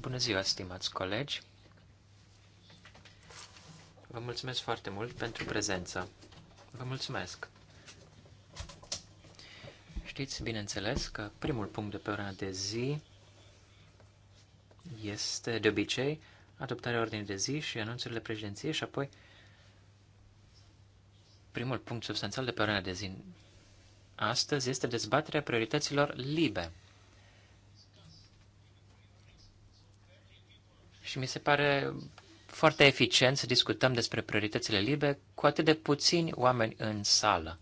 Bună ziua, stimați colegi! Vă mulțumesc foarte mult pentru prezență. Vă mulțumesc! Știți, bineînțeles, că primul punct de pe ordinea de zi este, de obicei, adoptarea ordinii de zi și anunțurile președinției și apoi primul punct substanțial de pe ordinea de zi astăzi este dezbaterea priorităților libe. Și mi se pare foarte eficient să discutăm despre prioritățile libere cu atât de puțini oameni în sală.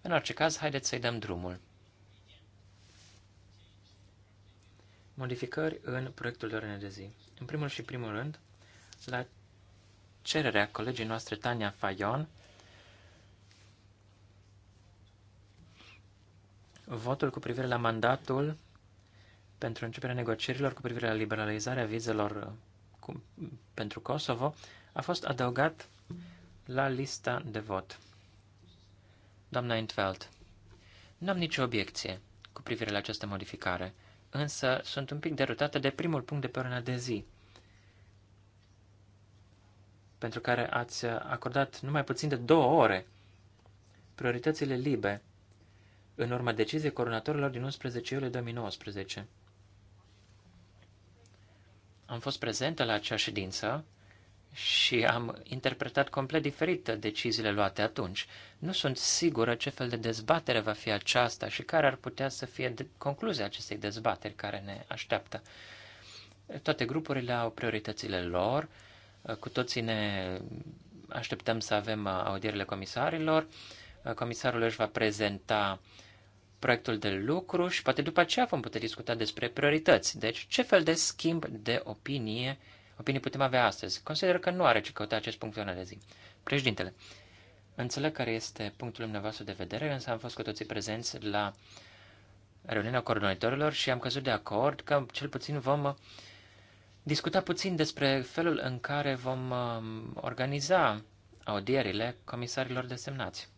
În orice caz, haideți să-i dăm drumul. Modificări în proiectul de ordine de zi. În primul și primul rând, la cererea colegii noastre Tania Fayon, votul cu privire la mandatul pentru începerea negocierilor cu privire la liberalizarea vizelor uh, cu, pentru Kosovo a fost adăugat la lista de vot. Doamna Intveld, nu am nicio obiecție cu privire la această modificare, însă sunt un pic derutată de primul punct de pe ordinea de zi, pentru care ați acordat numai puțin de două ore prioritățile libe în urma deciziei coronatorilor din 11 iulie 2019. Am fost prezentă la acea ședință și am interpretat complet diferit deciziile luate atunci. Nu sunt sigură ce fel de dezbatere va fi aceasta și care ar putea să fie concluzia acestei dezbateri care ne așteaptă. Toate grupurile au prioritățile lor, cu toții ne așteptăm să avem audierile comisarilor, comisarul își va prezenta uh, proiectul de lucru și poate după aceea vom putea discuta despre priorități. Deci, ce fel de schimb de opinie, opinie putem avea astăzi? Consider că nu are ce căuta acest punct de zi. Președintele, înțeleg care este punctul dumneavoastră de vedere, însă am fost cu toții prezenți la reuniunea coordonatorilor și am căzut de acord că cel puțin vom uh, discuta puțin despre felul în care vom um, organiza audierile comisarilor desemnați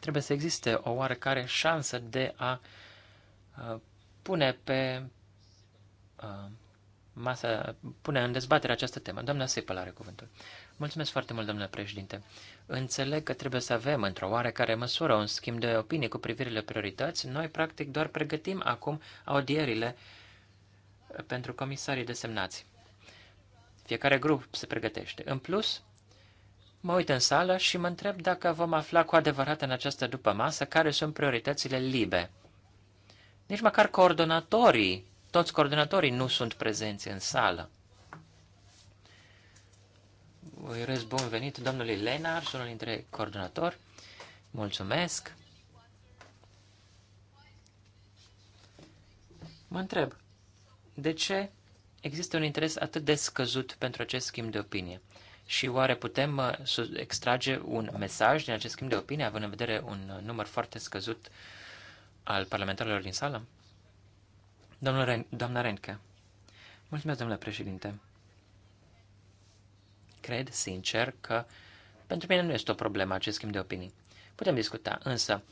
trebuie să existe o oarecare șansă de a pune pe masă, pune în dezbatere această temă. Doamna Sipăl are cuvântul. Mulțumesc foarte mult, domnule președinte. Înțeleg că trebuie să avem, într-o oarecare măsură, un schimb de opinie cu privire la priorități. Noi, practic, doar pregătim acum audierile pentru comisarii desemnați. Fiecare grup se pregătește. În plus, Mă uit în sală și mă întreb dacă vom afla cu adevărat în această după masă care sunt prioritățile libe. Nici măcar coordonatorii, toți coordonatorii nu sunt prezenți în sală. Îi urez bun venit domnului Lenar, unul dintre coordonatori. Mulțumesc. Mă întreb, de ce există un interes atât de scăzut pentru acest schimb de opinie? Și oare putem uh, extrage un mesaj din acest schimb de opinie, având în vedere un uh, număr foarte scăzut al parlamentarilor din sală? Domnul Ren- doamna Renke, mulțumesc, domnule președinte. Cred sincer că pentru mine nu este o problemă acest schimb de opinii. Putem discuta, însă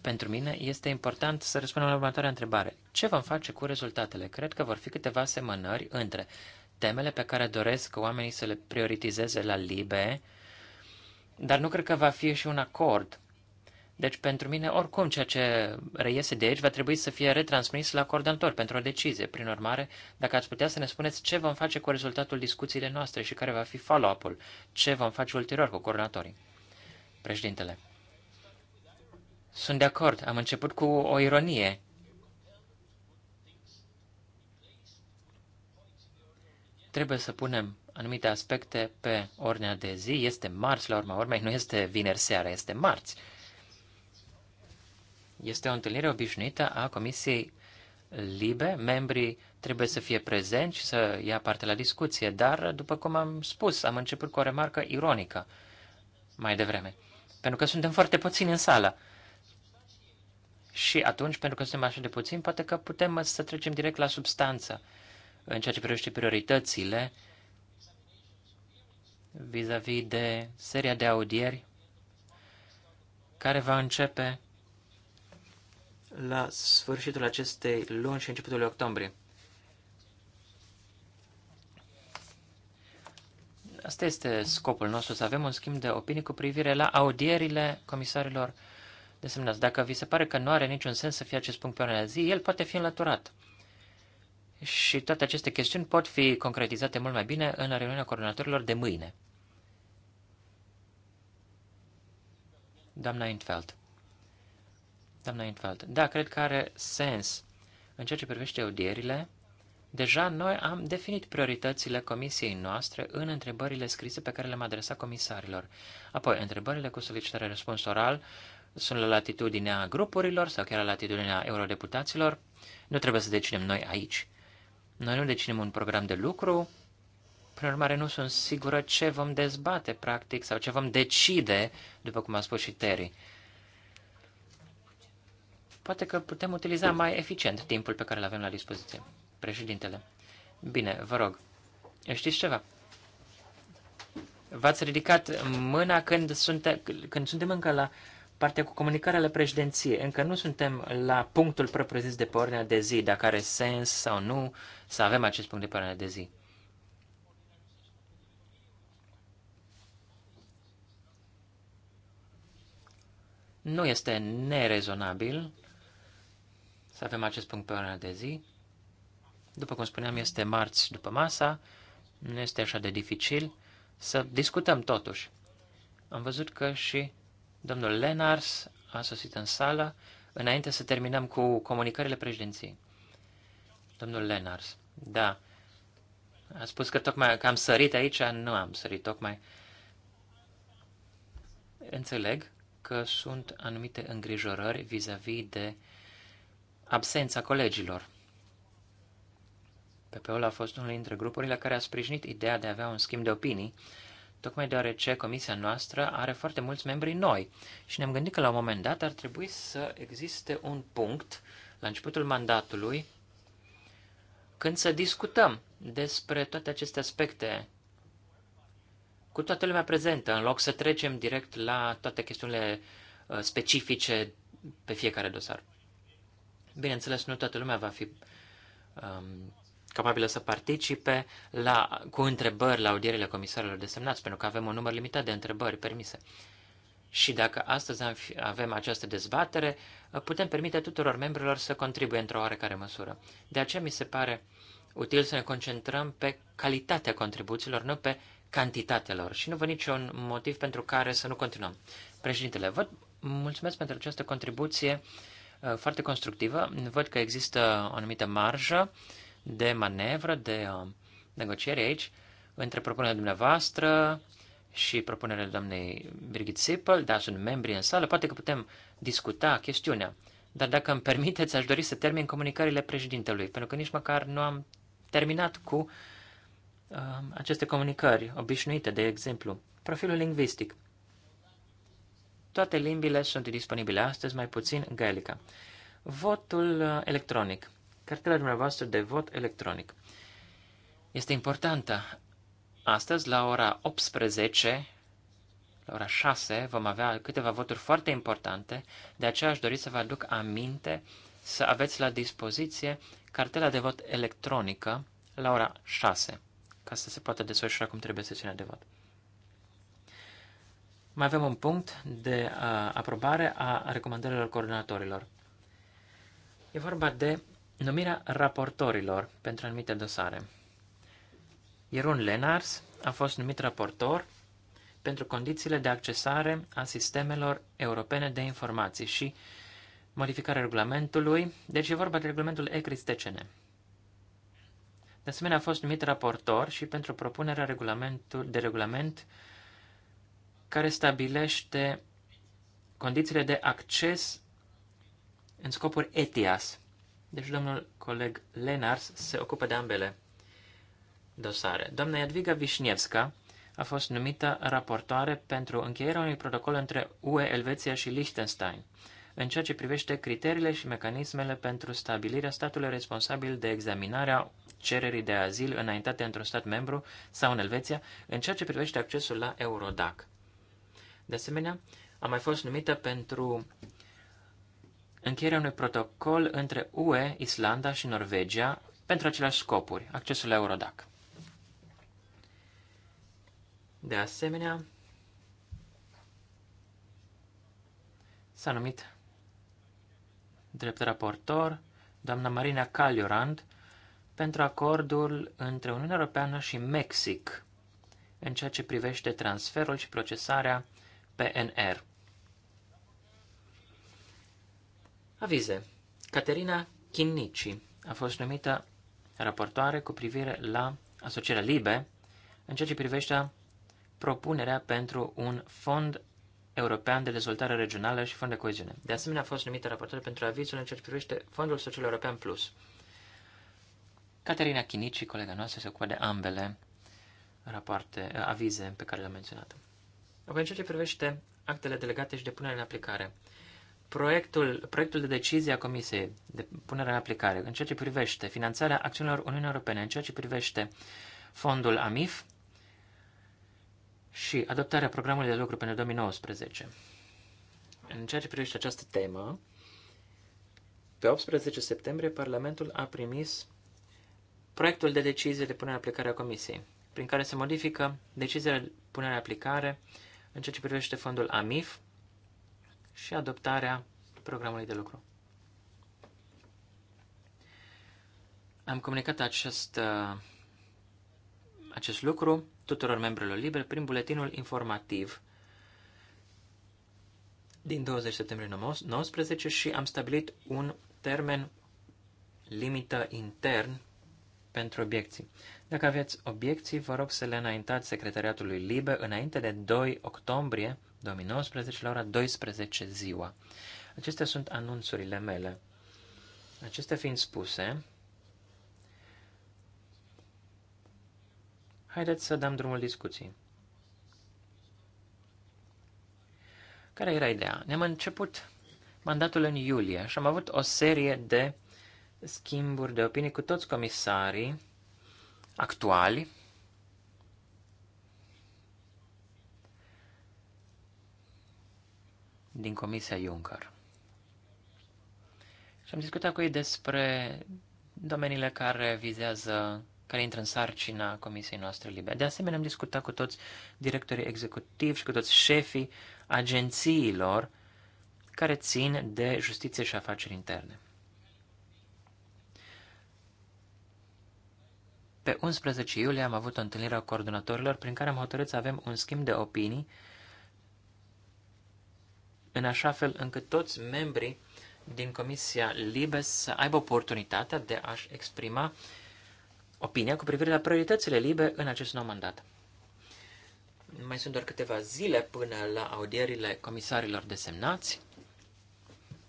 pentru mine este important să răspundem la următoarea întrebare. Ce vom face cu rezultatele? Cred că vor fi câteva semănări între temele pe care doresc oamenii să le prioritizeze la libe, dar nu cred că va fi și un acord. Deci, pentru mine, oricum, ceea ce reiese de aici va trebui să fie retransmis la coordonator pentru o decizie. Prin urmare, dacă ați putea să ne spuneți ce vom face cu rezultatul discuțiile noastre și care va fi follow-up-ul, ce vom face ulterior cu coordonatorii. Președintele. Sunt de acord. Am început cu o ironie. trebuie să punem anumite aspecte pe ordinea de zi. Este marți, la urma urmei, nu este vineri seara, este marți. Este o întâlnire obișnuită a Comisiei Libe. Membrii trebuie să fie prezenți și să ia parte la discuție, dar, după cum am spus, am început cu o remarcă ironică mai devreme. Pentru că suntem foarte puțini în sală. Și atunci, pentru că suntem așa de puțini, poate că putem să trecem direct la substanță în ceea ce privește prioritățile vis-a-vis -vis de seria de audieri care va începe la sfârșitul acestei luni și începutul octombrie. Asta este scopul nostru, să avem un schimb de opinii cu privire la audierile comisarilor desemnați. Dacă vi se pare că nu are niciun sens să fie acest punct pe ordinea zi, el poate fi înlăturat și toate aceste chestiuni pot fi concretizate mult mai bine în reuniunea coordonatorilor de mâine. Doamna Intfeld. Doamna Intfeld. da, cred că are sens. În ceea ce privește audierile, deja noi am definit prioritățile comisiei noastre în întrebările scrise pe care le-am adresat comisarilor. Apoi, întrebările cu solicitare răspuns oral sunt la latitudinea grupurilor sau chiar la latitudinea eurodeputaților. Nu trebuie să decidem noi aici. Noi nu decidem un program de lucru, prin urmare nu sunt sigură ce vom dezbate, practic, sau ce vom decide, după cum a spus și Terry. Poate că putem utiliza mai eficient timpul pe care îl avem la dispoziție. Președintele. Bine, vă rog. Știți ceva? V-ați ridicat mâna când, sunte, când suntem încă la partea cu comunicarea la președinție. Încă nu suntem la punctul propriu-zis de pe ordinea de zi, dacă are sens sau nu să avem acest punct de pe ordinea de zi. Nu este nerezonabil să avem acest punct pe ordinea de zi. După cum spuneam, este marți după masa, nu este așa de dificil să discutăm totuși. Am văzut că și Domnul Lenars a sosit în sală înainte să terminăm cu comunicările președinției. Domnul Lenars, da. A spus că tocmai că am sărit aici, nu am sărit tocmai. Înțeleg că sunt anumite îngrijorări vis-a-vis -vis de absența colegilor. PPO a fost unul dintre grupurile care a sprijinit ideea de a avea un schimb de opinii tocmai deoarece comisia noastră are foarte mulți membri noi și ne-am gândit că la un moment dat ar trebui să existe un punct la începutul mandatului când să discutăm despre toate aceste aspecte cu toată lumea prezentă, în loc să trecem direct la toate chestiunile uh, specifice pe fiecare dosar. Bineînțeles, nu toată lumea va fi um, capabilă să participe la, cu întrebări la audierile comisarilor desemnați, pentru că avem un număr limitat de întrebări permise. Și dacă astăzi avem această dezbatere, putem permite tuturor membrilor să contribuie într-o oarecare măsură. De aceea mi se pare util să ne concentrăm pe calitatea contribuțiilor, nu pe cantitatea lor. Și nu văd niciun motiv pentru care să nu continuăm. Președintele, vă mulțumesc pentru această contribuție uh, foarte constructivă. Văd că există o anumită marjă de manevră, de um, negociere aici, între propunerea dumneavoastră și propunerea doamnei Birgit Sipel, dar sunt membri în sală, poate că putem discuta chestiunea. Dar dacă îmi permiteți, aș dori să termin comunicările președintelui, pentru că nici măcar nu am terminat cu uh, aceste comunicări obișnuite, de exemplu, profilul lingvistic. Toate limbile sunt disponibile astăzi, mai puțin gaelica. Votul uh, electronic cartela dumneavoastră de vot electronic. Este importantă. Astăzi, la ora 18, la ora 6, vom avea câteva voturi foarte importante, de aceea aș dori să vă aduc aminte să aveți la dispoziție cartela de vot electronică la ora 6, ca să se poată desfășura cum trebuie sesiunea de vot. Mai avem un punct de uh, aprobare a recomandărilor coordonatorilor. E vorba de numirea raportorilor pentru anumite dosare. Ierun Lenars a fost numit raportor pentru condițiile de accesare a sistemelor europene de informații și modificarea regulamentului, deci e vorba de regulamentul ECRIS-TCN. De asemenea, a fost numit raportor și pentru propunerea regulamentul, de regulament care stabilește condițiile de acces în scopuri ETIAS deci domnul coleg Lenars se ocupă de ambele dosare. Doamna Jadwiga Vișnievska a fost numită raportoare pentru încheierea unui protocol între UE, Elveția și Liechtenstein în ceea ce privește criteriile și mecanismele pentru stabilirea statului responsabil de examinarea cererii de azil înaintate într-un stat membru sau în Elveția, în ceea ce privește accesul la Eurodac. De asemenea, a mai fost numită pentru încheierea unui protocol între UE, Islanda și Norvegia pentru aceleași scopuri, accesul la Eurodac. De asemenea, s-a numit drept raportor doamna Marina Caliorand pentru acordul între Uniunea Europeană și Mexic în ceea ce privește transferul și procesarea PNR. Avize. Caterina Chinnici a fost numită raportoare cu privire la asocierea LIBE în ceea ce privește propunerea pentru un fond european de dezvoltare regională și fond de coeziune. De asemenea, a fost numită raportoare pentru avizul în ceea ce privește Fondul Social European Plus. Caterina Chinici, colega noastră, se ocupă de ambele rapoarte, avize pe care le-am menționat. Apoi, în ceea ce privește actele delegate și depunerea în aplicare, proiectul, proiectul de decizie a Comisiei de punere în aplicare în ceea ce privește finanțarea acțiunilor Uniunii Europene, în ceea ce privește fondul AMIF și adoptarea programului de lucru pentru 2019. În ceea ce privește această temă, pe 18 septembrie, Parlamentul a primis proiectul de decizie de punere în aplicare a Comisiei, prin care se modifică decizia de punere în aplicare în ceea ce privește fondul AMIF și adoptarea programului de lucru. Am comunicat acest, uh, acest lucru tuturor membrilor libere prin buletinul informativ din 20 septembrie 2019 și am stabilit un termen limită intern pentru obiecții. Dacă aveți obiecții, vă rog să le înaintați secretariatului LIBE înainte de 2 octombrie 2019 la ora 12 ziua. Acestea sunt anunțurile mele. Acestea fiind spuse, haideți să dăm drumul discuției. Care era ideea? Ne-am început mandatul în iulie și am avut o serie de schimburi de opinii cu toți comisarii actuali din Comisia Juncker. Și am discutat cu ei despre domeniile care vizează, care intră în sarcina Comisiei noastre libere. De asemenea, am discutat cu toți directorii executivi și cu toți șefii agențiilor care țin de justiție și afaceri interne. Pe 11 iulie am avut o întâlnire a coordonatorilor prin care am hotărât să avem un schimb de opinii în așa fel încât toți membrii din Comisia Libe să aibă oportunitatea de a-și exprima opinia cu privire la prioritățile libe în acest nou mandat. Mai sunt doar câteva zile până la audierile comisarilor desemnați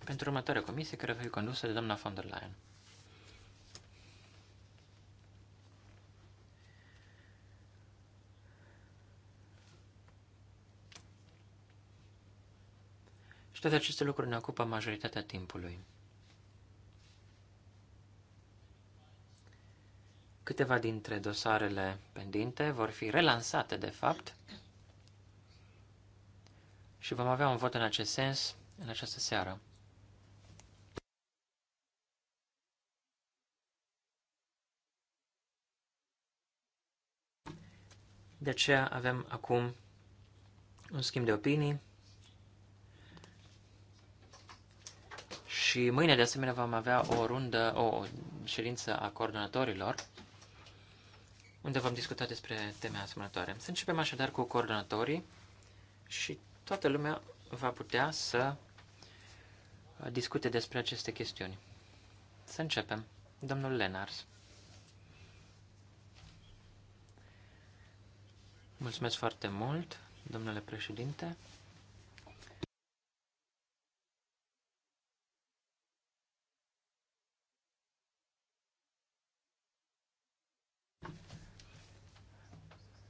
pentru următoarea comisie care va fi condusă de doamna von der Leyen. Și toate aceste lucruri ne ocupă majoritatea timpului. Câteva dintre dosarele pendinte vor fi relansate, de fapt, și vom avea un vot în acest sens în această seară. De aceea avem acum un schimb de opinii Și mâine, de asemenea, vom avea o rundă, o, ședință a coordonatorilor, unde vom discuta despre teme asemănătoare. Să începem așadar cu coordonatorii și toată lumea va putea să discute despre aceste chestiuni. Să începem. Domnul Lenars. Mulțumesc foarte mult, domnule președinte.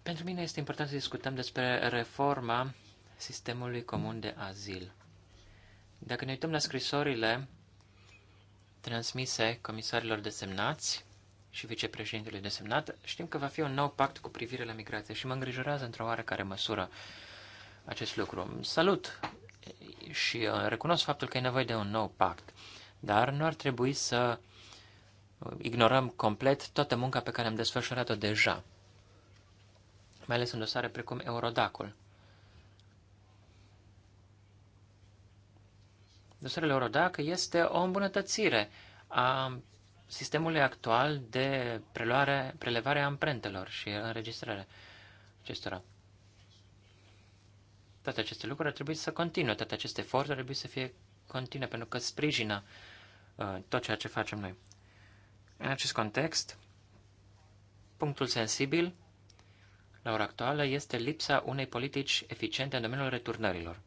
Pentru mine este important să discutăm despre reforma sistemului comun de azil. Dacă ne uităm la scrisorile transmise comisarilor desemnați și vicepreședintelui desemnat, știm că va fi un nou pact cu privire la migrație și mă îngrijorează într-o oarecare măsură acest lucru. Salut și uh, recunosc faptul că e nevoie de un nou pact, dar nu ar trebui să uh, ignorăm complet toată munca pe care am desfășurat-o deja mai ales în dosare precum Eurodacul. Dosarele Eurodac este o îmbunătățire a sistemului actual de preluare, prelevare a amprentelor și înregistrare acestora. Toate aceste lucruri ar trebui să continue, toate aceste eforturi ar trebui să fie continue, pentru că sprijină uh, tot ceea ce facem noi. În acest context, punctul sensibil la ora actuală este lipsa unei politici eficiente în domeniul returnărilor.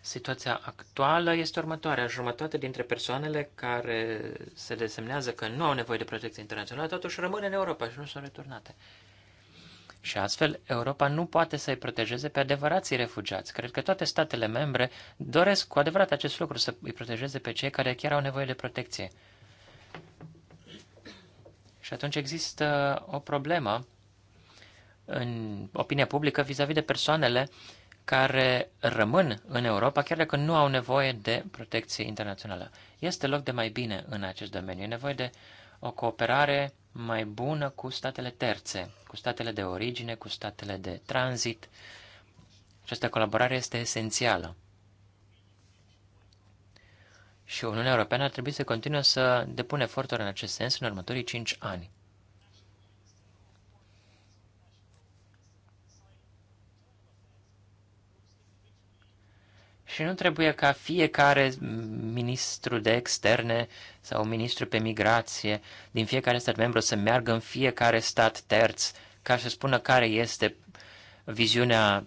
Situația actuală este următoarea. Jumătate dintre persoanele care se desemnează că nu au nevoie de protecție internațională, totuși rămân în Europa și nu sunt returnate. Și astfel, Europa nu poate să-i protejeze pe adevărații refugiați. Cred că toate statele membre doresc cu adevărat acest lucru, să îi protejeze pe cei care chiar au nevoie de protecție. Și atunci există uh, o problemă în opinia publică vis-a-vis -vis de persoanele care rămân în Europa, chiar dacă nu au nevoie de protecție internațională. Este loc de mai bine în acest domeniu. E nevoie de o cooperare mai bună cu statele terțe, cu statele de origine, cu statele de tranzit. Această colaborare este esențială. Și Uniunea Europeană ar trebui să continue să depună eforturi în acest sens în următorii 5 ani. Și nu trebuie ca fiecare ministru de externe sau ministru pe migrație din fiecare stat membru să meargă în fiecare stat terț ca să spună care este viziunea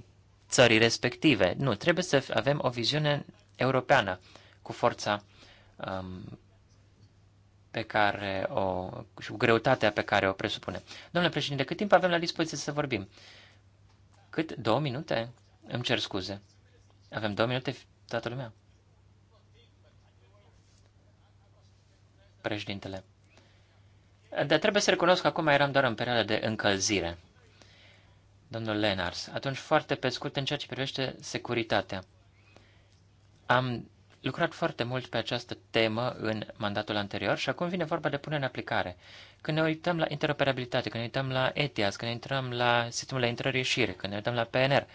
țării respective. Nu, trebuie să avem o viziune europeană cu forța um, pe care o, și cu greutatea pe care o presupune. Domnule președinte, cât timp avem la dispoziție să vorbim? Cât? Două minute? Îmi cer scuze. Avem două minute toată lumea. Președintele. Dar trebuie să recunosc că acum eram doar în perioada de încălzire. Domnul Lenars, atunci foarte pe scurt în ceea ce privește securitatea. Am lucrat foarte mult pe această temă în mandatul anterior și acum vine vorba de pune în aplicare. Când ne uităm la interoperabilitate, când ne uităm la ETIAS, când ne uităm la sistemul de intrări ieșire, când ne uităm la PNR,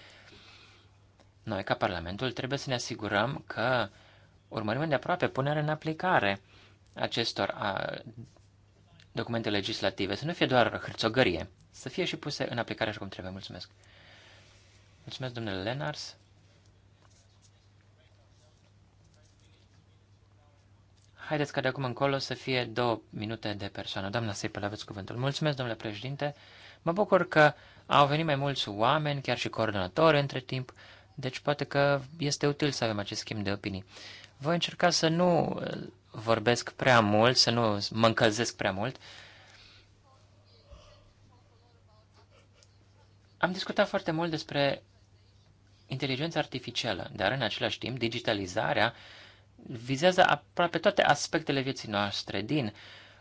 noi, ca Parlamentul, trebuie să ne asigurăm că urmărim de aproape punerea în aplicare acestor a, documente legislative, să nu fie doar hârțogărie, să fie și puse în aplicare așa cum trebuie. Mulțumesc! Mulțumesc, domnule Lenars! Haideți ca de acum încolo să fie două minute de persoană. Doamna Sipel, aveți cuvântul. Mulțumesc, domnule președinte. Mă bucur că au venit mai mulți oameni, chiar și coordonatori între timp. Deci poate că este util să avem acest schimb de opinii. Voi încerca să nu uh, vorbesc prea mult, să nu mă încălzesc prea mult. Am discutat foarte mult despre inteligența artificială, dar în același timp digitalizarea vizează aproape toate aspectele vieții noastre, din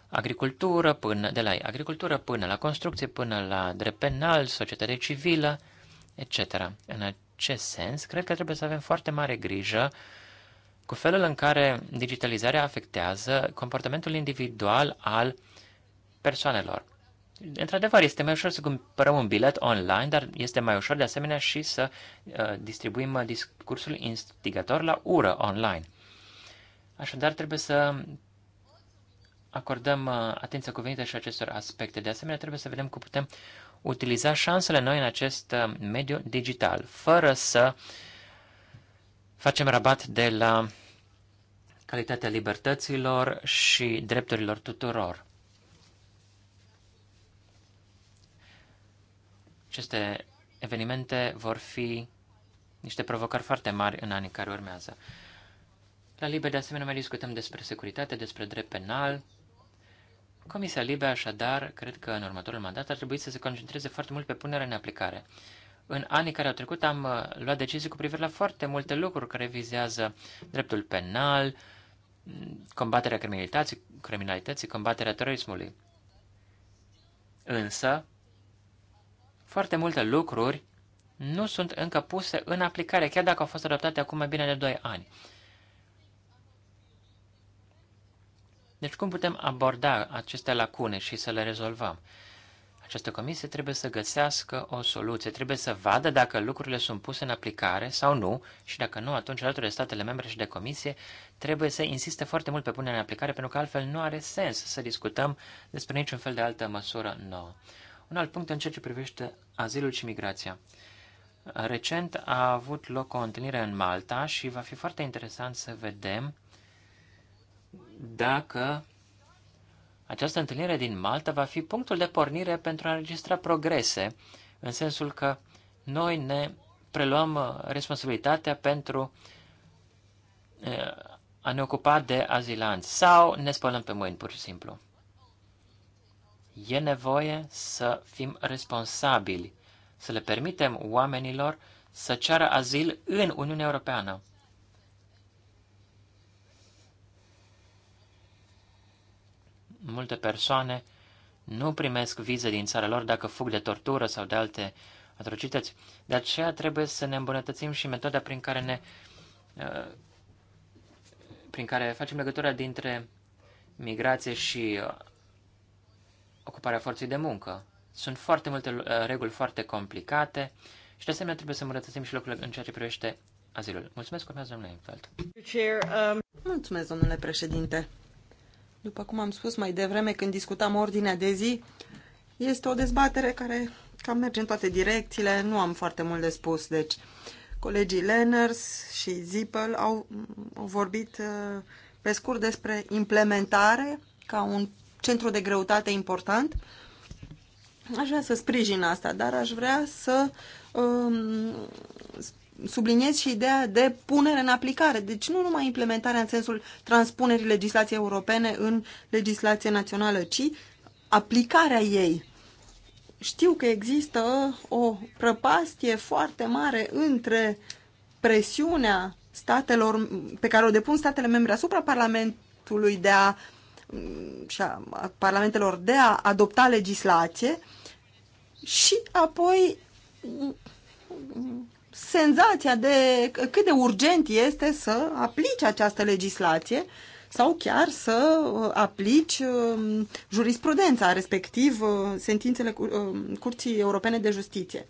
agricultură până, de la agricultură până la construcție, până la drept penal, societate civilă, etc. În ce sens? Cred că trebuie să avem foarte mare grijă cu felul în care digitalizarea afectează comportamentul individual al persoanelor. Într-adevăr, este mai ușor să cumpărăm un bilet online, dar este mai ușor de asemenea și să uh, distribuim uh, discursul instigator la ură online. Așadar, trebuie să acordăm uh, atenția cuvenită și acestor aspecte. De asemenea, trebuie să vedem cum putem utiliza șansele noi în acest uh, mediu digital, fără să facem rabat de la calitatea libertăților și drepturilor tuturor. Aceste evenimente vor fi niște provocări foarte mari în anii care urmează. La Liber, de asemenea, mai discutăm despre securitate, despre drept penal, Comisia Libe, așadar, cred că în următorul mandat ar trebui să se concentreze foarte mult pe punerea în aplicare. În anii care au trecut am uh, luat decizii cu privire la foarte multe lucruri care vizează dreptul penal, combaterea criminalității, criminalității combaterea terorismului. Însă, foarte multe lucruri nu sunt încă puse în aplicare, chiar dacă au fost adoptate acum mai bine de 2 ani. Deci cum putem aborda aceste lacune și să le rezolvăm? Această comisie trebuie să găsească o soluție, trebuie să vadă dacă lucrurile sunt puse în aplicare sau nu și dacă nu, atunci alături de statele membre și de comisie trebuie să insiste foarte mult pe punerea în aplicare pentru că altfel nu are sens să discutăm despre niciun fel de altă măsură nouă. Un alt punct în ceea ce privește azilul și migrația. Recent a avut loc o întâlnire în Malta și va fi foarte interesant să vedem dacă această întâlnire din Malta va fi punctul de pornire pentru a înregistra progrese, în sensul că noi ne preluăm uh, responsabilitatea pentru uh, a ne ocupa de azilanți sau ne spălăm pe mâini, pur și simplu. E nevoie să fim responsabili, să le permitem oamenilor să ceară azil în Uniunea Europeană. multe persoane nu primesc vize din țara lor dacă fug de tortură sau de alte atrocități. De aceea trebuie să ne îmbunătățim și metoda prin care ne uh, prin care facem legătura dintre migrație și uh, ocuparea forței de muncă. Sunt foarte multe uh, reguli foarte complicate și de asemenea trebuie să îmbunătățim și locurile în ceea ce privește azilul. Mulțumesc, urmează domnule Infeld. Um, Mulțumesc, domnule președinte. După cum am spus mai devreme când discutam ordinea de zi, este o dezbatere care cam merge în toate direcțiile, nu am foarte mult de spus, deci colegii Lenners și Zippel au, au vorbit uh, pe scurt despre implementare ca un centru de greutate important. Aș vrea să sprijin asta, dar aș vrea să um, subliniez și ideea de punere în aplicare. Deci nu numai implementarea în sensul transpunerii legislației europene în legislație națională, ci aplicarea ei. Știu că există o prăpastie foarte mare între presiunea statelor pe care o depun statele membre asupra Parlamentului de a și a, a parlamentelor de a adopta legislație și apoi senzația de cât de urgent este să aplici această legislație sau chiar să uh, aplici um, jurisprudența, respectiv uh, sentințele uh, Curții Europene de Justiție.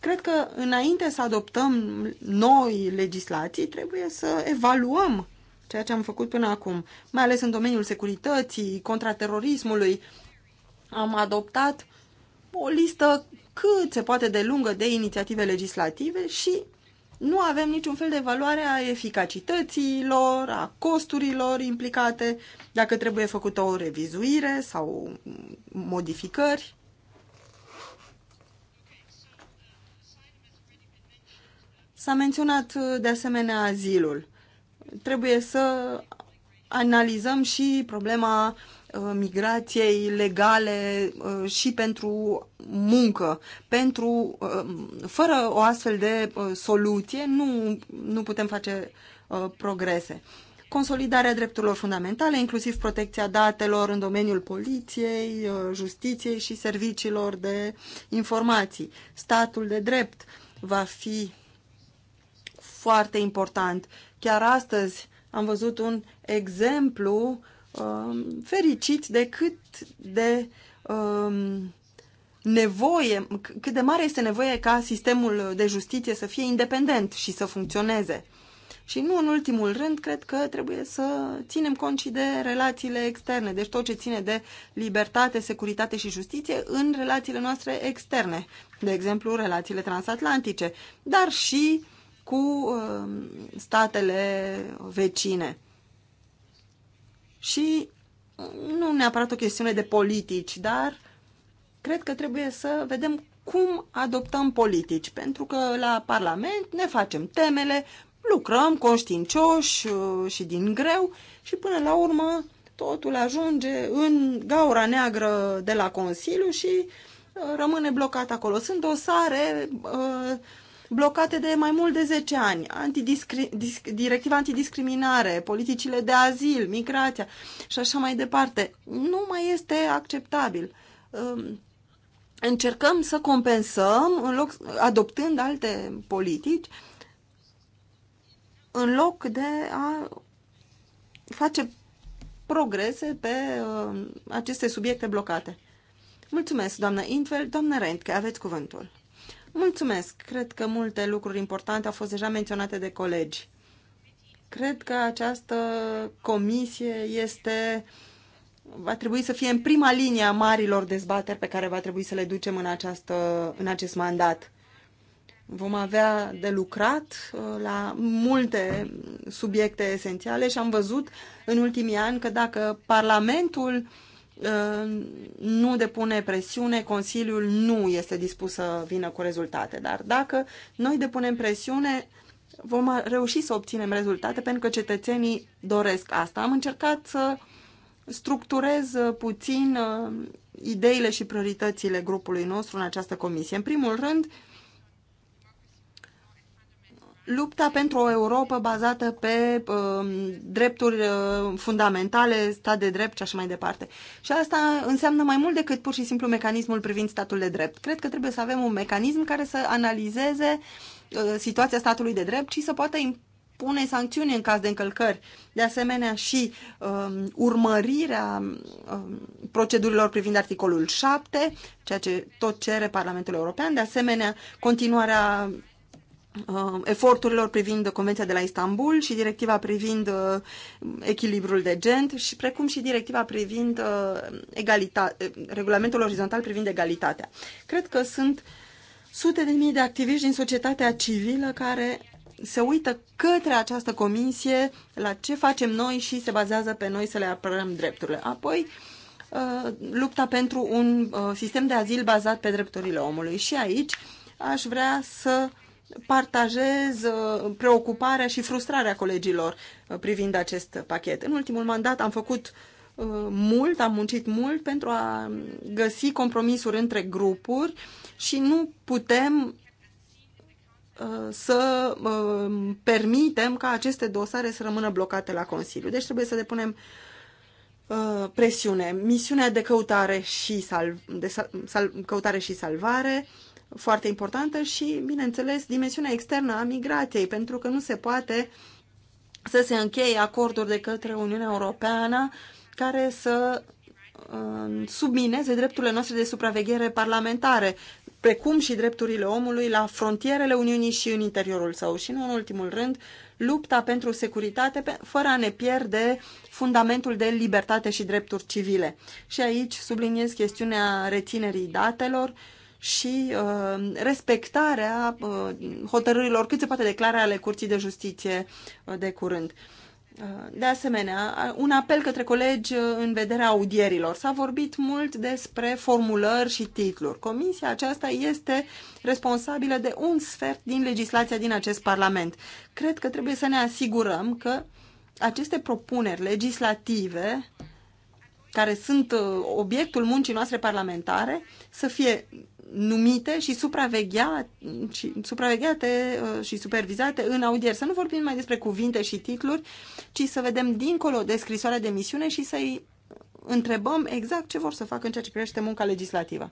Cred că înainte să adoptăm noi legislații, trebuie să evaluăm ceea ce am făcut până acum, mai ales în domeniul securității, contraterorismului. Am adoptat o listă cât se poate de lungă de inițiative legislative și nu avem niciun fel de evaluare a eficacității lor, a costurilor implicate, dacă trebuie făcută o revizuire sau modificări. S-a menționat de asemenea azilul. Trebuie să analizăm și problema Uh, migrației legale uh, și pentru muncă. Pentru, uh, fără o astfel de soluție nu, nu putem face progrese. Consolidarea drepturilor fundamentale, inclusiv protecția datelor în domeniul poliției, justiției și serviciilor de informații. Statul de drept va fi foarte important. Chiar astăzi am văzut un exemplu uh, uh, fericit de cât de uh, nevoie, cât de mare este nevoie ca sistemul de justiție să fie independent și să funcționeze. Și nu în ultimul rând, cred că trebuie să ținem cont și de relațiile externe, deci tot ce ține de libertate, securitate și justiție în relațiile noastre externe, de exemplu relațiile transatlantice, dar și cu um, statele vecine și nu neapărat o chestiune de politici, dar cred că trebuie să vedem cum adoptăm politici, pentru că la Parlament ne facem temele, lucrăm conștiincioși uh, și din greu și până la urmă totul ajunge în gaura neagră de la Consiliu și uh, rămâne blocat acolo. Sunt dosare uh, blocate de mai mult de 10 ani. Antidiscri dis- directiva antidiscriminare, politicile de azil, migrația și așa mai departe. Nu mai este acceptabil. Um, încercăm să compensăm, în loc, adoptând alte politici, în loc de a face progrese pe uh, aceste subiecte blocate. Mulțumesc, doamnă Intfeld, doamnă Rent, că aveți cuvântul. Mulțumesc! Cred că multe lucruri importante au fost deja menționate de colegi. Cred că această comisie este va trebui să fie în prima linie a marilor dezbateri pe care va trebui să le ducem în, această, în acest mandat. Vom avea de lucrat uh, la multe subiecte esențiale și am văzut în ultimii ani că dacă Parlamentul uh, Uh, nu depune presiune, Consiliul nu este dispus să vină cu rezultate. Dar dacă noi depunem presiune, vom reuși să obținem rezultate pentru că cetățenii doresc asta. Am încercat să structurez uh, puțin uh, ideile și prioritățile grupului nostru în această comisie. În primul rând, lupta pentru o Europa bazată pe uh, drepturi uh, fundamentale, stat de drept și așa mai departe. Și asta înseamnă mai mult decât pur și simplu mecanismul privind statul de drept. Cred că trebuie să avem un mecanism care să analizeze uh, situația statului de drept și să poată pune sancțiuni în caz de încălcări. De asemenea și um, urmărirea um, procedurilor privind articolul 7, ceea ce tot cere Parlamentul European, de asemenea continuarea Uh, eforturilor privind Convenția de la Istanbul și directiva privind uh, echilibrul de gen și precum și directiva privind uh, egalitate, regulamentul orizontal privind egalitatea. Cred că sunt sute de mii de activiști din societatea civilă care se uită către această comisie la ce facem noi și se bazează pe noi să le apărăm drepturile. Apoi, lupta pentru un sistem de azil bazat pe drepturile omului. Și aici aș vrea să partajez uh, preocuparea și frustrarea colegilor uh, privind acest pachet. În ultimul mandat am făcut uh, mult, am muncit mult pentru a găsi compromisuri între grupuri și nu putem să permitem ca aceste dosare să rămână blocate la Consiliu. Deci trebuie să depunem presiune. Misiunea de căutare și, sal, de sal, căutare și salvare foarte importantă și, bineînțeles, dimensiunea externă a migrației, pentru că nu se poate să se încheie acorduri de către Uniunea Europeană care să uh, submineze drepturile noastre de supraveghere parlamentare, precum și drepturile omului la frontierele Uniunii și în interiorul său. Și, nu în ultimul rând, lupta pentru securitate, fără a ne pierde fundamentul de libertate și drepturi civile. Și aici subliniez chestiunea reținerii datelor, uh, și uh, respectarea uh, hotărârilor cât se poate declara ale Curții de Justiție uh, de curând. Uh, de asemenea, uh, un apel către colegi uh, în vederea audierilor. S-a vorbit mult despre formulări și titluri. Comisia aceasta este responsabilă de un sfert din legislația din acest Parlament. Cred că trebuie să ne asigurăm că aceste propuneri legislative care sunt obiectul muncii noastre parlamentare să fie numite și, supravegheate, și supravegheate uh, și supervizate în audier. Să nu vorbim mai despre cuvinte și titluri, ci să vedem dincolo de scrisoarea de misiune și să-i întrebăm exact ce vor să facă în ceea ce privește munca legislativă.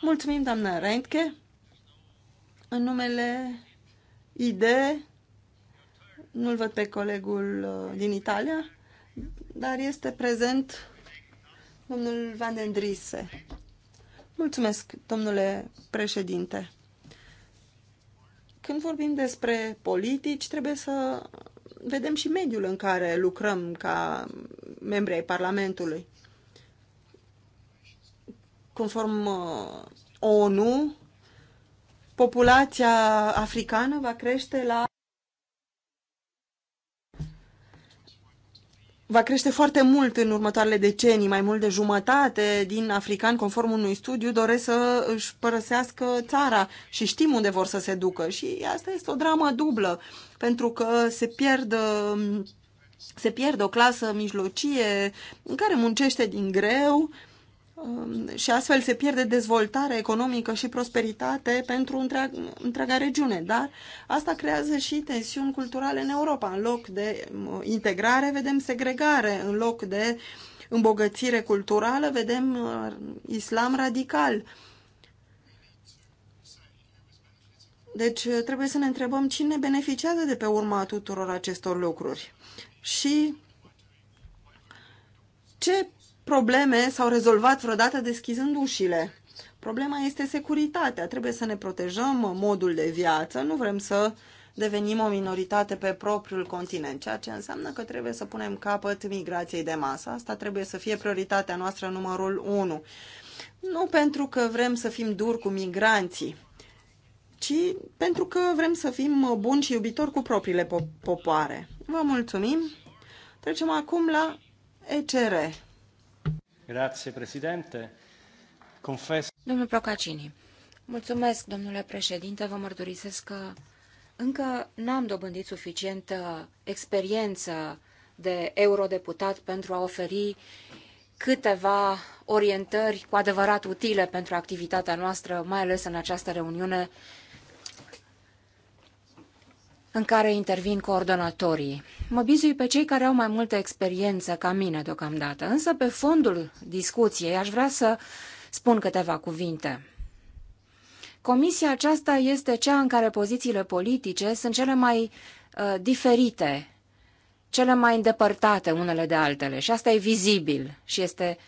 Mulțumim, doamnă Reintke. În numele ID, nu-l văd pe colegul uh, din Italia, dar este prezent domnul Van Dendrise. Mulțumesc, domnule președinte. Când vorbim despre politici, trebuie să vedem și mediul în care lucrăm ca membri ai Parlamentului. Conform uh, ONU, populația africană va crește la va crește foarte mult în următoarele decenii. Mai mult de jumătate din africani, conform unui studiu, doresc să își părăsească țara și știm unde vor să se ducă. Și asta este o dramă dublă, pentru că se pierd se pierde o clasă mijlocie în care muncește din greu, Um, și astfel se pierde dezvoltare economică și prosperitate pentru întreag, întreaga regiune, dar asta creează și tensiuni culturale în Europa. În loc de um, integrare vedem segregare, în loc de îmbogățire culturală vedem uh, islam radical. Deci uh, trebuie să ne întrebăm cine beneficiază de pe urma tuturor acestor lucruri și ce probleme s-au rezolvat vreodată deschizând ușile. Problema este securitatea. Trebuie să ne protejăm modul de viață. Nu vrem să devenim o minoritate pe propriul continent, ceea ce înseamnă că trebuie să punem capăt migrației de masă. Asta trebuie să fie prioritatea noastră numărul 1. Nu pentru că vrem să fim dur cu migranții, ci pentru că vrem să fim buni și iubitori cu propriile popoare. Vă mulțumim! Trecem acum la ECR. Domnul Procacini, mulțumesc, domnule președinte, vă mărturisesc că încă n-am dobândit suficientă experiență de eurodeputat pentru a oferi câteva orientări cu adevărat utile pentru activitatea noastră, mai ales în această reuniune în care intervin coordonatorii. Mă bizui pe cei care au mai multă experiență ca mine deocamdată, însă pe fondul discuției aș vrea să spun câteva cuvinte. Comisia aceasta este cea în care pozițiile politice sunt cele mai uh, diferite, cele mai îndepărtate unele de altele și asta e vizibil și este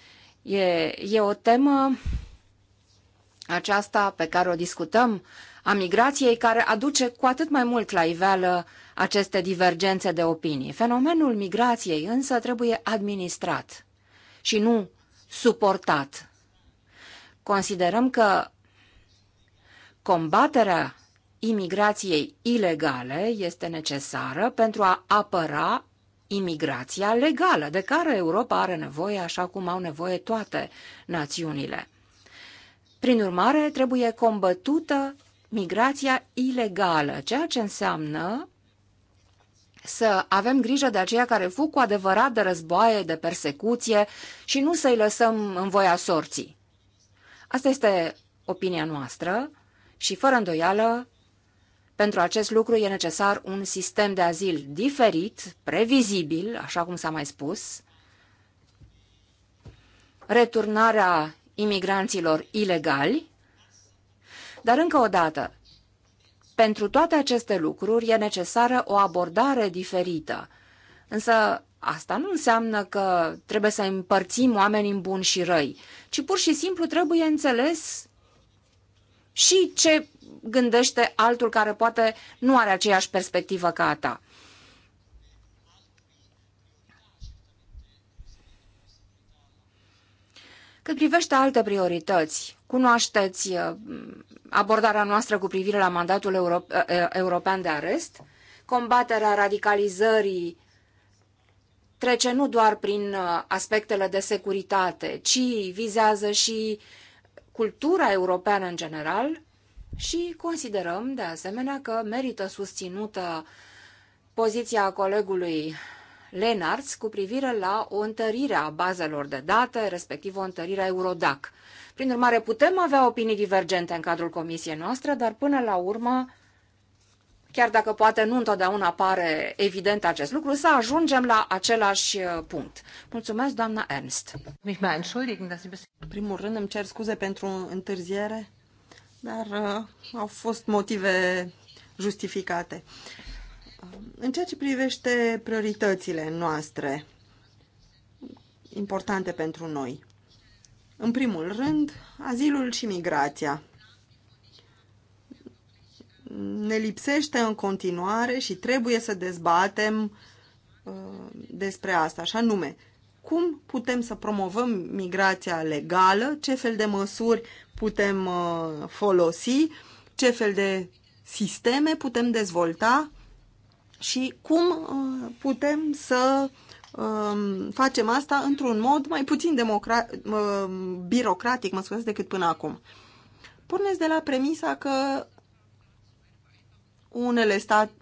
e, e o temă aceasta pe care o discutăm uh, a migrației, care aduce cu atât mai mult la iveală aceste divergențe de opinii. Fenomenul migrației însă trebuie administrat și nu suportat. Considerăm că combaterea imigrației ilegale este necesară pentru a apăra imigrația legală, de care Europa are nevoie așa cum au nevoie toate națiunile. Prin urmare, trebuie combătută migrația ilegală, ceea ce înseamnă să avem grijă de aceia care fug cu adevărat de războaie, de persecuție și nu să-i lăsăm în voia sorții. Asta este opinia noastră și, fără îndoială, pentru acest lucru e necesar un sistem de azil diferit, previzibil, așa cum s-a mai spus, returnarea imigranților ilegali, dar încă o dată, pentru toate aceste lucruri e necesară o abordare diferită. Însă asta nu înseamnă că trebuie să împărțim oamenii în buni și răi, ci pur și simplu trebuie înțeles și ce gândește altul care poate nu are aceeași perspectivă ca a ta. Cât privește alte priorități, cunoașteți uh, abordarea noastră cu privire la mandatul euro, ă, ă, european de arest, combaterea radicalizării trece nu doar prin ă, aspectele de securitate, ci vizează și cultura europeană în general și considerăm de asemenea că merită susținută poziția colegului Lenarts cu privire la o întărire a bazelor de date, respectiv o întărire a Eurodac. Prin urmare, putem avea opinii divergente în cadrul comisiei noastre, dar până la urmă, chiar dacă poate nu întotdeauna pare evident acest lucru, să ajungem la același uh, punct. Mulțumesc, doamna Ernst. În primul rând îmi cer scuze pentru întârziere, dar uh, au fost motive justificate. În ceea ce privește prioritățile noastre importante pentru noi, în primul rând, azilul și migrația. Ne lipsește în continuare și trebuie să dezbatem uh, despre asta, așa nume. Cum putem să promovăm migrația legală? Ce fel de măsuri putem uh, folosi? Ce fel de sisteme putem dezvolta? Și cum uh, putem să uh, Um, facem asta într-un mod mai puțin democra- um, birocratic, mă scuzați, decât până acum. Pornesc de la premisa că unele state,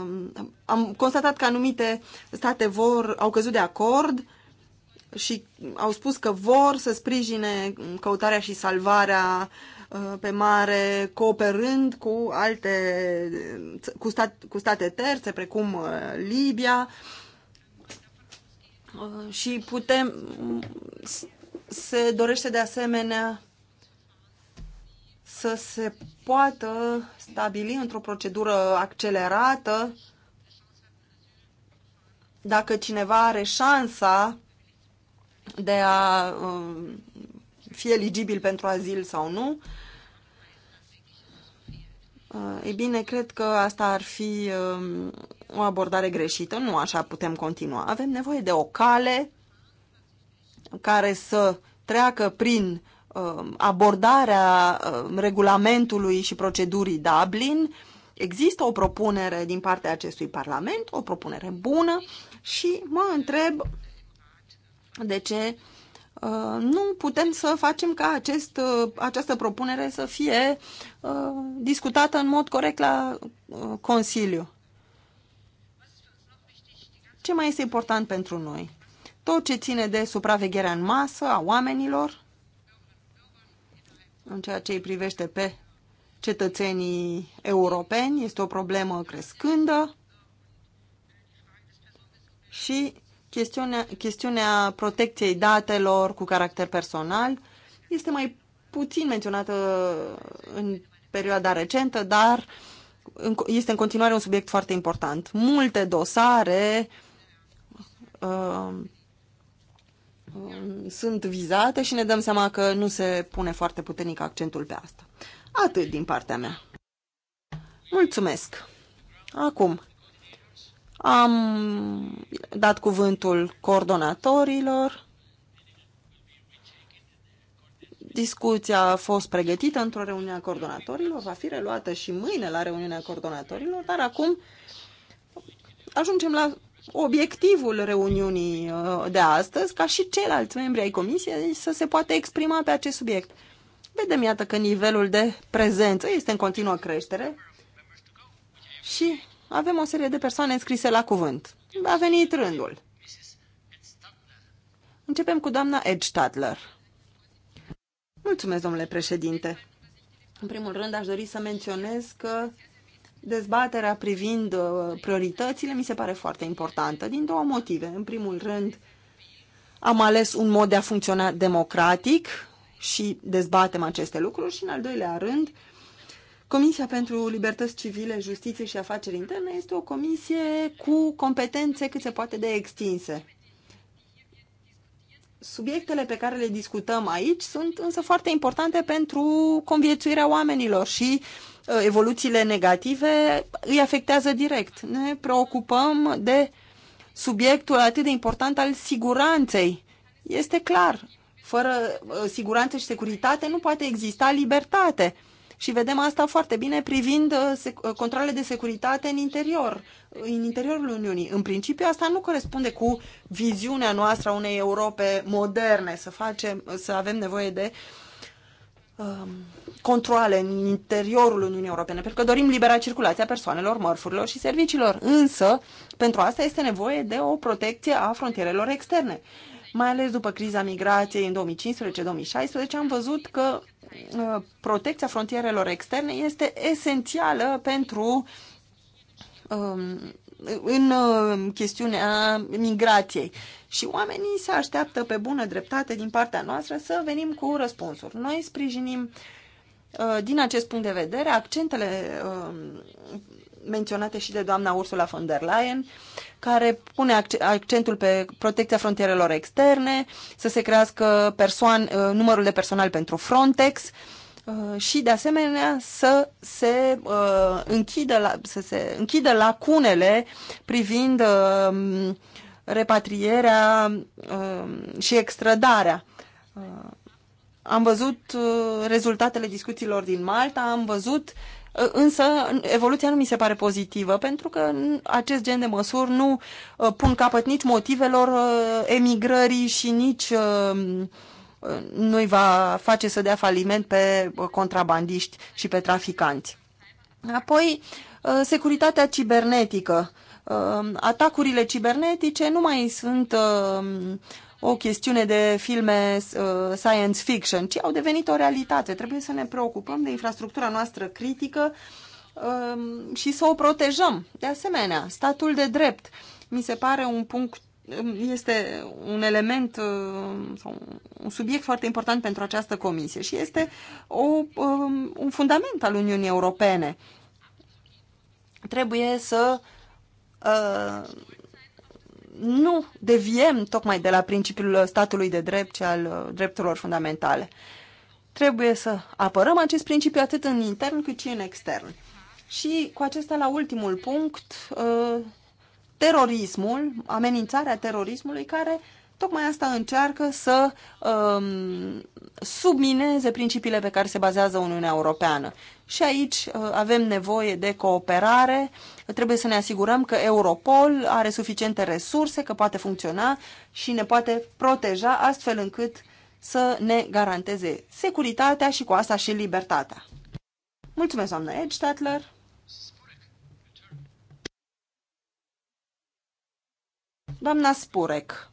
um, am constatat că anumite state vor, au căzut de acord și au spus că vor să sprijine căutarea și salvarea uh, pe mare, cooperând cu alte, cu, stat, cu state terțe, precum uh, Libia, Uh, și putem mm, se dorește de asemenea să se poată stabili într-o procedură accelerată dacă cineva are șansa de a uh, fi eligibil pentru azil sau nu, E eh, bine, cred că asta ar fi um, o abordare greșită. Nu așa putem continua. Avem nevoie de o cale care să treacă prin um, abordarea um, regulamentului și procedurii Dublin. Există o propunere din partea acestui Parlament, o propunere bună și mă întreb de ce Uh, nu putem să facem ca acest, uh, această propunere să fie uh, discutată în mod corect la Consiliu. Ce mai este important pentru noi? Tot ce ține de supravegherea în masă a oamenilor, în ceea ce îi privește pe cetățenii europeni, este o problemă crescândă și Chestiunea, chestiunea protecției datelor cu caracter personal este mai puțin menționată în perioada recentă, dar este în continuare un subiect foarte important. Multe dosare uh, sunt vizate și ne dăm seama că nu se pune foarte puternic accentul pe asta. Atât din partea mea. Mulțumesc! Acum, am dat cuvântul coordonatorilor. Discuția a fost pregătită într-o reuniune a coordonatorilor, va fi reluată și mâine la reuniunea coordonatorilor, dar acum ajungem la obiectivul reuniunii uh, de astăzi, ca și ceilalți membri ai comisiei să se poată exprima pe acest subiect. Vedem, iată, că nivelul de prezență este în continuă creștere și avem o serie de persoane înscrise la cuvânt. A venit rândul. Începem cu doamna Stadler. Mulțumesc, domnule președinte. În primul rând, aș dori să menționez că dezbaterea privind uh, prioritățile mi se pare foarte importantă, din două motive. În primul rând, am ales un mod de a funcționa democratic și dezbatem aceste lucruri și, în al doilea rând, Comisia pentru Libertăți Civile, Justiție și Afaceri Interne este o comisie cu competențe cât se poate de extinse. Subiectele pe care le discutăm aici sunt însă foarte importante pentru conviețuirea oamenilor și uh, evoluțiile negative îi afectează direct. Ne preocupăm de subiectul atât de important al siguranței. Este clar, fără uh, siguranță și securitate nu poate exista libertate și vedem asta foarte bine privind uh, uh, controlele de securitate în interior, în interiorul Uniunii. În principiu, asta nu corespunde cu viziunea noastră a unei Europe moderne, să, facem, uh, să avem nevoie de um, controle în interiorul Uniunii Europene, pentru că dorim libera circulație a persoanelor, mărfurilor și serviciilor. Însă, pentru asta este nevoie de o protecție a frontierelor externe mai ales după criza migrației în 2015-2016, am văzut că uh, protecția frontierelor externe este esențială pentru um, în uh, chestiunea migrației. Și oamenii se așteaptă pe bună dreptate din partea noastră să venim cu răspunsuri. Noi sprijinim uh, din acest punct de vedere accentele um, menționate și de doamna Ursula von der Leyen, care pune accentul pe protecția frontierelor externe, să se crească persoan, uh, numărul de personal pentru Frontex uh, și, de asemenea, să se, uh, închidă, la, să se închidă lacunele privind repatrierea și extrădarea. Am văzut rezultatele discuțiilor din Malta, am văzut Uh, însă evoluția nu mi se pare pozitivă, pentru că acest gen de măsuri nu uh, pun capăt nici motivelor uh, emigrării și nici nu îi va face să dea faliment pe contrabandiști și pe traficanți. Apoi, securitatea cibernetică. Atacurile cibernetice nu mai sunt o chestiune de filme uh, science fiction, ci au devenit o realitate. Trebuie să ne preocupăm de infrastructura noastră critică um, și să o protejăm. De asemenea, statul de drept mi se pare un punct um, este un element uh, sau un subiect foarte important pentru această comisie și este o, um, un fundament al Uniunii Europene. Trebuie să uh, nu deviem tocmai de la principiul statului de drept și al uh, drepturilor fundamentale. Trebuie să apărăm acest principiu atât în intern cât și în extern. Și cu acesta la ultimul punct, uh, terorismul, amenințarea terorismului care tocmai asta încearcă să um, submineze principiile pe care se bazează Uniunea Europeană. Și aici uh, avem nevoie de cooperare, trebuie să ne asigurăm că Europol are suficiente resurse, că poate funcționa și ne poate proteja astfel încât să ne garanteze securitatea și cu asta și libertatea. Mulțumesc, doamnă Edgestatler! Doamna Spurek,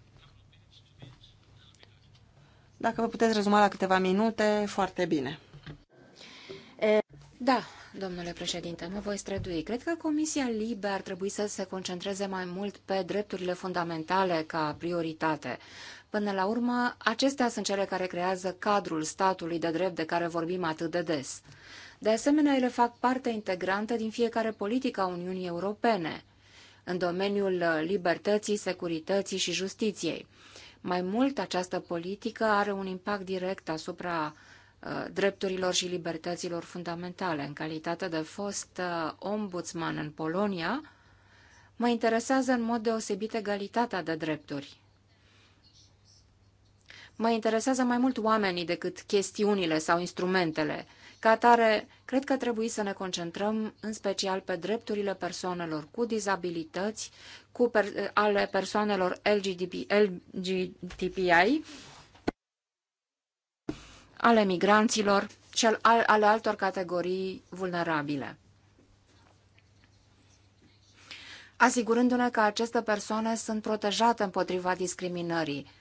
dacă vă puteți rezuma la câteva minute, foarte bine. Da, domnule președinte, mă voi strădui. Cred că Comisia Libe ar trebui să se concentreze mai mult pe drepturile fundamentale ca prioritate. Până la urmă, acestea sunt cele care creează cadrul statului de drept de care vorbim atât de des. De asemenea, ele fac parte integrantă din fiecare politică a Uniunii Europene, în domeniul libertății, securității și justiției. Mai mult, această politică are un impact direct asupra Uh, drepturilor și libertăților fundamentale. În calitate de fost uh, ombudsman în Polonia, mă interesează în mod deosebit egalitatea de drepturi. Mă interesează mai mult oamenii decât chestiunile sau instrumentele. Ca atare, cred că trebuie să ne concentrăm în special pe drepturile persoanelor cu dizabilități, cu per ale persoanelor LGBTI. LGTBI ale migranților și al, ale altor categorii vulnerabile. Asigurându-ne că aceste persoane sunt protejate împotriva discriminării,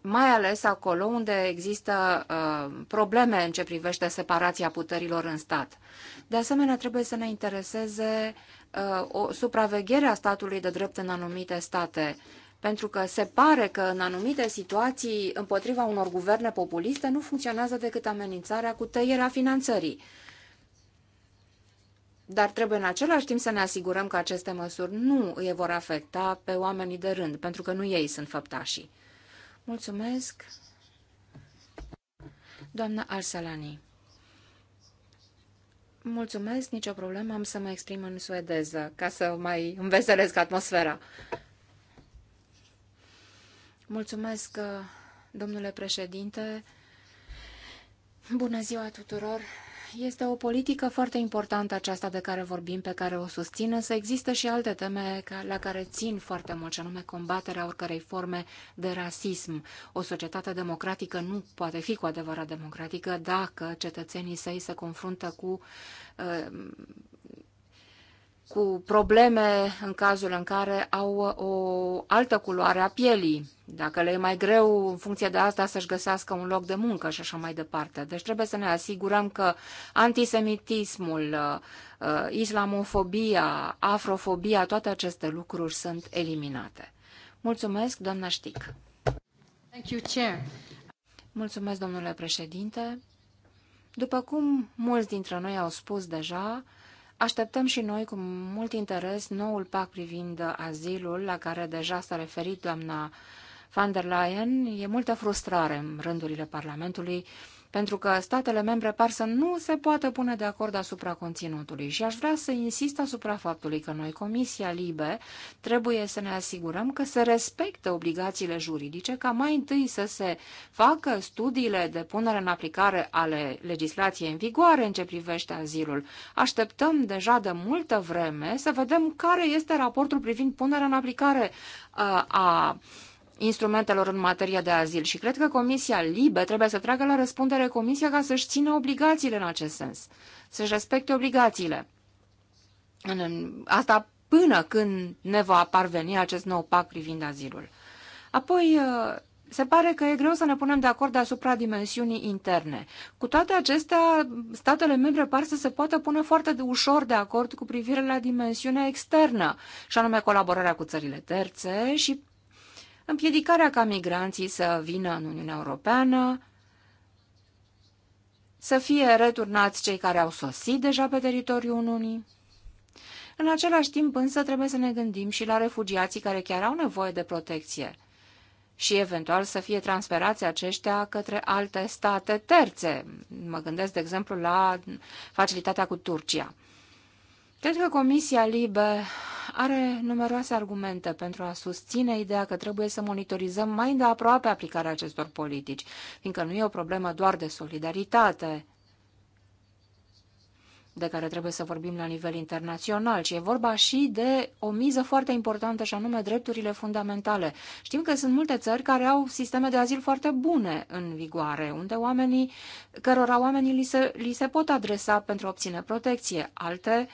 mai ales acolo unde există uh, probleme în ce privește separația puterilor în stat. De asemenea, trebuie să ne intereseze uh, o statului de drept în anumite state, pentru că se pare că în anumite situații, împotriva unor guverne populiste, nu funcționează decât amenințarea cu tăierea finanțării. Dar trebuie în același timp să ne asigurăm că aceste măsuri nu îi vor afecta pe oamenii de rând, pentru că nu ei sunt făptașii. Mulțumesc, doamna Arsalani. Mulțumesc, nicio problemă, am să mă exprim în suedeză, ca să mai înveselesc atmosfera. Mulțumesc, uh, domnule președinte. Bună ziua tuturor! Este o politică foarte importantă aceasta de care vorbim, pe care o susțin, însă există și alte teme la care țin foarte mult, și anume combaterea oricărei forme de rasism. O societate democratică nu poate fi cu adevărat democratică dacă cetățenii săi se confruntă cu uh, cu probleme în cazul în care au o altă culoare a pielii, dacă le e mai greu în funcție de asta să-și găsească un loc de muncă și așa mai departe. Deci trebuie să ne asigurăm că antisemitismul, uh, uh, islamofobia, afrofobia, toate aceste lucruri sunt eliminate. Mulțumesc, doamna Știc. Thank you, Chair. Mulțumesc, domnule președinte. După cum mulți dintre noi au spus deja, Așteptăm și noi cu mult interes noul pact privind azilul, la care deja s-a referit doamna van der Leyen. E multă frustrare în rândurile Parlamentului pentru că statele membre par să nu se poată pune de acord asupra conținutului și aș vrea să insist asupra faptului că noi, Comisia Libe, trebuie să ne asigurăm că se respectă obligațiile juridice ca mai întâi să se facă studiile de punere în aplicare ale legislației în vigoare în ce privește azilul. Așteptăm deja de multă vreme să vedem care este raportul privind punerea în aplicare uh, a, a instrumentelor în materie de azil și cred că Comisia Libe trebuie să tragă la răspundere Comisia ca să-și țină obligațiile în acest sens, să-și respecte obligațiile. Asta până când ne va parveni acest nou pact privind azilul. Apoi, uh, se pare că e greu să ne punem de acord asupra dimensiunii interne. Cu toate acestea, statele membre par să se poată pune foarte de ușor de acord cu privire la dimensiunea externă, și anume colaborarea cu țările terțe și împiedicarea ca migranții să vină în Uniunea Europeană, să fie returnați cei care au sosit deja pe teritoriul Uniunii. În același timp însă trebuie să ne gândim și la refugiații care chiar au nevoie de protecție și eventual să fie transferați aceștia către alte state terțe. Mă gândesc, de exemplu, la facilitatea cu Turcia. Cred că Comisia Libe are numeroase argumente pentru a susține ideea că trebuie să monitorizăm mai îndeaproape aplicarea acestor politici, fiindcă nu e o problemă doar de solidaritate de care trebuie să vorbim la nivel internațional, ci e vorba și de o miză foarte importantă, și anume drepturile fundamentale. Știm că sunt multe țări care au sisteme de azil foarte bune în vigoare, unde oamenii, cărora oamenii li se, li se pot adresa pentru a obține protecție. Alte uh,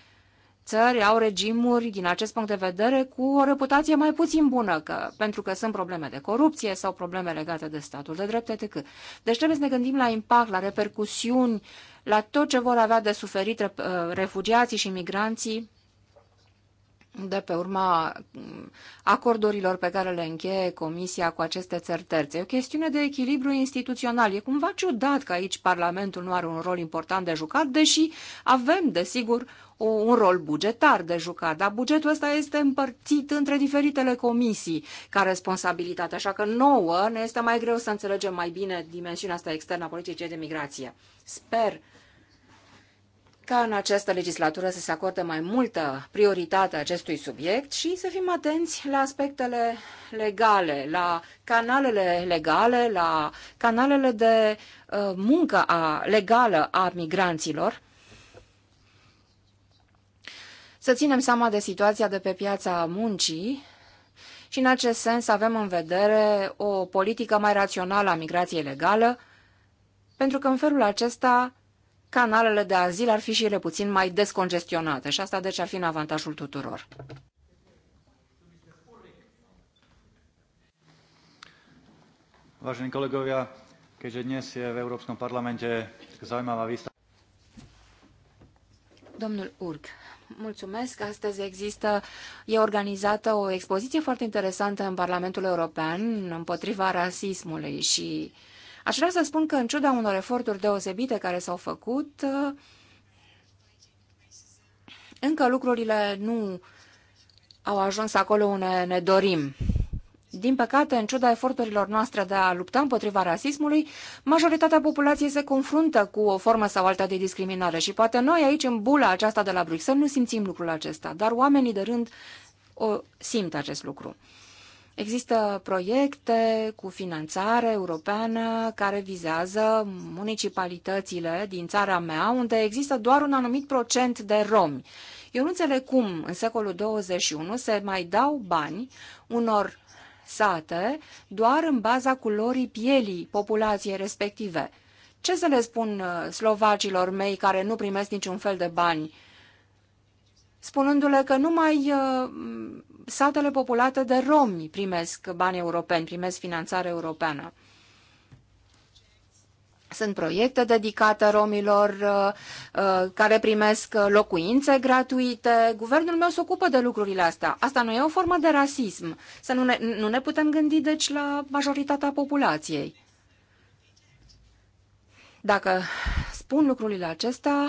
țări au regimuri, din acest punct de vedere, cu o reputație mai puțin bună, că, pentru că sunt probleme de corupție sau probleme legate de statul de drept, etc. Deci trebuie să ne gândim la impact, la repercusiuni, la tot ce vor avea de suferit uh, refugiații și migranții de pe urma mm, acordurilor pe care le încheie Comisia cu aceste țări terțe. E o chestiune de echilibru instituțional. E cumva ciudat că aici Parlamentul nu are un rol important de jucat, deși avem, desigur, un rol bugetar de jucat, dar bugetul ăsta este împărțit între diferitele comisii ca responsabilitate, așa că nouă ne este mai greu să înțelegem mai bine dimensiunea asta externă a politicii de migrație. Sper ca în această legislatură să se acorde mai multă prioritate acestui subiect și să fim atenți la aspectele legale, la canalele legale, la canalele de uh, muncă a, legală a migranților, să ținem seama de situația de pe piața muncii și în acest sens avem în vedere o politică mai rațională a migrației legală, pentru că în felul acesta canalele de azil ar fi și ele puțin mai descongestionate și asta deci ar fi în avantajul tuturor. Vážení kolegovia, keďže dnes je v Európskom parlamente zaujímavá výstava. Domnul Urk, Mulțumesc. Astăzi există, e organizată o expoziție foarte interesantă în Parlamentul European împotriva rasismului și aș vrea să spun că în ciuda unor eforturi deosebite care s-au făcut, încă lucrurile nu au ajuns acolo unde ne dorim din păcate, în ciuda eforturilor noastre de a lupta împotriva rasismului, majoritatea populației se confruntă cu o formă sau alta de discriminare și poate noi aici, în bula aceasta de la Bruxelles, nu simțim lucrul acesta, dar oamenii de rând o simt acest lucru. Există proiecte cu finanțare europeană care vizează municipalitățile din țara mea, unde există doar un anumit procent de romi. Eu nu înțeleg cum în secolul 21 se mai dau bani unor taxate doar în baza culorii pielii populației respective. Ce să le spun uh, slovacilor mei care nu primesc niciun fel de bani? Spunându-le că numai uh, satele populate de romi primesc bani europeni, primesc finanțare europeană. Sunt proiecte dedicate romilor uh, uh, care primesc uh, locuințe gratuite. Guvernul meu se ocupă de lucrurile astea. Asta nu e o formă de rasism. Să nu ne, nu ne putem gândi, deci, la majoritatea populației. Dacă spun lucrurile acestea,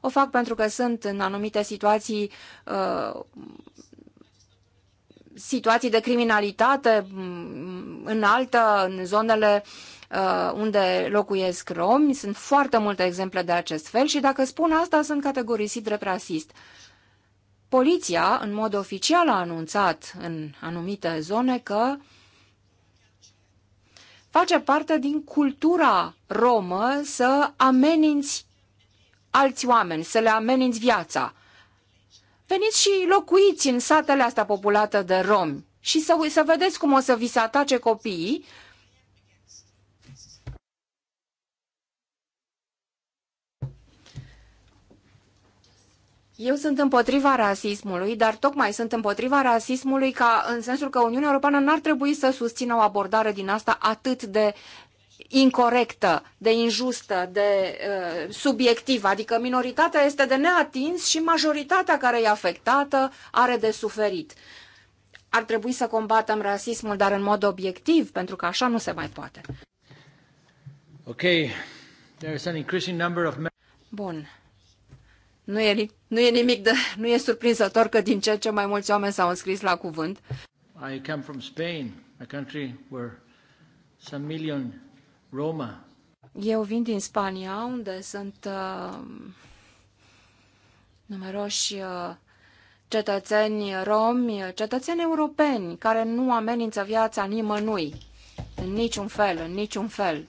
o fac pentru că sunt în anumite situații uh, situații de criminalitate înaltă în zonele uh, unde locuiesc romi. Sunt foarte multe exemple de acest fel și dacă spun asta, sunt categorisit drept rasist. Poliția, în mod oficial, a anunțat în anumite zone că face parte din cultura romă să ameninți alți oameni, să le ameninți viața veniți și locuiți în satele astea populate de romi și să, să vedeți cum o să vi se atace copiii Eu sunt împotriva rasismului, dar tocmai sunt împotriva rasismului ca în sensul că Uniunea Europeană n-ar trebui să susțină o abordare din asta atât de incorrectă, de injustă, de uh, subiectivă, adică minoritatea este de neatins și majoritatea care e afectată are de suferit. Ar trebui să combatem rasismul, dar în mod obiectiv, pentru că așa nu se mai poate. Ok, There is an increasing number of... Bun. Nu e, nu e nimic de... Nu e surprinzător că din ce ce mai mulți oameni s-au înscris la cuvânt. I come from Spain, a country where some million Roma. Eu vin din Spania, unde sunt uh, numeroși uh, cetățeni romi, cetățeni europeni, care nu amenință viața nimănui, în niciun fel, în niciun fel.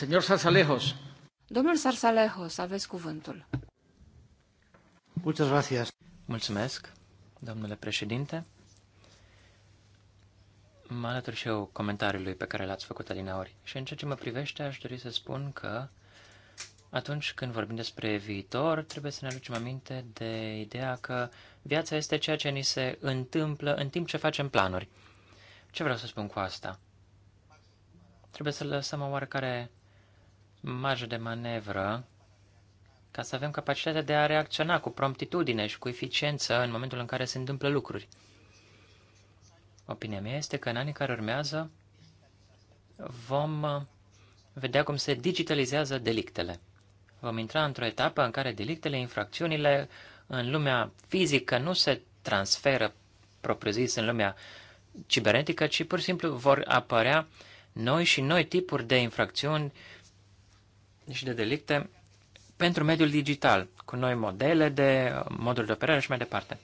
Señor Sarsalejos. Domnul Sarsalejos, aveți cuvântul. Muchas gracias. Mulțumesc, domnule președinte. Mă alătur și eu comentariului pe care l-ați făcut, ori. Și în ceea ce mă privește, aș dori să spun că atunci când vorbim despre viitor, trebuie să ne aducem aminte de ideea că viața este ceea ce ni se întâmplă în timp ce facem planuri. Ce vreau să spun cu asta? Trebuie să lăsăm o oarecare marjă de manevră ca să avem capacitatea de a reacționa cu promptitudine și cu eficiență în momentul în care se întâmplă lucruri. Opinia mea este că în anii care urmează vom uh, vedea cum se digitalizează delictele. Vom intra într-o etapă în care delictele, infracțiunile în lumea fizică nu se transferă propriu-zis în lumea cibernetică, ci pur și simplu vor apărea noi și noi tipuri de infracțiuni și de delicte pentru mediul digital, cu noi modele de modul de operare și mai departe.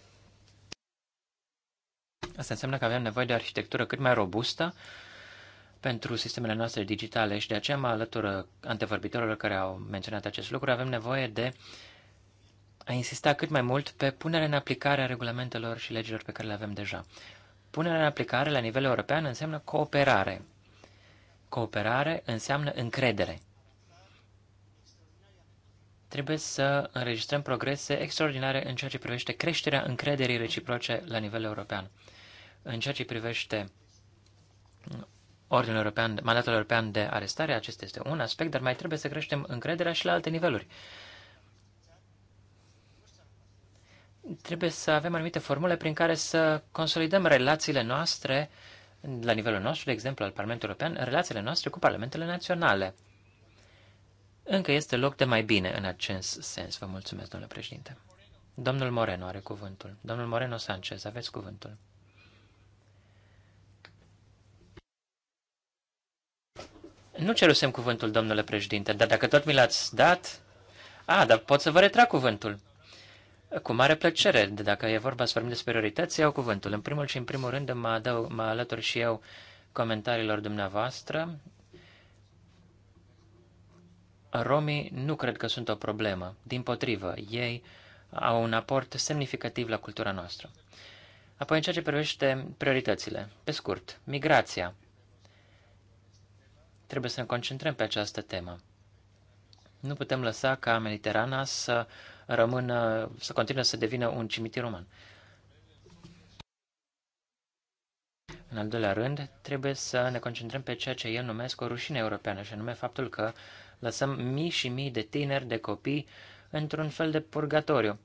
Asta înseamnă că avem nevoie de arhitectură cât mai robustă pentru sistemele noastre digitale și de aceea mă alătur antevorbitorilor care au menționat acest lucru. Avem nevoie de a insista cât mai mult pe punerea în aplicare a regulamentelor și legilor pe care le avem deja. Punerea în aplicare la nivel european înseamnă cooperare. Cooperare înseamnă încredere. Trebuie să înregistrăm progrese extraordinare în ceea ce privește creșterea încrederii reciproce la nivel european. În ceea ce privește Ordinul European, mandatul european de arestare, acesta este un aspect, dar mai trebuie să creștem încrederea și la alte niveluri. Trebuie să avem anumite formule prin care să consolidăm relațiile noastre, la nivelul nostru, de exemplu, al Parlamentului European, relațiile noastre cu parlamentele naționale. Încă este loc de mai bine în acest sens. Vă mulțumesc, domnule președinte. Domnul Moreno are cuvântul. Domnul Moreno Sanchez, aveți cuvântul. Nu cerusem cuvântul, domnule președinte, dar dacă tot mi l-ați dat... A, dar pot să vă retrag cuvântul. Cu mare plăcere, de dacă e vorba să vorbim despre priorități, iau cuvântul. În primul și în primul rând mă, adău, mă alătur și eu comentariilor dumneavoastră. Romii nu cred că sunt o problemă. Din potrivă, ei au un aport semnificativ la cultura noastră. Apoi, în ceea ce privește prioritățile, pe scurt, migrația – Trebuie să ne concentrăm pe această temă. Nu putem lăsa ca Mediterana să rămână, să continue să devină un cimitir roman. În al doilea rând, trebuie să ne concentrăm pe ceea ce eu numesc o rușine europeană, și anume faptul că lăsăm mii și mii de tineri, de copii, într-un fel de purgatoriu.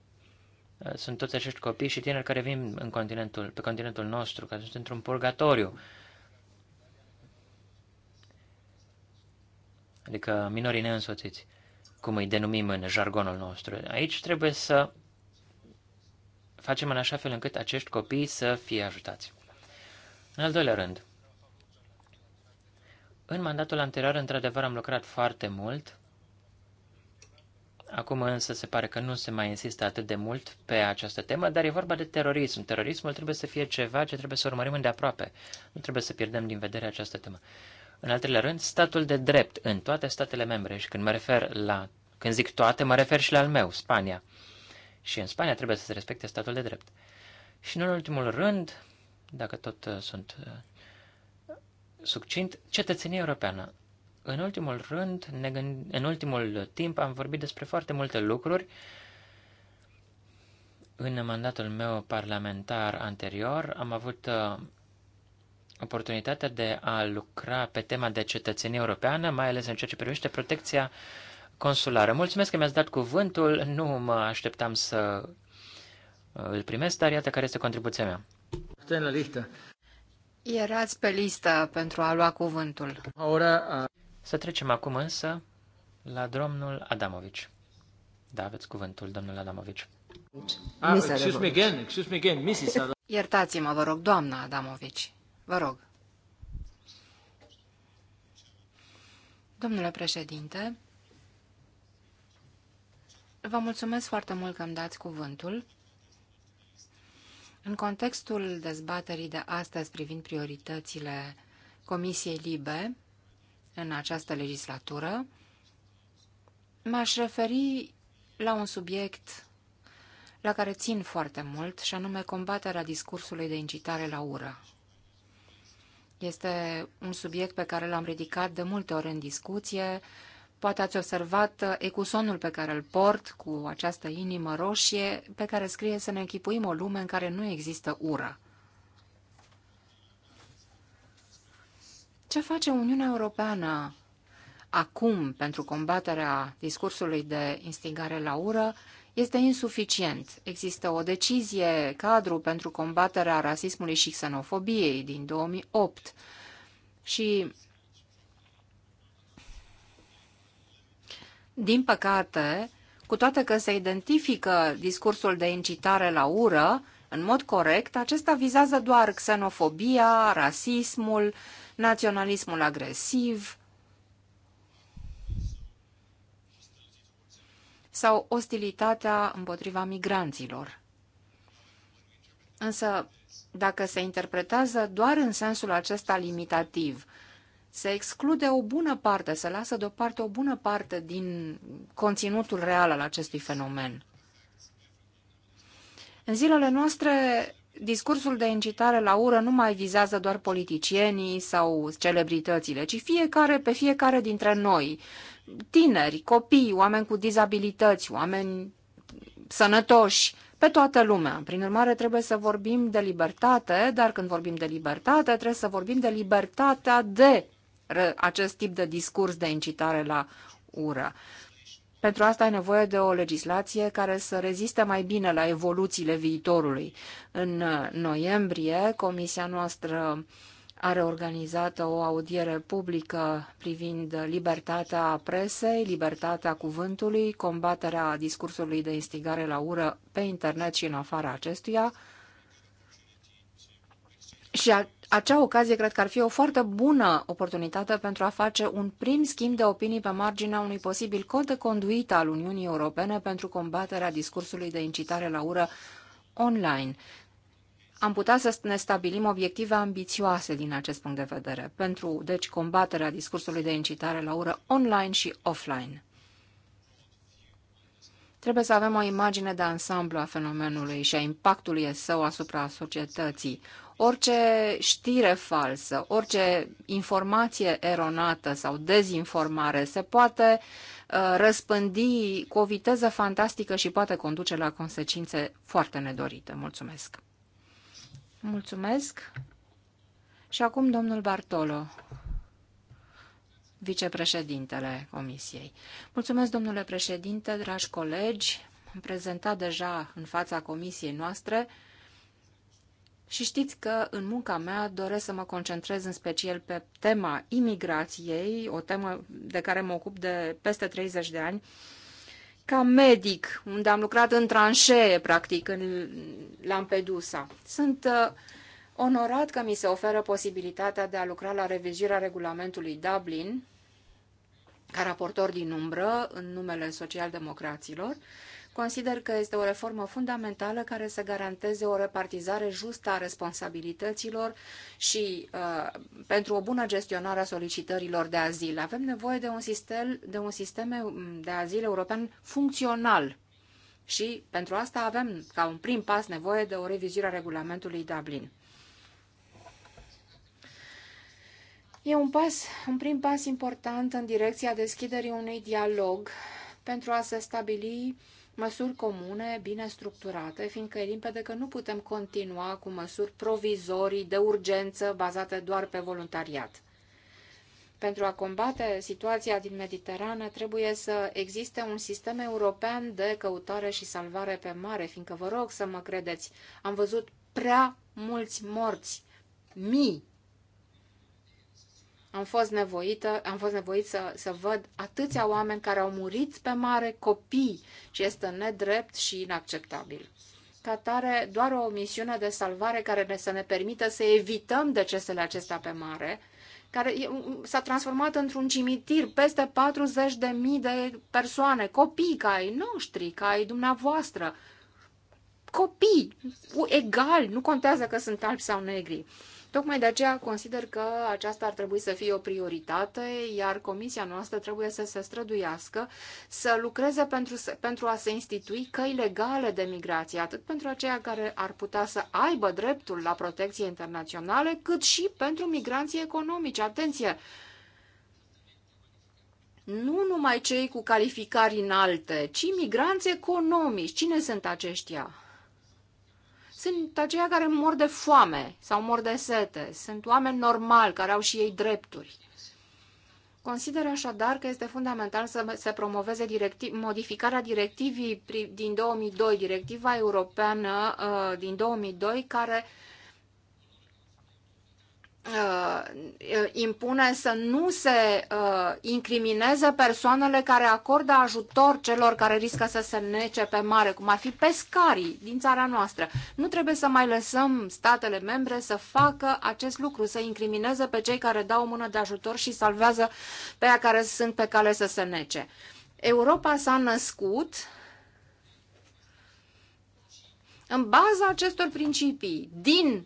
Sunt toți acești copii și tineri care vin în continentul, pe continentul nostru, care sunt într-un purgatoriu. Uh, adică minorii neînsoțiți, cum îi denumim în jargonul nostru. Aici trebuie să facem în așa fel încât acești copii să fie ajutați. În al doilea rând, în mandatul anterior, într-adevăr, am lucrat foarte mult. Acum însă se pare că nu se mai insistă atât de mult pe această temă, dar e vorba de terorism. Terorismul trebuie să fie ceva ce trebuie să urmărim îndeaproape. Nu trebuie să pierdem din vedere această temă. În al treilea rând, statul de drept în toate statele membre și când mă refer la, când zic toate, mă refer și la al meu, Spania. Și în Spania trebuie să se respecte statul de drept. Și în ultimul rând, dacă tot uh, sunt uh, succint, cetățenia europeană. În ultimul rând, ne gând, în ultimul timp am vorbit despre foarte multe lucruri. În mandatul meu parlamentar anterior am avut uh, oportunitatea de a lucra pe tema de cetățenie europeană, mai ales în ceea ce privește protecția consulară. Mulțumesc că mi-ați dat cuvântul, nu mă așteptam să uh, îl primesc, dar iată care este contribuția mea. La listă. Erați pe listă pentru a lua cuvântul. Ora a... Să trecem acum însă la domnul Adamovici. Da, aveți cuvântul, domnul Adamovici. Ah, excuse me again, excuse me again, Mrs. Adamovici. Iertați-mă, vă rog, doamna Adamovici. Vă rog. Domnule președinte, vă mulțumesc foarte mult că îmi dați cuvântul. În contextul dezbaterii de astăzi privind prioritățile Comisiei Libe în această legislatură, m-aș referi la un subiect la care țin foarte mult, și anume combaterea discursului de incitare la ură. Este un subiect pe care l-am ridicat de multe ori în discuție. Poate ați observat ecusonul pe care îl port cu această inimă roșie, pe care scrie să ne închipuim o lume în care nu există ură. Ce face Uniunea Europeană acum pentru combaterea discursului de instigare la ură este insuficient. Există o decizie cadru pentru combaterea rasismului și xenofobiei din 2008 și Din păcate, cu toate că se identifică discursul de incitare la ură, în mod corect, acesta vizează doar xenofobia, rasismul, naționalismul agresiv, sau ostilitatea împotriva migranților. Însă, dacă se interpretează doar în sensul acesta limitativ, se exclude o bună parte, se lasă deoparte o bună parte din conținutul real al acestui fenomen. În zilele noastre, discursul de incitare la ură nu mai vizează doar politicienii sau celebritățile, ci fiecare pe fiecare dintre noi, tineri, copii, oameni cu dizabilități, oameni sănătoși, pe toată lumea. Prin urmare, trebuie să vorbim de libertate, dar când vorbim de libertate, trebuie să vorbim de libertatea de acest tip de discurs de incitare la ură. Pentru asta ai nevoie de o legislație care să reziste mai bine la evoluțiile viitorului. În noiembrie, comisia noastră a reorganizat o audiere publică privind libertatea presei, libertatea cuvântului, combaterea discursului de instigare la ură pe internet și în afara acestuia. Și a, acea ocazie cred că ar fi o foarte bună oportunitate pentru a face un prim schimb de opinii pe marginea unui posibil cod de conduită al Uniunii Europene pentru combaterea discursului de incitare la ură online am putea să ne stabilim obiective ambițioase din acest punct de vedere, pentru, deci, combaterea discursului de incitare la ură online și offline. Trebuie să avem o imagine de ansamblu a fenomenului și a impactului său asupra societății. Orice știre falsă, orice informație eronată sau dezinformare se poate uh, răspândi cu o viteză fantastică și poate conduce la consecințe foarte nedorite. Mulțumesc! Mulțumesc. Și acum domnul Bartolo, vicepreședintele Comisiei. Mulțumesc, domnule președinte, dragi colegi. Am prezentat deja în fața Comisiei noastre și știți că în munca mea doresc să mă concentrez în special pe tema imigrației, o temă de care mă ocup de peste 30 de ani, ca medic, unde am lucrat în tranșee, practic, în Lampedusa. Sunt uh, onorat că mi se oferă posibilitatea de a lucra la revizuirea regulamentului Dublin, ca raportor din umbră, în numele socialdemocraților, democraților Consider că este o reformă fundamentală care să garanteze o repartizare justă a responsabilităților și uh, pentru o bună gestionare a solicitărilor de azil. Avem nevoie de un sistem de, un sistem de azil european funcțional și pentru asta avem, ca un prim pas, nevoie de o revizuire a regulamentului Dublin. E un pas, un prim pas important în direcția deschiderii unui dialog pentru a se stabili măsuri comune, bine structurate, fiindcă e limpede că nu putem continua cu măsuri provizorii de urgență bazate doar pe voluntariat. Pentru a combate situația din Mediterană, trebuie să existe un sistem european de căutare și salvare pe mare, fiindcă vă rog să mă credeți, am văzut prea mulți morți, mii am fost, nevoită, am fost nevoit să, să văd atâția oameni care au murit pe mare, copii, și este nedrept și inacceptabil. Ca tare, doar o misiune de salvare care ne, să ne permită să evităm decesele acestea pe mare, care s-a transformat într-un cimitir peste 40.000 de de persoane, copii ca ai noștri, ca ai dumneavoastră, copii egal, nu contează că sunt albi sau negri. Tocmai de aceea consider că aceasta ar trebui să fie o prioritate, iar comisia noastră trebuie să se străduiască să lucreze pentru, pentru a se institui căi legale de migrație, atât pentru aceia care ar putea să aibă dreptul la protecție internaționale, cât și pentru migranții economici. Atenție! Nu numai cei cu calificări înalte, ci migranți economici. Cine sunt aceștia? sunt aceia care mor de foame sau mor de sete. Sunt oameni normali care au și ei drepturi. Consider așadar că este fundamental să se promoveze directiv, modificarea directivii din 2002, directiva europeană uh, din 2002, care uh, Uh, uh, impune să nu se uh, incrimineze persoanele care acordă ajutor celor care riscă să se nece pe mare, cum ar fi pescarii din țara noastră. Nu trebuie să mai lăsăm statele membre să facă acest lucru, să incrimineze pe cei care dau o mână de ajutor și salvează pe aia care sunt pe cale să se nece. Europa s-a născut în baza acestor principii, din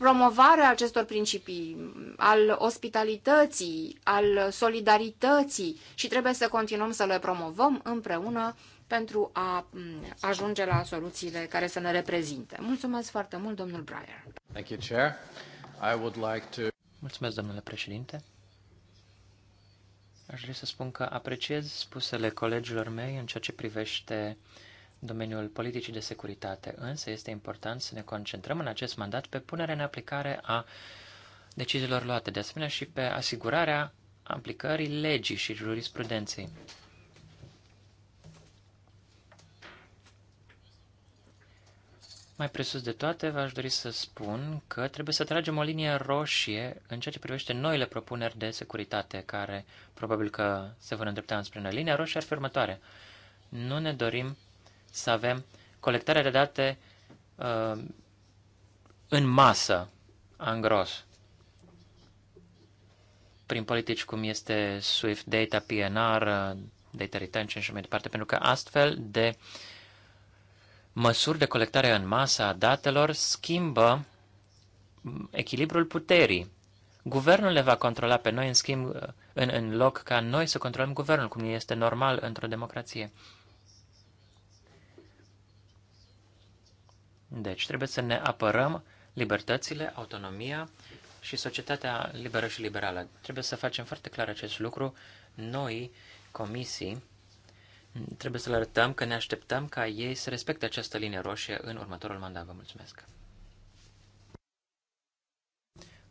promovarea acestor principii, al ospitalității, al solidarității și trebuie să continuăm să le promovăm împreună pentru a ajunge la soluțiile care să ne reprezinte. Mulțumesc foarte mult, domnul Breyer. Thank you, Chair. I would like to... Mulțumesc, domnule președinte. Aș vrea să spun că apreciez spusele colegilor mei în ceea ce privește uh, domeniul politicii de securitate, însă este important să ne concentrăm în acest mandat pe punerea în aplicare a deciziilor luate, de asemenea și pe asigurarea aplicării legii și jurisprudenței. Mai presus de toate, v-aș dori să spun că trebuie să tragem o linie roșie în ceea ce privește noile propuneri de securitate, care probabil că se vor îndrepta înspre noi. Linia roșie ar fi următoare. Nu ne dorim să avem colectarea de date uh, în masă, în gros, prin politici cum este Swift Data, PNR, uh, Data Retention și mai departe, pentru că astfel de măsuri de colectare în masă a datelor schimbă mm, echilibrul puterii. Guvernul le va controla pe noi, în schimb, uh, în, în loc ca noi să controlăm guvernul, cum este normal într-o democrație. Deci trebuie să ne apărăm libertățile, autonomia și societatea liberă și liberală. Trebuie să facem foarte clar acest lucru. Noi, comisii, trebuie să le arătăm că ne așteptăm ca ei să respecte această linie roșie în următorul mandat. Vă mulțumesc!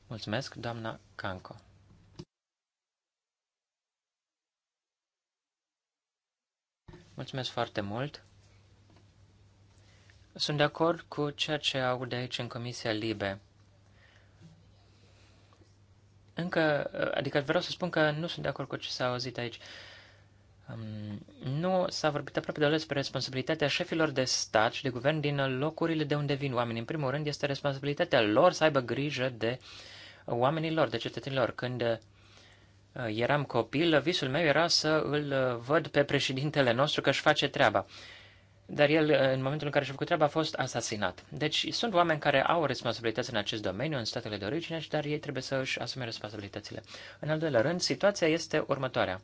Mulțumesc, doamna Canco. Mulțumesc foarte mult! Sunt de acord cu ceea ce au de aici în Comisia Libe. Încă, adică vreau să spun că nu sunt de acord cu ce s-a auzit aici. Um, nu s-a vorbit aproape deloc despre responsabilitatea șefilor de stat și de guvern din locurile de unde vin oamenii. În primul rând, este responsabilitatea lor să aibă grijă de oamenilor, de cetățenilor. Când uh, eram copil, visul meu era să îl uh, văd pe președintele nostru că își face treaba dar el, în momentul în care și-a făcut treaba, a fost asasinat. Deci sunt oameni care au responsabilități în acest domeniu, în statele de origine, dar ei trebuie să își asume responsabilitățile. În al doilea rând, situația este următoarea.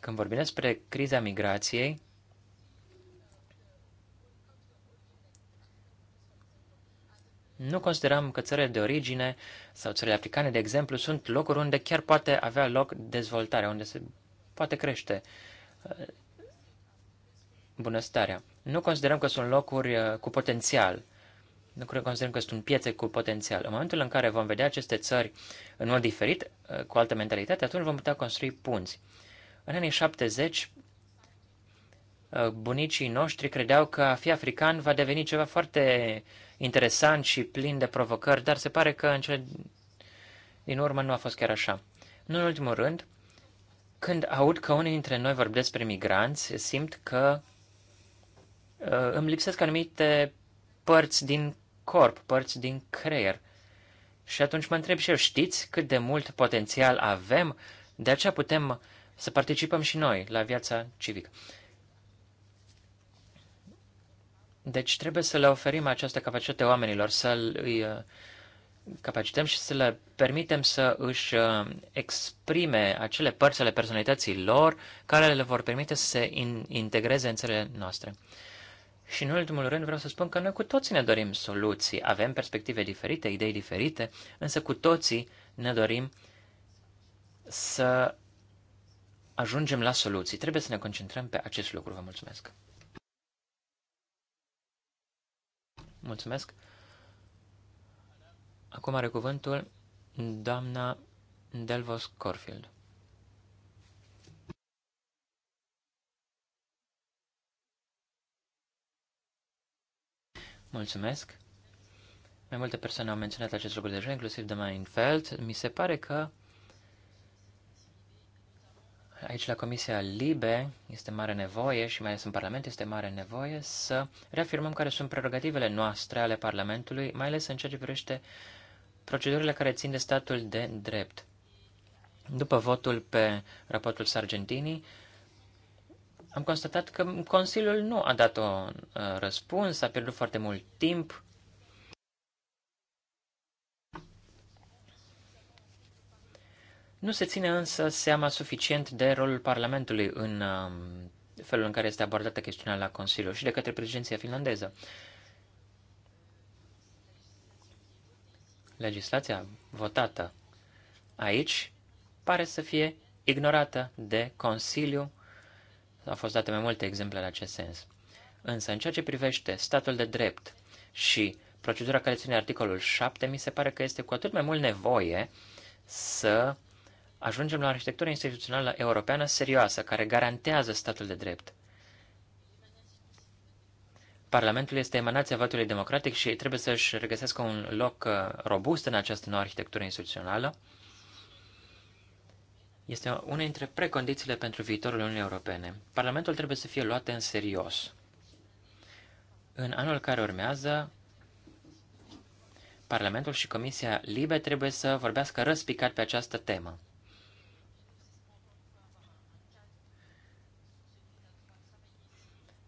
Când vorbim despre criza migrației, Nu considerăm că țările de origine sau țările africane, de exemplu, sunt locuri unde chiar poate avea loc dezvoltare, unde se poate crește bunăstarea. Nu considerăm că sunt locuri uh, cu potențial. Nu considerăm că sunt piețe cu potențial. În momentul în care vom vedea aceste țări în mod diferit, uh, cu altă mentalitate, atunci vom putea construi punți. În anii 70, uh, bunicii noștri credeau că a fi african va deveni ceva foarte interesant și plin de provocări, dar se pare că în cele din urmă nu a fost chiar așa. Nu în ultimul rând, când aud că unii dintre noi vorbesc despre migranți, simt că Uh, îmi lipsesc anumite părți din corp, părți din creier. Și atunci mă întreb și eu, știți cât de mult potențial avem? De aceea putem să participăm și noi la viața civică. Deci trebuie să le oferim această capacitate oamenilor, să îi uh, capacităm și să le permitem să își uh, exprime acele părți ale personalității lor care le vor permite să se integreze în țările noastre. Și în ultimul rând vreau să spun că noi cu toții ne dorim soluții, avem perspective diferite, idei diferite, însă cu toții ne dorim să ajungem la soluții. Trebuie să ne concentrăm pe acest lucru. Vă mulțumesc! Mulțumesc! Acum are cuvântul doamna Delvos Corfield. Mulțumesc. Mai multe persoane au menționat acest lucru deja, inclusiv de mai Feld. Mi se pare că aici la Comisia Libe este mare nevoie și mai ales în Parlament este mare nevoie să reafirmăm care sunt prerogativele noastre ale Parlamentului, mai ales în ceea ce privește procedurile care țin de statul de drept. După votul pe raportul Sargentini, am constatat că Consiliul nu a dat un uh, răspuns, a pierdut foarte mult timp. Nu se ține însă seama suficient de rolul Parlamentului în um, felul în care este abordată chestiunea la Consiliu și de către președinția finlandeză. Legislația votată aici pare să fie ignorată de Consiliu au fost date mai multe exemple în acest sens. Însă, în ceea ce privește statul de drept și procedura care ține articolul 7, mi se pare că este cu atât mai mult nevoie să ajungem la o arhitectură instituțională europeană serioasă, care garantează statul de drept. Parlamentul este emanația votului democratic și trebuie să-și regăsească un loc uh, robust în această nouă arhitectură instituțională este una dintre precondițiile pentru viitorul Uniunii Europene. Parlamentul trebuie să fie luat în serios. În anul care urmează, Parlamentul și Comisia Libe trebuie să vorbească răspicat pe această temă.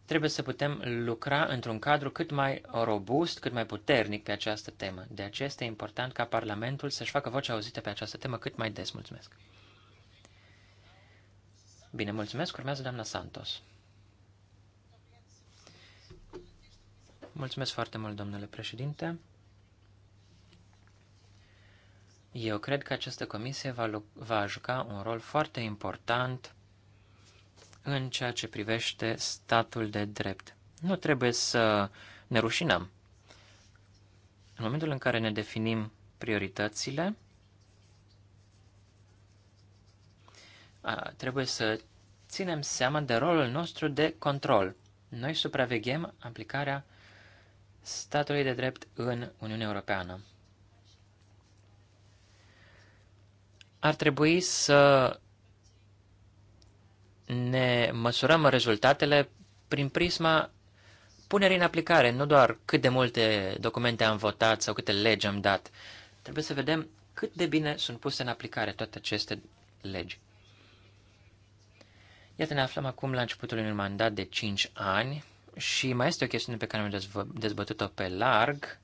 Trebuie să putem lucra într-un cadru cât mai robust, cât mai puternic pe această temă. De aceea este important ca Parlamentul să-și facă vocea auzită pe această temă cât mai des. Mulțumesc! Bine, mulțumesc. Urmează doamna Santos. Mulțumesc foarte mult, domnule președinte. Eu cred că această comisie va, va juca un rol foarte important în ceea ce privește statul de drept. Nu trebuie să ne rușinăm. În momentul în care ne definim prioritățile, trebuie să ținem seama de rolul nostru de control. Noi supraveghem aplicarea statului de drept în Uniunea Europeană. Ar trebui să ne măsurăm rezultatele prin prisma punerii în aplicare, nu doar cât de multe documente am votat sau câte legi am dat. Trebuie să vedem cât de bine sunt puse în aplicare toate aceste legi. Iată, ne aflăm acum la începutul unui mandat de 5 ani și mai este o chestiune pe care am dezbătut-o pe larg,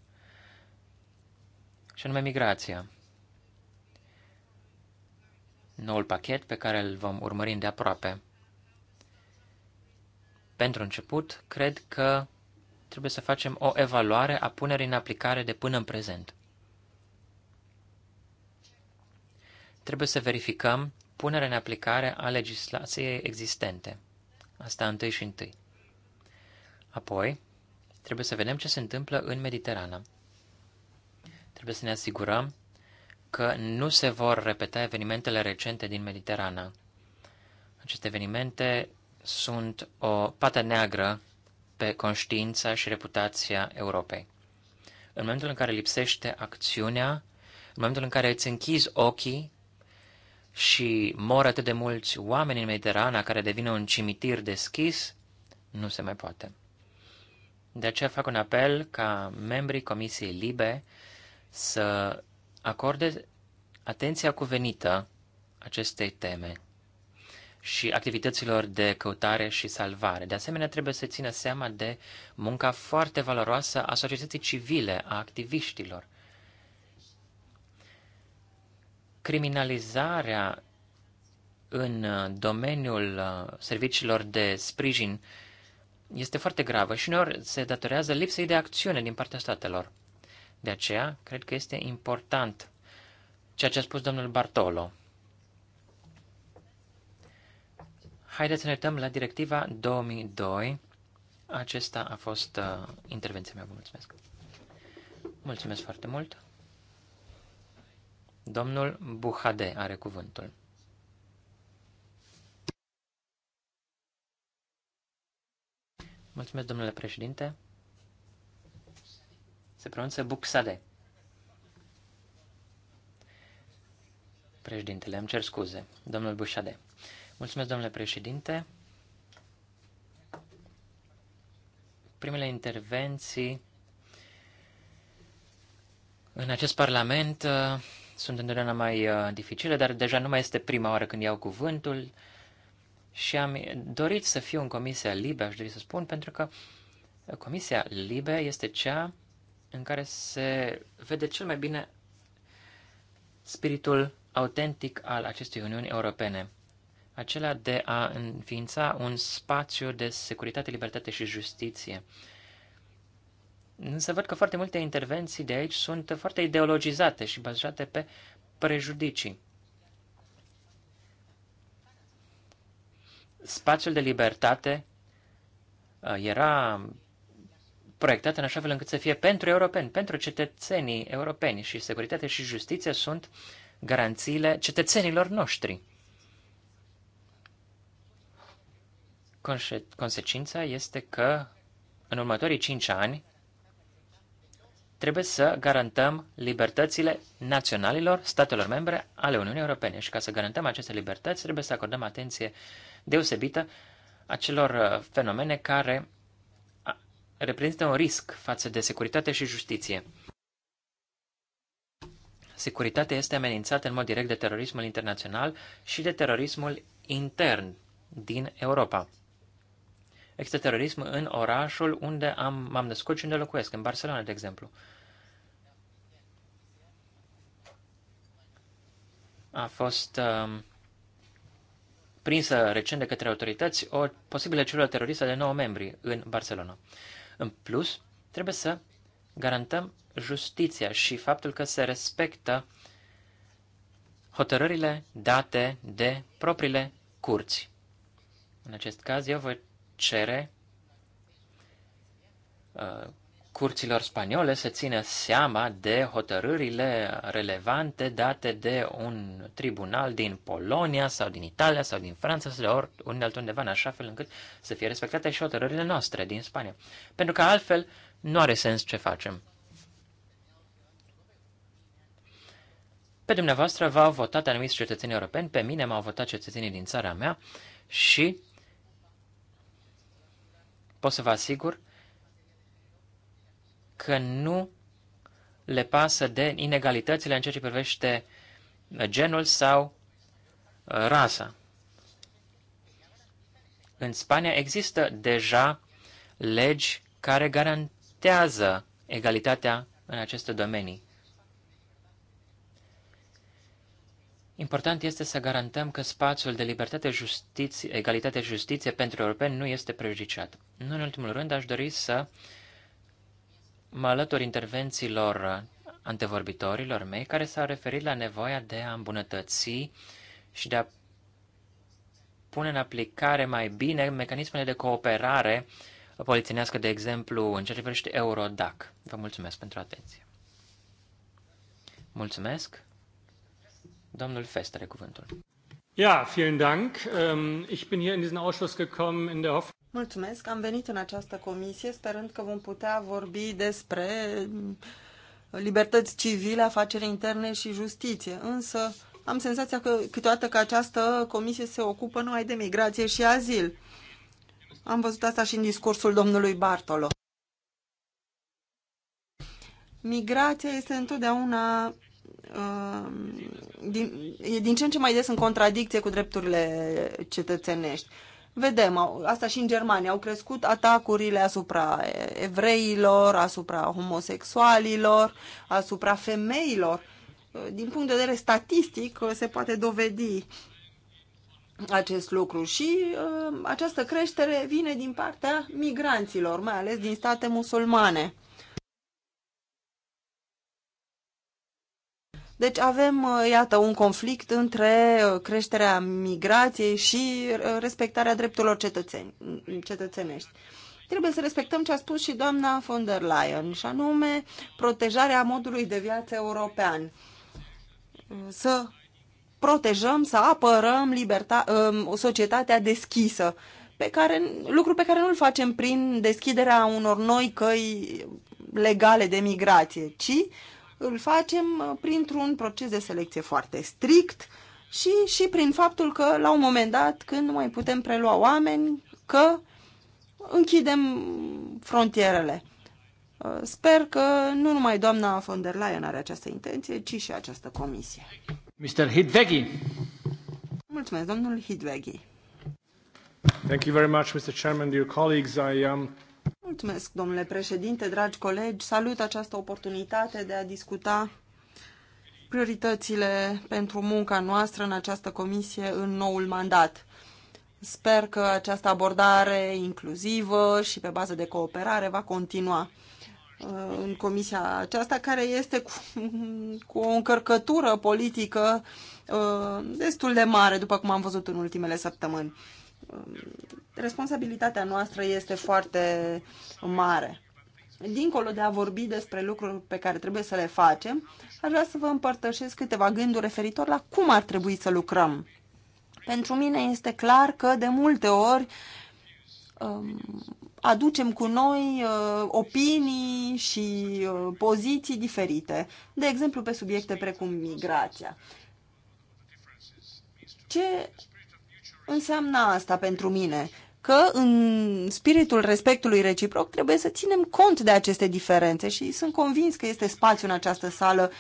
și anume migrația. Noul pachet pe care îl vom urmări de aproape. Pentru început, cred că trebuie să facem o evaluare a punerii în aplicare de până în prezent. Trebuie să verificăm punerea în aplicare a legislației existente. Asta întâi și întâi. Apoi, trebuie să vedem ce se întâmplă în Mediterana. Trebuie să ne asigurăm că nu se vor repeta evenimentele recente din Mediterana. Aceste evenimente sunt o pată neagră pe conștiința și reputația Europei. În momentul în care lipsește acțiunea, în momentul în care îți închizi ochii și mor atât de mulți oameni în Mediterana care devine un cimitir deschis, nu se mai poate. De aceea fac un apel ca membrii Comisiei Libe să acorde atenția cuvenită acestei teme și activităților de căutare și salvare. De asemenea, trebuie să țină seama de munca foarte valoroasă a societății civile, a activiștilor. criminalizarea în uh, domeniul uh, serviciilor de sprijin este foarte gravă și uneori se datorează lipsei de acțiune din partea statelor. De aceea, cred că este important ceea ce a spus domnul Bartolo. Haideți să ne uităm la directiva 2002. Acesta a fost uh, intervenția mea. Vă mulțumesc. Mulțumesc foarte mult. Domnul Buhade are cuvântul. Mulțumesc, domnule președinte. Se pronunță Buxade. Președintele, îmi cer scuze. Domnul Bușade. Mulțumesc, domnule președinte. Primele intervenții în acest parlament uh, sunt întotdeauna mai uh, dificile, dar deja nu mai este prima oară când iau cuvântul și am dorit să fiu în Comisia Libe, aș dori să spun, pentru că Comisia Libe este cea în care se vede cel mai bine spiritul autentic al acestei Uniuni Europene, acela de a înființa un spațiu de securitate, libertate și justiție, Însă văd că foarte multe intervenții de aici sunt foarte ideologizate și bazate pe prejudicii. Spațiul de libertate uh, era proiectat în așa fel încât să fie pentru europeni, pentru cetățenii europeni și securitate și justiție sunt garanțiile cetățenilor noștri. Conse- consecința este că în următorii cinci ani trebuie să garantăm libertățile naționalilor, statelor membre ale Uniunii Europene. Și ca să garantăm aceste libertăți, trebuie să acordăm atenție deosebită acelor uh, fenomene care reprezintă un risc față de securitate și justiție. Securitatea este amenințată în mod direct de terorismul internațional și de terorismul intern din Europa. Există terorism în orașul unde am, m-am născut și unde locuiesc, în Barcelona, de exemplu. A fost um, prinsă recent de către autorități o posibilă celulă teroristă de 9 membri în Barcelona. În plus, trebuie să garantăm justiția și faptul că se respectă hotărârile date de propriile curți. În acest caz, eu voi cere uh, curților spaniole să țină seama de hotărârile relevante date de un tribunal din Polonia sau din Italia sau din Franța sau de ori, unde altundeva, în așa fel încât să fie respectate și hotărârile noastre din Spania. Pentru că altfel nu are sens ce facem. Pe dumneavoastră v-au votat anumiți cetățeni europeni, pe mine m-au votat cetățenii din țara mea și pot să vă asigur că nu le pasă de inegalitățile în ceea ce privește genul sau uh, rasa. În Spania există deja legi care garantează egalitatea în aceste domenii. Important este să garantăm că spațiul de libertate, justiție, egalitate, justiție pentru europeni nu este prejudiciat. Nu în ultimul rând, aș dori să mă alătur intervențiilor antevorbitorilor mei care s-au referit la nevoia de a îmbunătăți și de a pune în aplicare mai bine mecanismele de cooperare polițienească, de exemplu, în ceea ce privește Eurodac. Vă mulțumesc pentru atenție. Mulțumesc. Domnul Fest are cuvântul. Ja, vielen Dank. Ähm, ich bin hier in diesen Ausschuss gekommen in der Hoffnung. Mulțumesc. Am venit în această comisie sperând că vom putea vorbi despre mm, libertăți civile, afaceri interne și justiție. Însă am senzația că câteodată că această comisie se ocupă numai de migrație și azil. Am văzut asta și în discursul domnului Bartolo. Migrația este întotdeauna Um, din, e din ce în ce mai des în contradicție cu drepturile cetățenești. Vedem, au, asta și în Germania, au crescut atacurile asupra evreilor, asupra homosexualilor, asupra femeilor. Din punct de vedere statistic se poate dovedi acest lucru și uh, această creștere vine din partea migranților, mai ales din state musulmane Deci avem, uh, iată, un conflict între uh, creșterea migrației și uh, respectarea drepturilor mm, cetățenești. Trebuie să respectăm ce a spus și doamna von der Leyen, și anume protejarea modului de viață european. Să protejăm, să apărăm liberta, um, societatea deschisă, pe care, lucru pe care nu-l facem prin deschiderea unor noi căi legale de migrație, ci îl facem printr-un proces de selecție foarte strict și, și prin faptul că la un moment dat, când nu mai putem prelua oameni, că închidem frontierele. Uh, sper că nu numai doamna von der Leyen are această intenție, ci și această comisie. Mr. Hidvegi. Mulțumesc, domnul Hidvegi. Thank you very much, Mr. Chairman, dear colleagues. I am um, Mulțumesc, domnule președinte, dragi colegi. Salut această oportunitate de a discuta prioritățile pentru munca noastră în această comisie în noul mandat. Sper că această abordare inclusivă și pe bază de cooperare va continua uh, în comisia aceasta, care este cu, cu o încărcătură politică uh, destul de mare, după cum am văzut în ultimele săptămâni. Um, responsabilitatea noastră este foarte mare. Dincolo de a vorbi despre lucruri pe care trebuie să le facem, aș vrea să vă împărtășesc câteva gânduri referitor la cum ar trebui să lucrăm. Pentru mine este clar că de multe ori um, aducem cu noi uh, opinii și uh, poziții diferite, de exemplu pe subiecte precum migrația. Ce înseamnă asta pentru mine? Că în spiritul respectului reciproc trebuie să ținem cont de aceste diferențe și sunt convins că este spațiu în această sală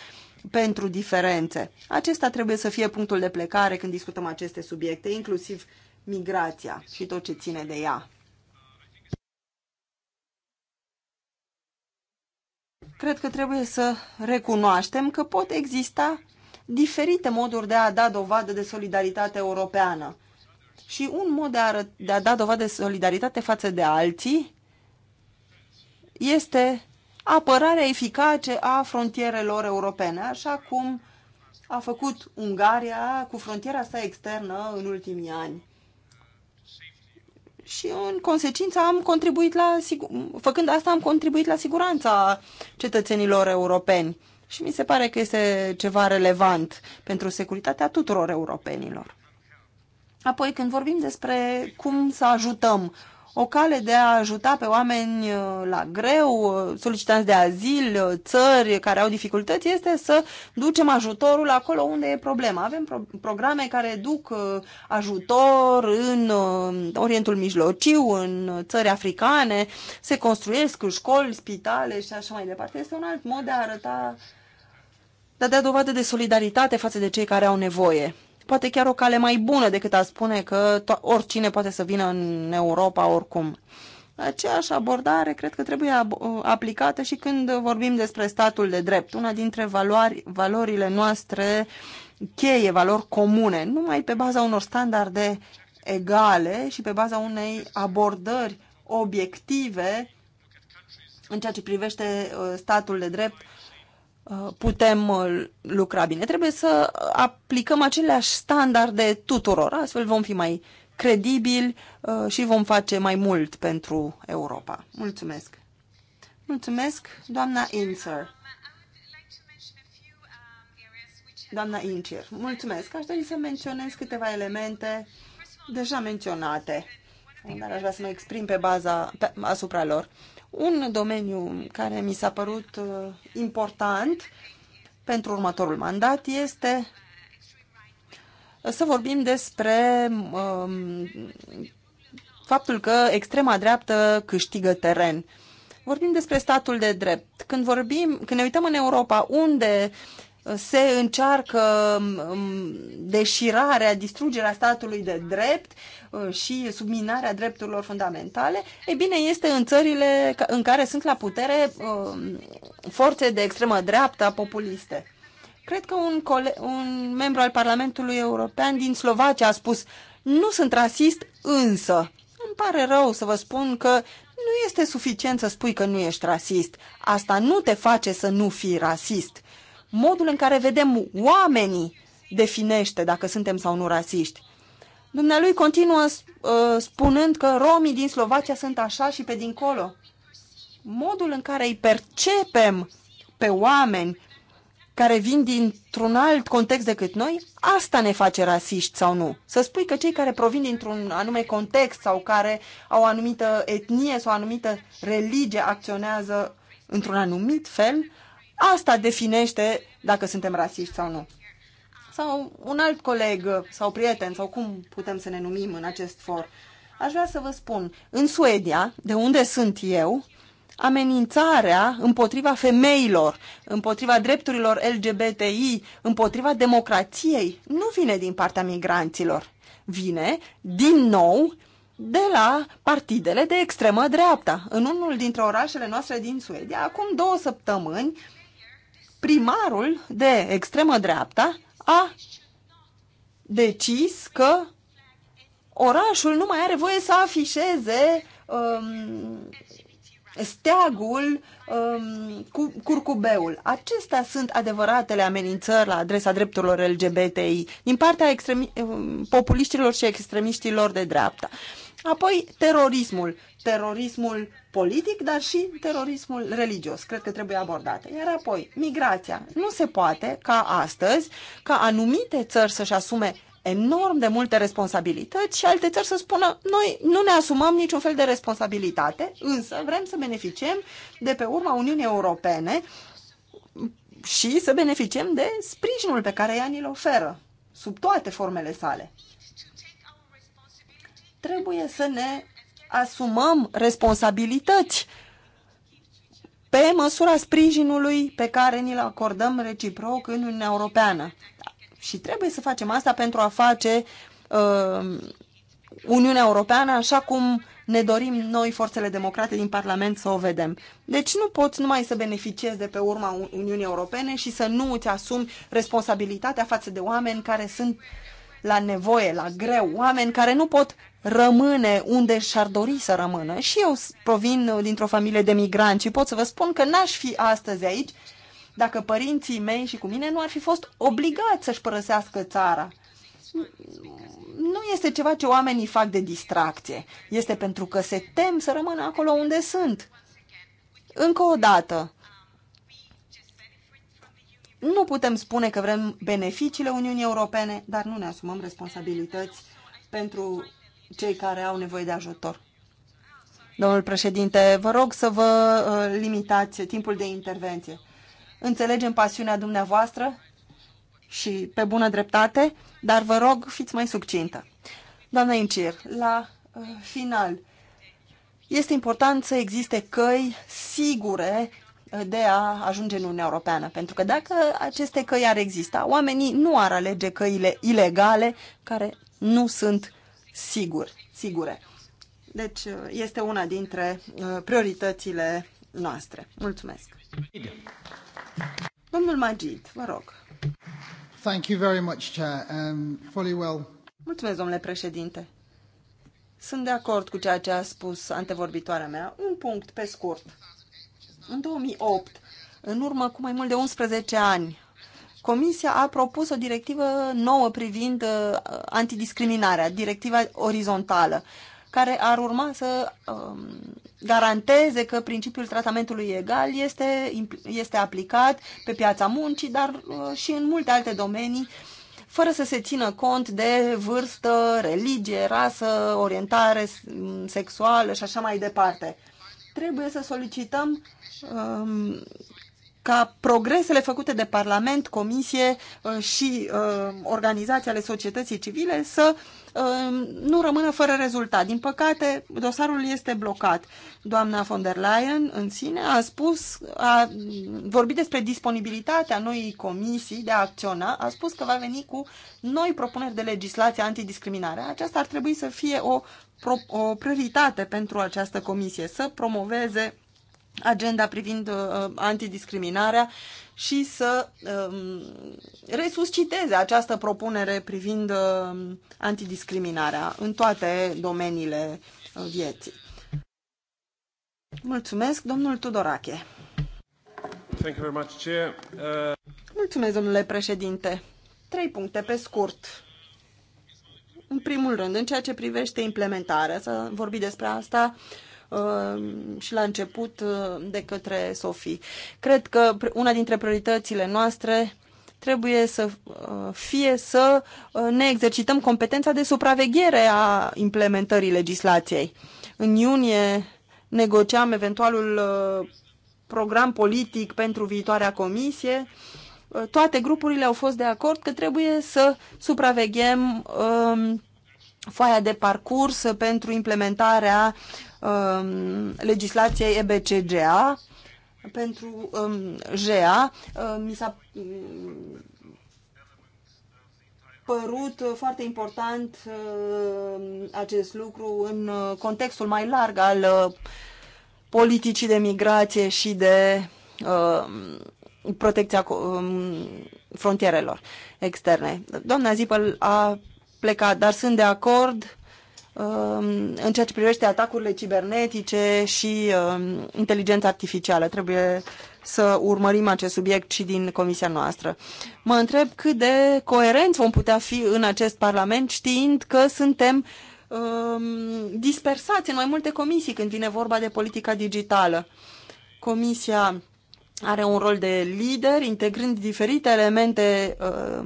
pentru diferențe. Acesta trebuie să fie punctul de plecare când discutăm aceste subiecte, inclusiv migrația și tot ce ține de ea. Cred că trebuie să recunoaștem că pot exista diferite moduri de a da dovadă de solidaritate europeană. Și un mod de a, de a da dovadă de solidaritate față de alții este apărarea eficace a frontierelor europene, așa cum a făcut Ungaria cu frontiera sa externă în ultimii ani. Și în consecință am contribuit la, făcând asta am contribuit la siguranța cetățenilor europeni. Și mi se pare că este ceva relevant pentru securitatea tuturor europenilor. Apoi, când vorbim despre cum să ajutăm, o cale de a ajuta pe oameni uh, la greu, uh, solicitanți de azil, uh, țări care au dificultăți, este să ducem ajutorul acolo unde e problema. Avem pro programe care duc ajutor în Orientul Mijlociu, în țări africane, se construiesc școli, spitale și așa mai departe. Este un alt mod de a arăta, de a da dovadă de solidaritate față de cei care au nevoie poate chiar o cale mai bună decât a spune că oricine poate să vină în Europa oricum. Aceeași abordare cred că trebuie aplicată și când vorbim despre statul de drept, una dintre valori, valorile noastre cheie, valori comune, numai pe baza unor standarde egale și pe baza unei abordări obiective în ceea ce privește uh, statul de drept Uh, putem uh, lucra bine. Trebuie să aplicăm aceleași standarde tuturor, astfel vom fi mai credibili uh, și vom face mai mult pentru Europa. Mulțumesc! Mulțumesc, doamna Inser. Doamna Incer. mulțumesc. Aș dori să menționez câteva elemente deja menționate, dar aș vrea să mă exprim pe baza pe, asupra lor. Uh, un domeniu care mi s-a părut uh, important pentru următorul mandat este să vorbim despre um, faptul că extrema dreaptă câștigă teren. Vorbim despre statul de drept. Când vorbim, când ne uităm în Europa, unde uh, se încearcă um, deșirarea, distrugerea statului de drept, Uh, și subminarea drepturilor fundamentale, e bine, este în țările în care sunt la putere uh, forțe de extremă dreapta populiste. Cred că un, un membru al Parlamentului European din Slovacia a spus nu sunt rasist, însă îmi pare rău să vă spun că nu este suficient să spui că nu ești rasist. Asta nu te face să nu fii rasist. Modul în care vedem oamenii definește dacă suntem sau nu rasiști. Dumnealui continuă uh, spunând că romii din Slovacia sunt așa și pe dincolo. Modul în care îi percepem pe oameni care vin dintr-un alt context decât noi, asta ne face rasiști sau nu. Să spui că cei care provin dintr-un anume context sau care au o anumită etnie sau o anumită religie acționează într-un anumit fel, asta definește dacă suntem rasiști sau nu sau un alt coleg sau prieten sau cum putem să ne numim în acest for. Aș vrea să vă spun, în Suedia, de unde sunt eu, amenințarea împotriva femeilor, împotriva drepturilor LGBTI, împotriva democrației, nu vine din partea migranților. Vine, din nou, de la partidele de extremă dreapta. În unul dintre orașele noastre din Suedia, acum două săptămâni, primarul de extremă dreapta a decis că orașul nu mai are voie să afișeze um, steagul um, cu curcubeul. Acestea sunt adevăratele amenințări la adresa drepturilor LGBTI din partea um, populiștilor și extremiștilor de dreapta. Apoi, terorismul. Terorismul politic, dar și terorismul religios. Cred că trebuie abordate. Iar apoi, migrația. Nu se poate ca astăzi, ca anumite țări să-și asume enorm de multe responsabilități și alte țări să spună noi nu ne asumăm niciun fel de responsabilitate, însă vrem să beneficiem de pe urma Uniunii Europene și să beneficiem de sprijinul pe care ea ni-l oferă, sub toate formele sale. Trebuie să ne asumăm responsabilități pe măsura sprijinului pe care ni-l acordăm reciproc în Uniunea Europeană. Și trebuie să facem asta pentru a face uh, Uniunea Europeană așa cum ne dorim noi, forțele democrate din Parlament, să o vedem. Deci nu poți numai să beneficiezi de pe urma Uniunii Europene și să nu îți asumi responsabilitatea față de oameni care sunt la nevoie, la greu, oameni care nu pot rămâne unde și-ar dori să rămână. Și eu provin dintr-o familie de migranți și pot să vă spun că n-aș fi astăzi aici dacă părinții mei și cu mine nu ar fi fost obligați să-și părăsească țara. Nu este ceva ce oamenii fac de distracție. Este pentru că se tem să rămână acolo unde sunt. Încă o dată, nu putem spune că vrem beneficiile Uniunii Europene, dar nu ne asumăm responsabilități pentru cei care au nevoie de ajutor. Domnul președinte, vă rog să vă uh, limitați timpul de intervenție. Înțelegem pasiunea dumneavoastră și pe bună dreptate, dar vă rog, fiți mai succintă. Doamna Incir, la uh, final, este important să existe căi sigure uh, de a ajunge în Uniunea Europeană. Pentru că dacă aceste căi ar exista, oamenii nu ar alege căile ilegale care nu sunt sigur, sigure. Deci uh, este una dintre uh, prioritățile noastre. Mulțumesc. Domnul Magid, vă rog. Thank you very much, Chair. Um, fully well. Mulțumesc, domnule președinte. Sunt de acord cu ceea ce a spus antevorbitoarea mea. Un punct, pe scurt. În 2008, în urmă cu mai mult de 11 ani, Comisia a propus o directivă nouă privind uh, antidiscriminarea, directiva orizontală, care ar urma să um, garanteze că principiul tratamentului egal este, este aplicat pe piața muncii, dar uh, și în multe alte domenii, fără să se țină cont de vârstă, religie, rasă, orientare mm, sexuală și așa mai departe. Trebuie să solicităm um, ca progresele făcute de Parlament, Comisie uh, și uh, organizații ale societății civile să uh, nu rămână fără rezultat. Din păcate, dosarul este blocat. Doamna von der Leyen în sine a spus, a vorbit despre disponibilitatea noii comisii de a acționa, a spus că va veni cu noi propuneri de legislație antidiscriminare. Aceasta ar trebui să fie o, o prioritate pentru această comisie, să promoveze agenda privind uh, uh, antidiscriminarea și să um, resusciteze această propunere privind uh, antidiscriminarea în toate domeniile uh, vieții. Mulțumesc, domnul Tudorache. Thank you very much, Chair. Uh... Mulțumesc, domnule președinte. Trei puncte pe scurt. În primul rând, în ceea ce privește implementarea, să vorbi despre asta, uh, Uh, și la început uh, de către Sofie. Cred că una dintre prioritățile noastre trebuie să uh, fie să ne exercităm competența de supraveghere a implementării legislației. În iunie negociam eventualul program politic pentru viitoarea comisie. Toate grupurile au fost de acord că trebuie să supraveghem um, foaia de parcurs pentru implementarea um, legislației EBCGA pentru um, GA. Um, mi s-a um, părut foarte important uh, acest lucru în contextul mai larg al uh, politicii de migrație și de uh, protecția um, frontierelor externe. Doamna Zipăl a plecat, dar sunt de acord Um, în ceea ce privește atacurile cibernetice și um, inteligența artificială. Trebuie să urmărim acest subiect și din comisia noastră. Mă întreb cât de coerenți vom putea fi în acest Parlament știind că suntem um, dispersați în mai multe comisii când vine vorba de politica digitală. Comisia are un rol de lider, integrând diferite elemente uh,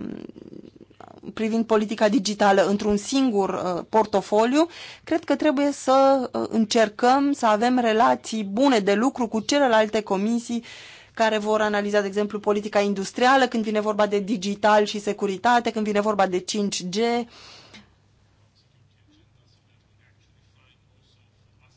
privind politica digitală într-un singur uh, portofoliu, cred că trebuie să uh, încercăm să avem relații bune de lucru cu celelalte comisii care vor analiza, de exemplu, politica industrială când vine vorba de digital și securitate, când vine vorba de 5G,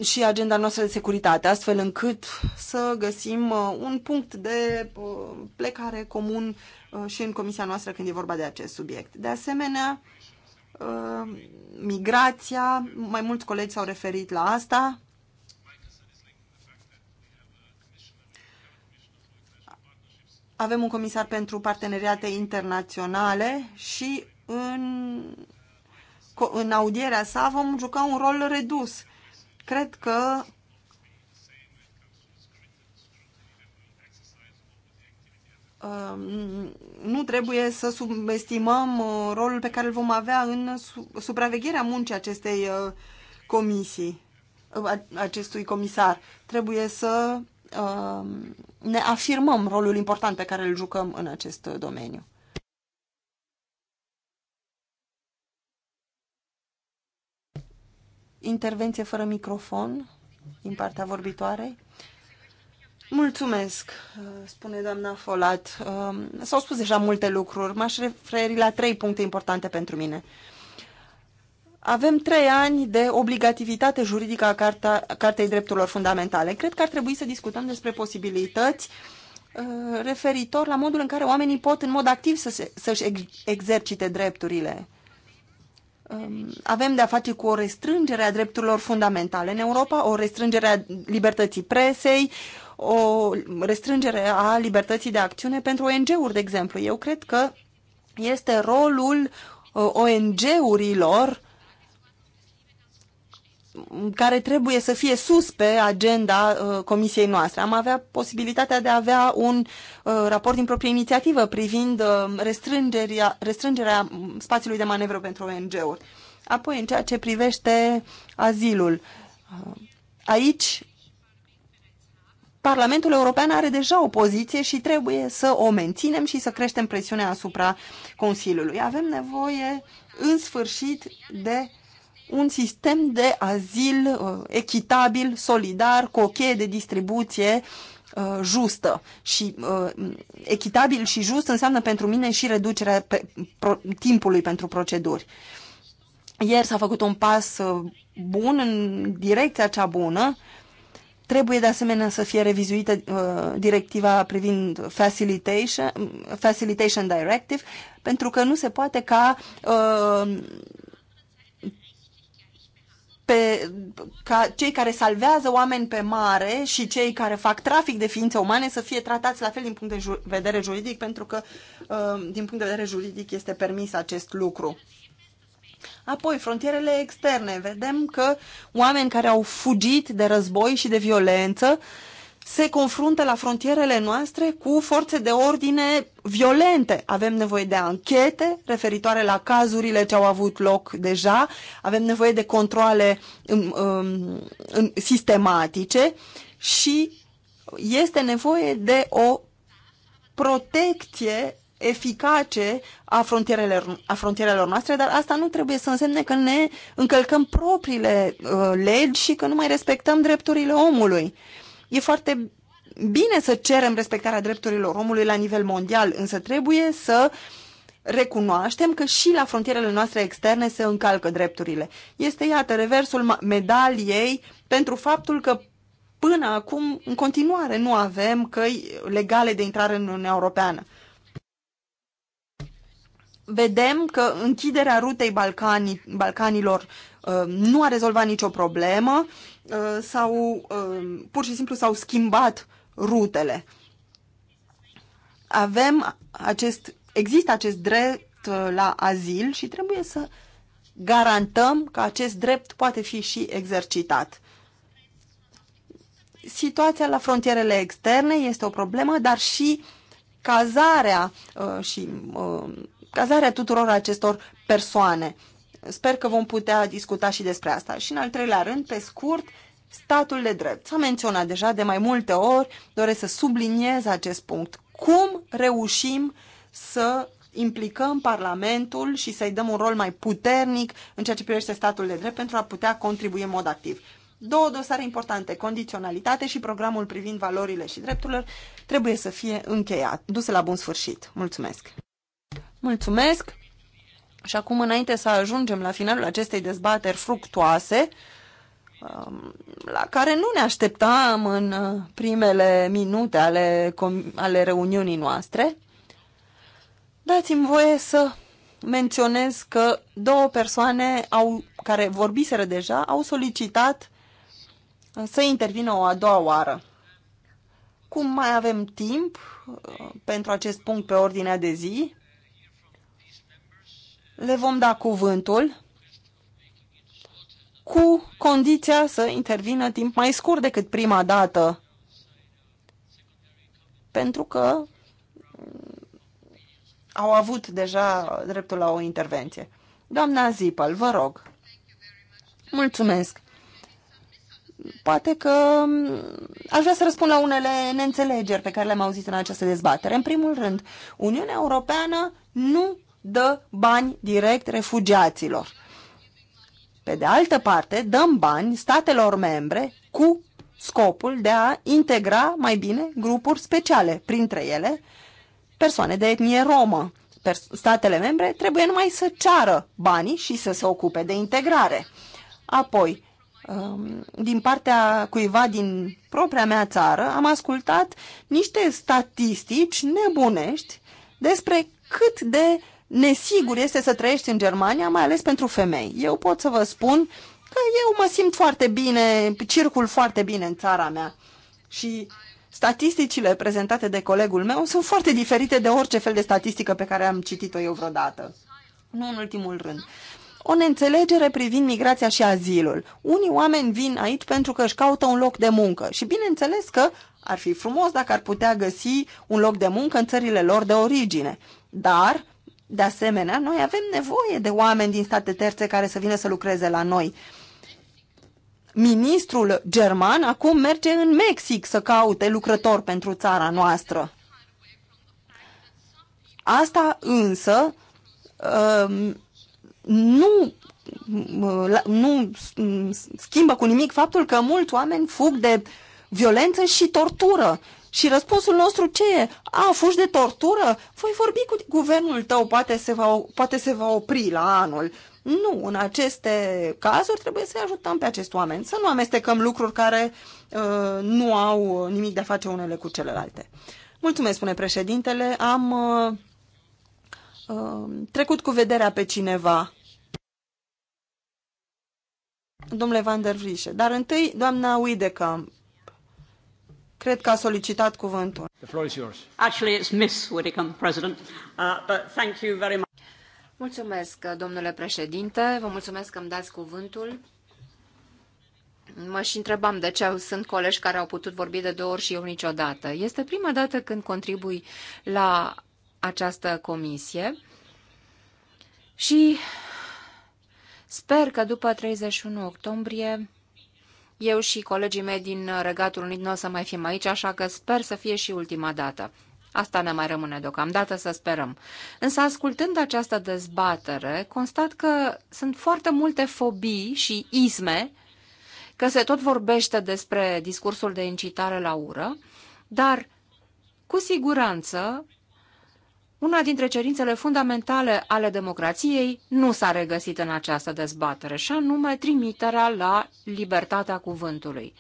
și agenda noastră de securitate, astfel încât să găsim uh, un punct de uh, plecare comun uh, și în comisia noastră când e vorba de acest subiect. De asemenea, migrația, mai mulți colegi s-au referit la asta. Avem un comisar pentru parteneriate internaționale și în, în audierea sa vom juca un rol redus Cred că uh, nu trebuie să subestimăm uh, rolul pe care îl vom avea în supravegherea muncii acestei uh, comisii, acestui comisar. Trebuie să ne afirmăm rolul important pe care îl jucăm în acest domeniu. intervenție fără microfon din partea vorbitoarei. Mulțumesc, spune doamna Folat. Um, S-au spus deja multe lucruri. M-aș referi la trei puncte importante pentru mine. Avem trei ani de obligativitate juridică a Carta, Cartei Drepturilor Fundamentale. Cred că ar trebui să discutăm despre posibilități uh, referitor la modul în care oamenii pot în mod activ să se, să-și exercite drepturile. Um, avem de-a face cu o restrângere a drepturilor fundamentale în Europa, o restrângere a libertății presei, o restrângere a libertății de acțiune pentru ONG-uri, de exemplu. Eu cred că este rolul uh, ONG-urilor care trebuie să fie sus pe agenda uh, comisiei noastre. Am avea posibilitatea de a avea un uh, raport din proprie inițiativă privind uh, restrângerea, restrângerea spațiului de manevră pentru ONG-uri. Apoi, în ceea ce privește azilul, aici Parlamentul European are deja o poziție și trebuie să o menținem și să creștem presiunea asupra Consiliului. Avem nevoie, în sfârșit, de un sistem de azil uh, echitabil, solidar, cu o cheie de distribuție uh, justă și uh, echitabil și just înseamnă pentru mine și reducerea pe, pro, timpului pentru proceduri. Ieri s-a făcut un pas uh, bun în direcția cea bună. Trebuie de asemenea să fie revizuită uh, directiva privind facilitation, facilitation Directive, pentru că nu se poate ca uh, pe ca cei care salvează oameni pe mare și cei care fac trafic de ființe umane să fie tratați la fel din punct de ju vedere juridic, pentru că uh, din punct de vedere juridic este permis acest lucru. Apoi, frontierele externe. Vedem că oameni care au fugit de război și de violență uh, se confruntă la frontierele noastre cu forțe de ordine violente. Avem nevoie de anchete referitoare la cazurile ce au avut loc deja, avem nevoie de controle um, um, sistematice și este nevoie de o protecție eficace a frontierelor, a frontierelor noastre, dar asta nu trebuie să însemne că ne încălcăm propriile uh, legi și că nu mai respectăm drepturile omului. Uh, E foarte bine să cerem respectarea drepturilor omului la nivel mondial, însă trebuie să recunoaștem că și la frontierele noastre externe se încalcă drepturile. Este, iată, reversul medaliei pentru faptul că până acum, în continuare, nu avem căi legale de intrare în Uniunea Europeană vedem că închiderea rutei Balcanii, Balcanilor uh, nu a rezolvat nicio problemă uh, sau uh, pur și simplu s-au schimbat rutele. Avem acest, există acest drept la azil și trebuie să garantăm că acest drept poate fi și exercitat. Situația la frontierele externe este o problemă, dar și cazarea și cazarea tuturor acestor persoane. Sper că vom putea discuta și despre asta. Și în al treilea rând, pe scurt, statul de drept. S-a menționat deja de mai multe ori, doresc să subliniez acest punct. Cum reușim să implicăm Parlamentul și să-i dăm un rol mai puternic în ceea ce privește statul de drept pentru a putea contribui în mod activ. Două dosare importante, condiționalitate și programul privind valorile și drepturile, trebuie să fie încheiat, duse la bun sfârșit. Mulțumesc! Mulțumesc! Și acum, înainte să ajungem la finalul acestei dezbateri fructoase, um, la care nu ne așteptam în uh, primele minute ale, ale reuniunii noastre, dați-mi voie să menționez că două persoane au, care vorbiseră deja au solicitat uh, să intervină o a doua oară. Cum mai avem timp uh, pentru acest punct pe ordinea de zi, le vom da cuvântul cu condiția să intervină timp mai scurt decât prima dată. Pentru că au avut deja dreptul la o intervenție. Doamna Zipăl, vă rog. Mulțumesc. Poate că aș vrea să răspund la unele neînțelegeri pe care le-am auzit în această dezbatere. În primul rând, Uniunea Europeană nu dă bani direct refugiaților. Pe de altă parte, dăm bani statelor membre cu scopul de a integra mai bine grupuri speciale, printre ele persoane de etnie romă. Statele membre trebuie numai să ceară banii și să se ocupe de integrare. Apoi, um, din partea cuiva din propria mea țară, am ascultat niște statistici nebunești despre cât de nesigur este să trăiești în Germania, mai ales pentru femei. Eu pot să vă spun că eu mă simt foarte bine, circul foarte bine în țara mea și statisticile prezentate de colegul meu sunt foarte diferite de orice fel de statistică pe care am citit-o eu vreodată. Nu în ultimul rând. O neînțelegere privind migrația și azilul. Unii oameni vin aici pentru că își caută un loc de muncă și bineînțeles că ar fi frumos dacă ar putea găsi un loc de muncă în țările lor de origine. Dar de asemenea, noi avem nevoie de oameni din state terțe care să vină să lucreze la noi. Ministrul german acum merge în Mexic să caute lucrători pentru țara noastră. Asta însă ă, nu, nu schimbă cu nimic faptul că mulți oameni fug de violență și tortură și răspunsul nostru ce e? A, fugi de tortură? Voi vorbi cu guvernul tău, poate se va, poate se va opri la anul. Nu, în aceste cazuri trebuie să-i ajutăm pe acest oameni, să nu amestecăm lucruri care uh, nu au nimic de a face unele cu celelalte. Mulțumesc, spune președintele, am uh, uh, trecut cu vederea pe cineva. Domnule Van der Vrișe, dar întâi doamna Uidecamp Cred că a solicitat cuvântul. The floor is yours. Actually, it's Miss Whitcomb, President, uh, but thank you very much. Mulțumesc, domnule președinte. Vă mulțumesc că îmi dați cuvântul. Mă și întrebam de ce sunt colegi care au putut vorbi de două ori și eu niciodată. Este prima dată când contribui la această comisie și sper că după 31 octombrie eu și colegii mei din Regatul Unit nu o să mai fim aici, așa că sper să fie și ultima dată. Asta ne mai rămâne deocamdată să sperăm. Însă, ascultând această dezbatere, constat că sunt foarte multe fobii și isme, că se tot vorbește despre discursul de incitare la ură, dar cu siguranță una dintre cerințele fundamentale ale democrației nu s-a regăsit în această dezbatere, și anume trimiterea la libertatea cuvântului.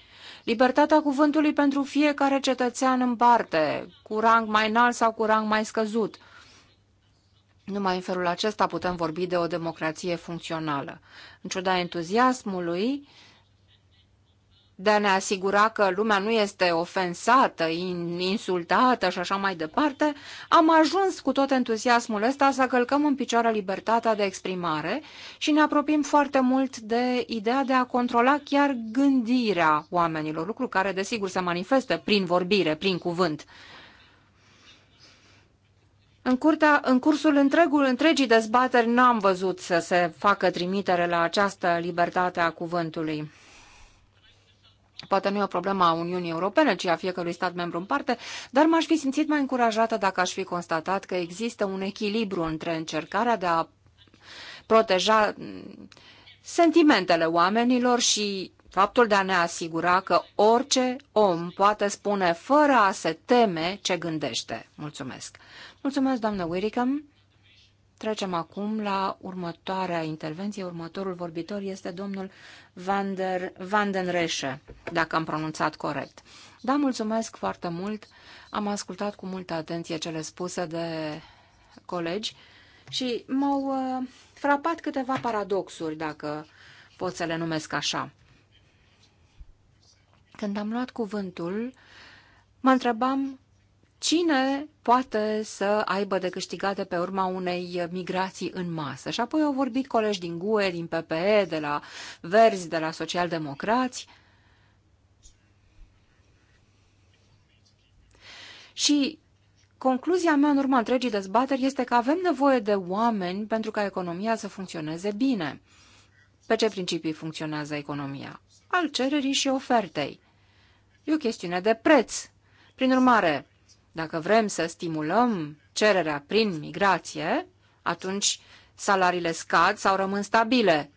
Libertatea cuvântului pentru fiecare cetățean în parte, cu rang mai înalt sau cu rang mai scăzut. Numai în felul acesta putem vorbi de o democrație funcțională. În ciuda entuziasmului, uh, de a ne asigura că lumea nu este ofensată, insultată și așa mai departe, am ajuns cu tot entuziasmul ăsta să călcăm în picioare libertatea de exprimare și ne apropiem foarte mult de ideea de a controla chiar gândirea oamenilor, lucru care desigur se manifestă prin vorbire, prin cuvânt. În, curtea, în cursul întregul, întregii dezbateri n-am văzut să se facă trimitere la această libertate a cuvântului. Poate nu e o problemă a Uniunii Europene, ci a fiecărui stat membru în parte, dar m-aș fi simțit mai încurajată dacă aș fi constatat că există un echilibru între încercarea de a proteja mm, sentimentele oamenilor și faptul de a ne asigura că orice om poate spune fără a se teme ce gândește. Mulțumesc! Mulțumesc, doamnă Wiricam! Trecem acum la următoarea intervenție. Următorul vorbitor este domnul Van, der, Van den Reșe, dacă am pronunțat corect. Da, mulțumesc foarte mult. Am ascultat cu multă atenție cele spuse de colegi și m-au uh, frapat câteva paradoxuri, dacă pot să le numesc așa. Când am luat cuvântul, mă întrebam cine poate să aibă de câștigat de pe urma unei migrații în masă. Și apoi au vorbit colegi din GUE, din PPE, de la Verzi, de la Socialdemocrați. Și concluzia mea în urma întregii dezbateri este că avem nevoie de oameni pentru ca economia să funcționeze bine. Pe ce principii funcționează economia? Al cererii și ofertei. E o chestiune de preț. Prin urmare, dacă vrem să stimulăm cererea prin migrație, atunci salariile scad sau rămân stabile.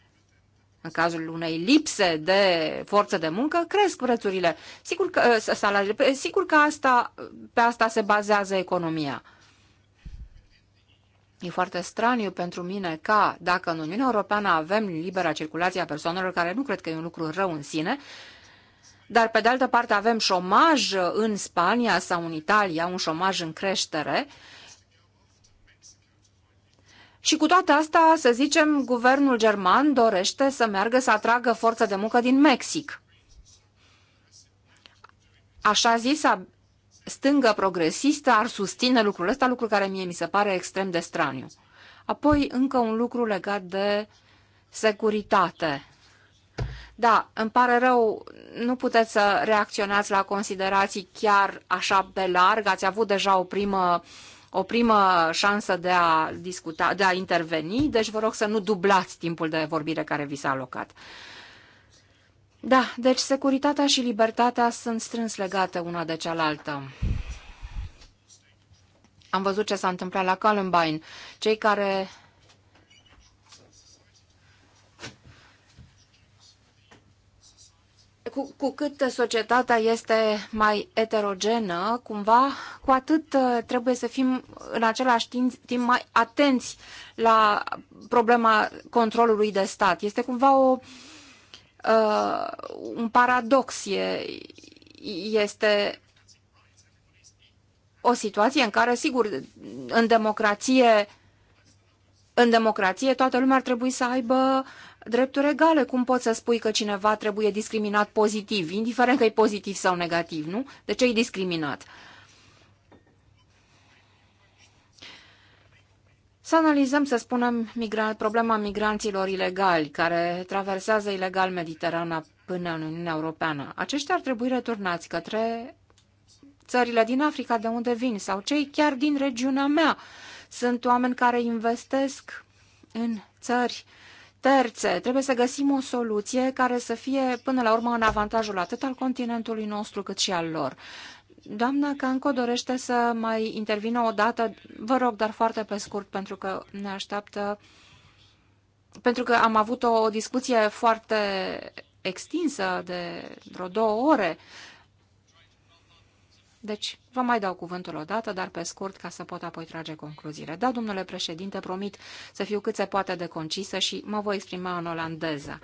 În cazul unei lipse de forță de muncă, cresc prețurile. Sigur că, salariile, sigur că asta, pe asta se bazează economia. E foarte straniu pentru mine ca, dacă în Uniunea Europeană avem libera circulație a persoanelor, care nu cred că e un lucru rău în sine, dar pe de altă parte avem șomaj în Spania sau în Italia, un șomaj în creștere. Și cu toate astea, să zicem, guvernul german dorește să meargă să atragă forță de muncă din Mexic. Așa zisa stângă progresistă ar susține lucrul ăsta, lucru care mie mi se pare extrem de straniu. Apoi, încă un lucru legat de securitate. Da, îmi pare rău, nu puteți să reacționați la considerații chiar așa pe larg. Ați avut deja o primă, o primă șansă de a discuta, de a interveni, deci vă rog să nu dublați timpul de vorbire care vi s-a alocat. Da, deci securitatea și libertatea sunt strâns legate una de cealaltă. Am văzut ce s-a întâmplat la Columbine. Cei care cu, cu cât societatea este mai eterogenă, cumva, cu atât uh, trebuie să fim în același timp mai atenți la problema controlului de stat. Este cumva o, uh, un paradox, e, este o situație în care, sigur, în democrație, în democrație toată lumea ar trebui să aibă drepturi egale. Cum poți să spui că cineva trebuie discriminat pozitiv, indiferent că e pozitiv sau negativ, nu? De ce e discriminat? Să analizăm, să spunem, migra problema migranților ilegali care traversează ilegal Mediterana până în Uniunea Europeană. Aceștia ar trebui returnați către țările din Africa de unde vin sau cei chiar din regiunea mea. Sunt oameni care investesc în țări uh, terțe. Trebuie să găsim o soluție care să fie până la urmă în avantajul atât al continentului nostru cât și al lor. Doamna Canco dorește să mai intervină o dată, vă rog, dar foarte pe scurt, pentru că ne așteaptă, pentru că am avut o, o discuție foarte extinsă de vreo două ore deci, vă mai dau cuvântul o dată, dar pe scurt, ca să pot apoi trage concluziile. Da, domnule președinte, promit să fiu cât se poate de concisă și mă voi exprima în olandeză.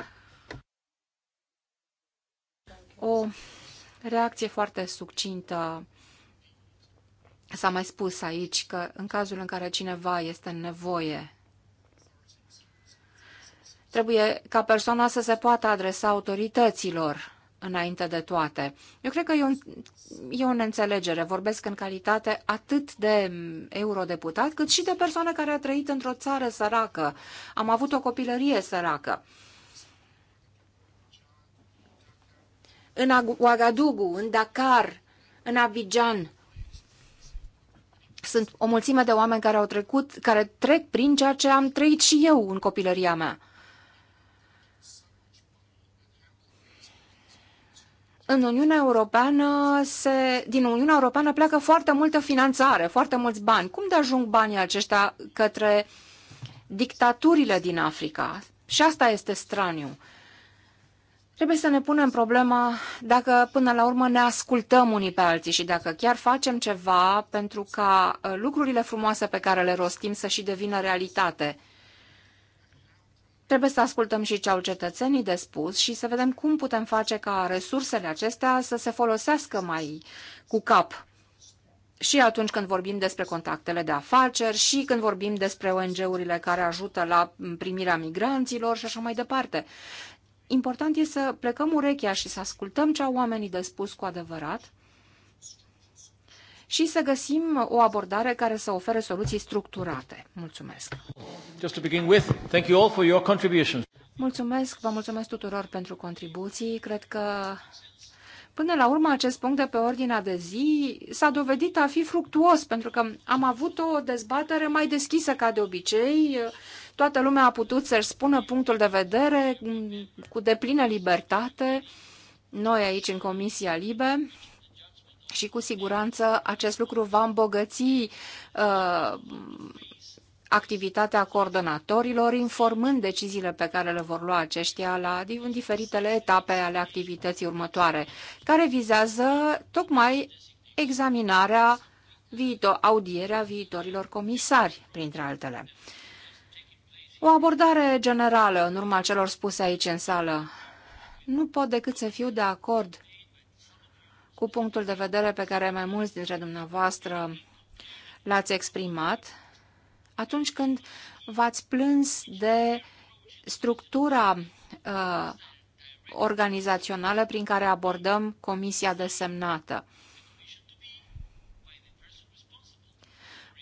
O reacție foarte succintă S-a mai spus aici că în cazul în care cineva este în nevoie, trebuie ca persoana să se poată adresa autorităților înainte de toate. Eu cred că e, o, e o neînțelegere. Vorbesc în calitate atât de eurodeputat, cât și de persoană care a trăit într-o țară săracă. Am avut o copilărie săracă. În Ouagadougou, în Dakar, în Abidjan, sunt o mulțime de oameni care au trecut, care trec prin ceea ce am trăit și eu în copilăria mea. în Uniunea Europeană se, din Uniunea Europeană pleacă foarte multă finanțare, foarte mulți bani. Cum de ajung banii aceștia către dictaturile din Africa? Și asta este straniu. Trebuie să ne punem problema dacă până la urmă ne ascultăm unii pe alții și dacă chiar facem ceva pentru ca uh, lucrurile frumoase pe care le rostim să și devină realitate. Trebuie să ascultăm și ce au cetățenii de spus și să vedem cum putem face ca resursele acestea să se folosească mai cu cap și atunci când vorbim despre contactele de afaceri și când vorbim despre ONG-urile care ajută la primirea migranților și așa mai departe. Important e să plecăm urechea și să ascultăm ce au oamenii de spus cu adevărat și să găsim o abordare care să ofere soluții structurate. Mulțumesc! Just to begin with, thank you all for your contributions. Mulțumesc, vă mulțumesc tuturor pentru contribuții. Cred că Până la urmă, acest punct de pe ordinea de zi s-a dovedit a fi fructuos, pentru că am avut o dezbatere mai deschisă ca de obicei. Toată lumea a putut să-și spună punctul de vedere cu deplină libertate. Noi aici, în Comisia Libe, și cu siguranță acest lucru va îmbogăți uh, activitatea coordonatorilor, informând deciziile pe care le vor lua aceștia la, în diferitele etape ale activității următoare, care vizează tocmai examinarea, audierea viitorilor comisari, printre altele. O abordare generală în urma celor spuse aici în sală. Nu pot decât să fiu de acord cu punctul de vedere pe care mai mulți dintre dumneavoastră l-ați exprimat atunci când v-ați plâns de structura uh, organizațională prin care abordăm comisia desemnată.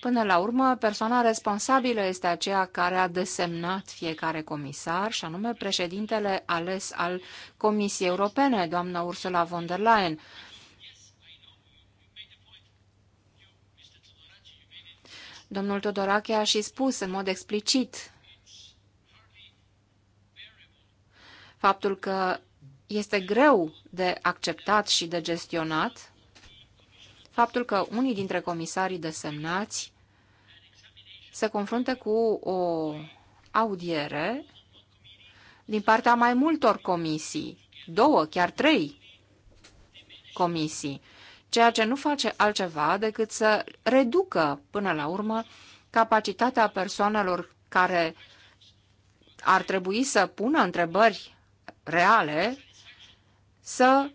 Până la urmă, persoana responsabilă este aceea care a desemnat fiecare comisar, și anume președintele ales al Comisiei Europene, doamna Ursula von der Leyen. Domnul Todorache a și spus în mod explicit faptul că este greu de acceptat și de gestionat faptul că unii dintre comisarii desemnați se confruntă cu o audiere din partea mai multor comisii, două, chiar trei comisii ceea ce nu face altceva decât să reducă până la urmă capacitatea persoanelor care ar trebui să pună întrebări reale să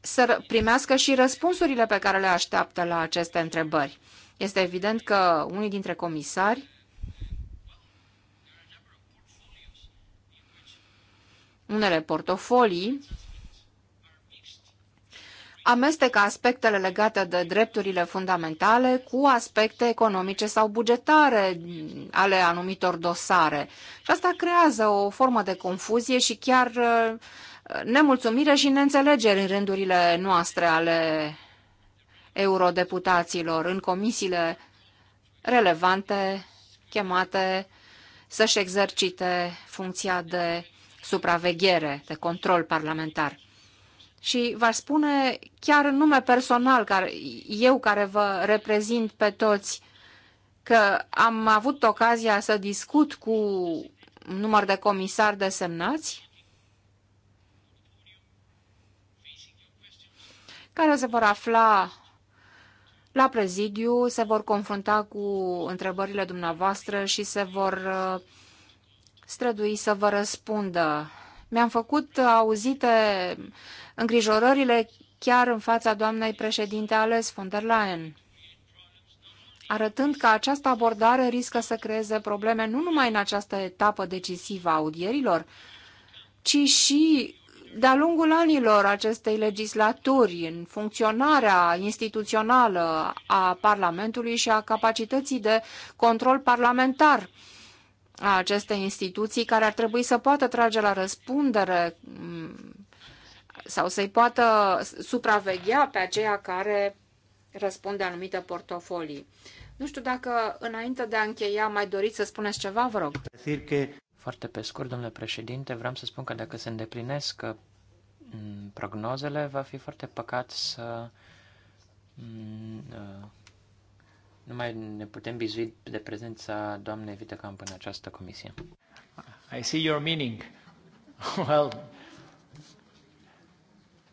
să primească și răspunsurile pe care le așteaptă la aceste întrebări. Este evident că unii dintre comisari unele portofolii amestecă aspectele legate de drepturile fundamentale cu aspecte economice sau bugetare ale anumitor dosare. Și asta creează o formă de confuzie și chiar uh, nemulțumire și neînțelegeri în rândurile noastre ale eurodeputaților, în comisiile relevante chemate să-și exercite funcția de supraveghere, de control parlamentar. Și v-aș spune chiar în nume personal, care, eu care vă reprezint pe toți, că am avut ocazia să discut cu număr de comisari desemnați care se vor afla la prezidiu, se vor confrunta cu întrebările dumneavoastră și se vor uh, strădui să vă răspundă. Mi-am făcut auzite îngrijorările chiar în fața doamnei președinte ales von der Leyen, arătând că această abordare riscă să creeze probleme nu numai în această etapă decisivă a audierilor, ci și de-a lungul anilor acestei legislaturi, în funcționarea instituțională a Parlamentului și a capacității de control parlamentar a acestei instituții care ar trebui să poată trage la răspundere mm, sau să-i poată supraveghea pe aceia care răspunde anumite portofolii. Nu știu dacă înainte de a încheia mai doriți să spuneți ceva, vă rog. Foarte pe scurt, domnule președinte, vreau să spun că dacă se îndeplinesc mm, prognozele, va fi foarte păcat să mm, nu mai ne putem bizui de prezența doamnei Vitecamp în această comisie. I see your meaning. Well,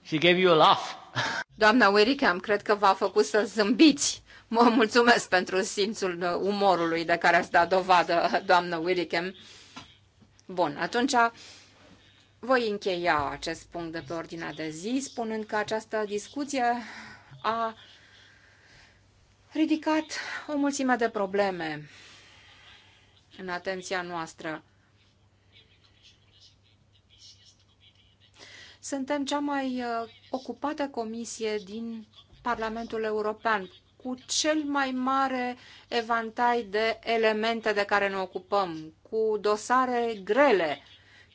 she gave you a laugh. Doamna Wericam, cred că v-a făcut să zâmbiți. Mă mulțumesc pentru simțul umorului de care ați dat dovadă, doamnă Wericam. Bun, atunci voi încheia acest punct de pe ordinea de zi, spunând că această discuție a ridicat o mulțime de probleme în atenția noastră. Suntem cea mai uh, ocupată comisie din Parlamentul European, cu cel mai mare evantai de elemente de care ne ocupăm, cu dosare grele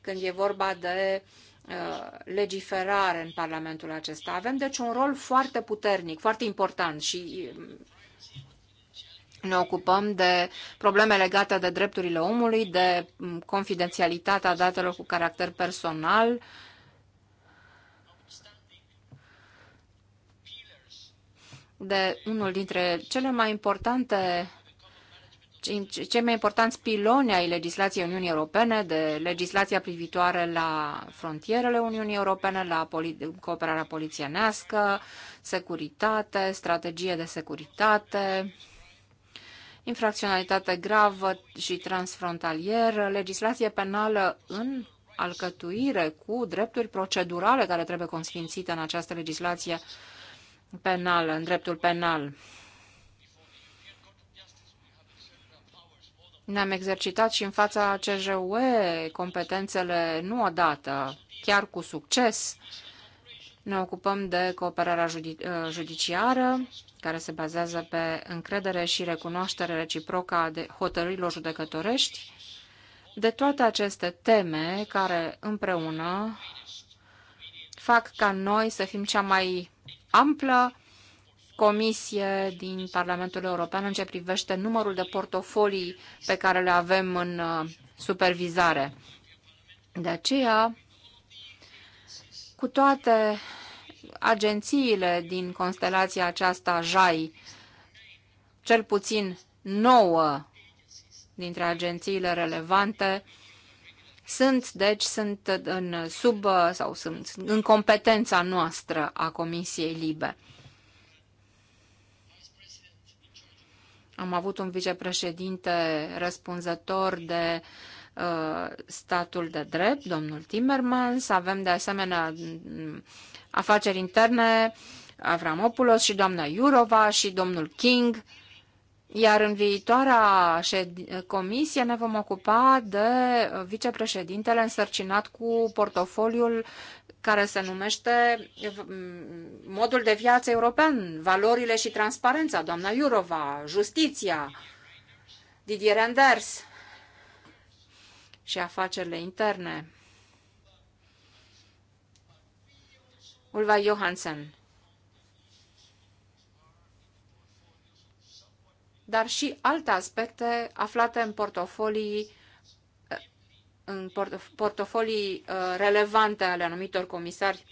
când e vorba de uh, legiferare în Parlamentul acesta. Avem deci un rol foarte puternic, foarte important și um, ne ocupăm de probleme legate de drepturile omului, de confidențialitatea datelor cu caracter personal, de unul dintre cele mai importante cei mai importanți piloni ai legislației Uniunii Europene, de legislația privitoare la frontierele Uniunii Europene, la poli- cooperarea polițienească, securitate, strategie de securitate, infracționalitate gravă și transfrontalieră, legislație penală în alcătuire cu drepturi procedurale care trebuie consfințite în această legislație penală, în dreptul penal. Ne-am exercitat și în fața CJUE competențele nu odată, chiar cu succes. Ne ocupăm de cooperarea judi uh, judiciară, care se bazează pe încredere și recunoaștere reciprocă a hotărârilor judecătorești. De toate aceste teme care împreună fac ca noi să fim cea mai amplă comisie din Parlamentul European în ce privește numărul de portofolii pe care le avem în uh, supervizare. De aceea, cu toate agențiile din constelația aceasta JAI, cel puțin nouă dintre agențiile relevante, sunt, deci, sunt în sub uh, sau sunt în competența noastră a Comisiei Libe. Am avut un vicepreședinte răspunzător de uh, statul de drept, domnul Timmermans. Avem de asemenea mm, afaceri interne, Avramopoulos și doamna Iurova și domnul King. Iar în viitoarea comisie ne vom ocupa de vicepreședintele însărcinat cu portofoliul care se numește mm, Modul de viață european, valorile și transparența, doamna Iurova, justiția, Didier Anders și afacerile interne. Ulva Johansen. dar și alte aspecte aflate în portofolii în portofolii uh, relevante ale anumitor comisari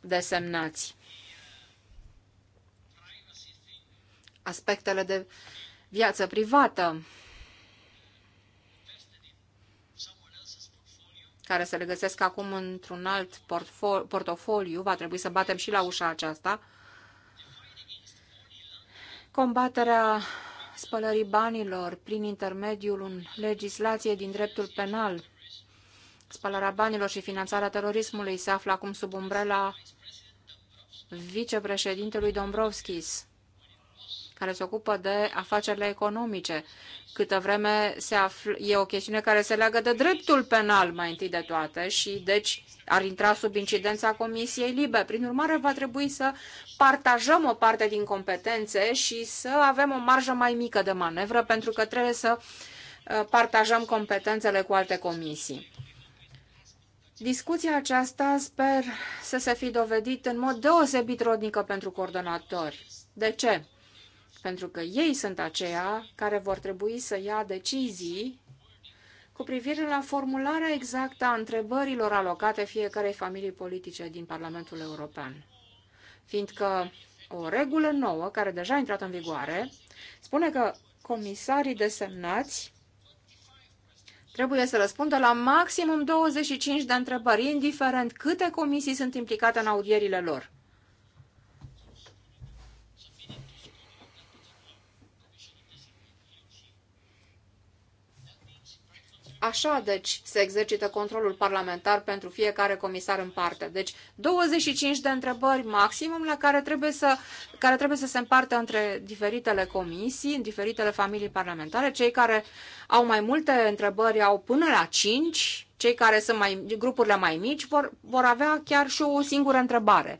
desemnați. Aspectele de viață privată care se regăsesc acum într-un alt portofoliu, va trebui să batem și la ușa aceasta, combaterea spălării banilor prin intermediul legislație din dreptul penal. Spălarea banilor și finanțarea terorismului se află acum sub umbrela vicepreședintelui Dombrovskis care se ocupă de afacerile economice. Câtă vreme se află, e o chestiune care se leagă de dreptul penal mai întâi de toate și deci ar intra sub incidența Comisiei Libe. Prin urmare, va trebui să partajăm o parte din competențe și să avem o marjă mai mică de manevră pentru că trebuie să uh, partajăm competențele cu alte comisii. Discuția aceasta sper să se fi dovedit în mod deosebit rodnică pentru coordonatori. De ce? pentru că ei sunt aceia care vor trebui să ia decizii cu privire la formularea exactă a întrebărilor alocate fiecarei familii politice din Parlamentul European. Fiindcă o regulă nouă, care deja a intrat în vigoare, spune că comisarii desemnați trebuie să răspundă la maximum 25 de întrebări, indiferent câte comisii sunt implicate în audierile lor. Așa, deci, se exercită controlul parlamentar pentru fiecare comisar în parte. Deci, 25 de întrebări maximum la care trebuie să, care trebuie să se împartă între diferitele comisii, în diferitele familii parlamentare. Cei care au mai multe întrebări au până la 5, cei care sunt mai, grupurile mai mici vor, vor avea chiar și o singură întrebare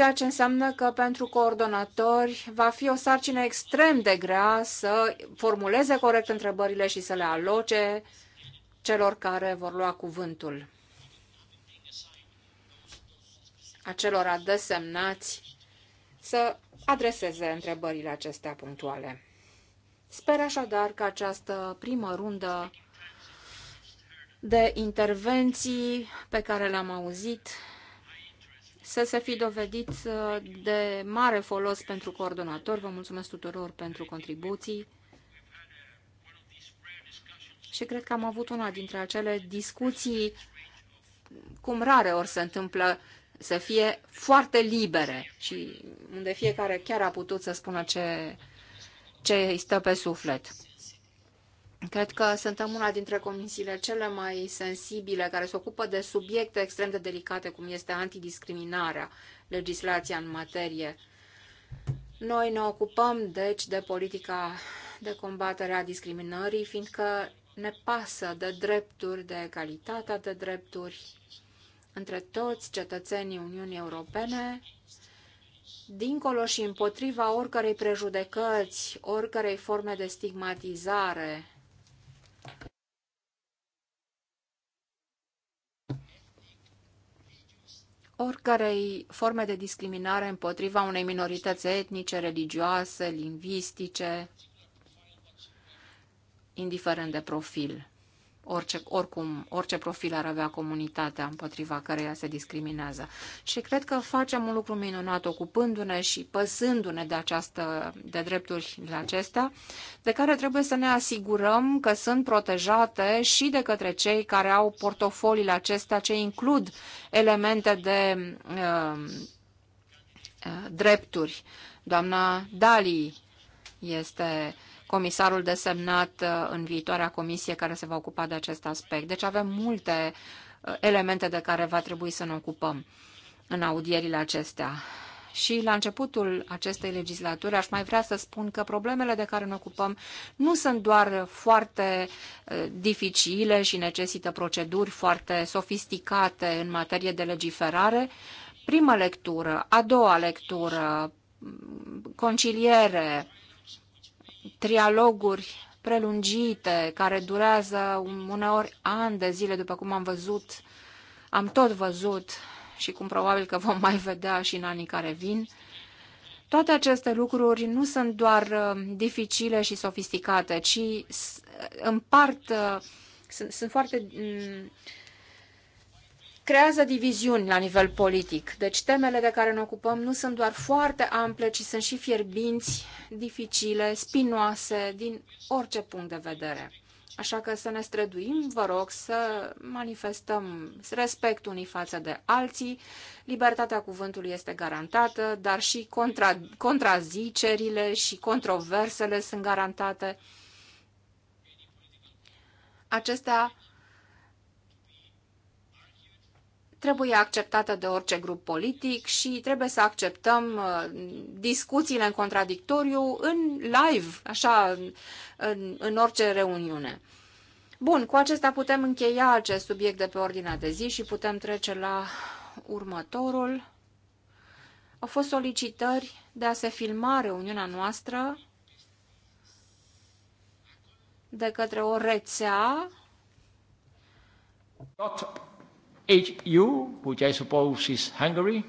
ceea ce înseamnă că pentru coordonatori va fi o sarcină extrem de grea să formuleze corect întrebările și să le aloce celor care vor lua cuvântul, acelora desemnați să adreseze întrebările acestea punctuale. Sper așadar că această primă rundă de intervenții pe care le-am auzit să se fi dovedit uh, de mare folos pentru coordonator. Vă mulțumesc tuturor pentru contribuții și cred că am avut una dintre acele discuții cum rare ori se întâmplă să fie foarte libere și unde fiecare chiar a putut să spună ce, ce îi stă pe suflet. Cred că suntem una dintre comisiile cele mai sensibile care se ocupă de subiecte extrem de delicate, cum este antidiscriminarea, legislația în materie. Noi ne ocupăm, deci, de politica de combatere a discriminării, fiindcă ne pasă de drepturi, de egalitatea de drepturi între toți cetățenii Uniunii Europene, dincolo și împotriva oricărei prejudecăți, oricărei forme de stigmatizare Oricărei forme de discriminare împotriva unei minorități etnice, religioase, lingvistice, indiferent de profil orice, oricum, orice profil ar avea comunitatea împotriva căreia se discriminează. Și cred că facem un lucru minunat ocupându-ne și păsându-ne de, această, de drepturile acestea, de care trebuie să ne asigurăm că sunt protejate și de către cei care au portofoliile acestea, ce includ elemente de uh, uh, drepturi. Doamna Dali este comisarul desemnat uh, în viitoarea comisie care se va ocupa de acest aspect. Deci avem multe uh, elemente de care va trebui să ne ocupăm în audierile acestea. Și la începutul acestei legislaturi aș mai vrea să spun că problemele de care ne ocupăm nu sunt doar foarte uh, dificile și necesită proceduri foarte sofisticate în materie de legiferare. Prima lectură, a doua lectură, mm, conciliere, trialoguri prelungite, care durează uneori ani de zile, după cum am văzut, am tot văzut și cum probabil că vom mai vedea și în anii care vin, toate aceste lucruri nu sunt doar uh, dificile și sofisticate, ci uh, împart, uh, sunt, sunt foarte mm, creează diviziuni la nivel politic. Deci temele de care ne ocupăm nu sunt doar foarte ample, ci sunt și fierbinți, dificile, spinoase, din orice punct de vedere. Așa că să ne străduim, vă rog, să manifestăm respect unii față de alții. Libertatea cuvântului este garantată, dar și contra, contrazicerile și controversele sunt garantate. Acestea trebuie acceptată de orice grup politic și trebuie să acceptăm uh, discuțiile în contradictoriu în live, așa, în, în orice reuniune. Bun, cu acesta putem încheia acest subiect de pe ordinea de zi și putem trece la următorul. Au fost solicitări de a se filma reuniunea noastră de către o rețea. HU, which I suppose is Hungary.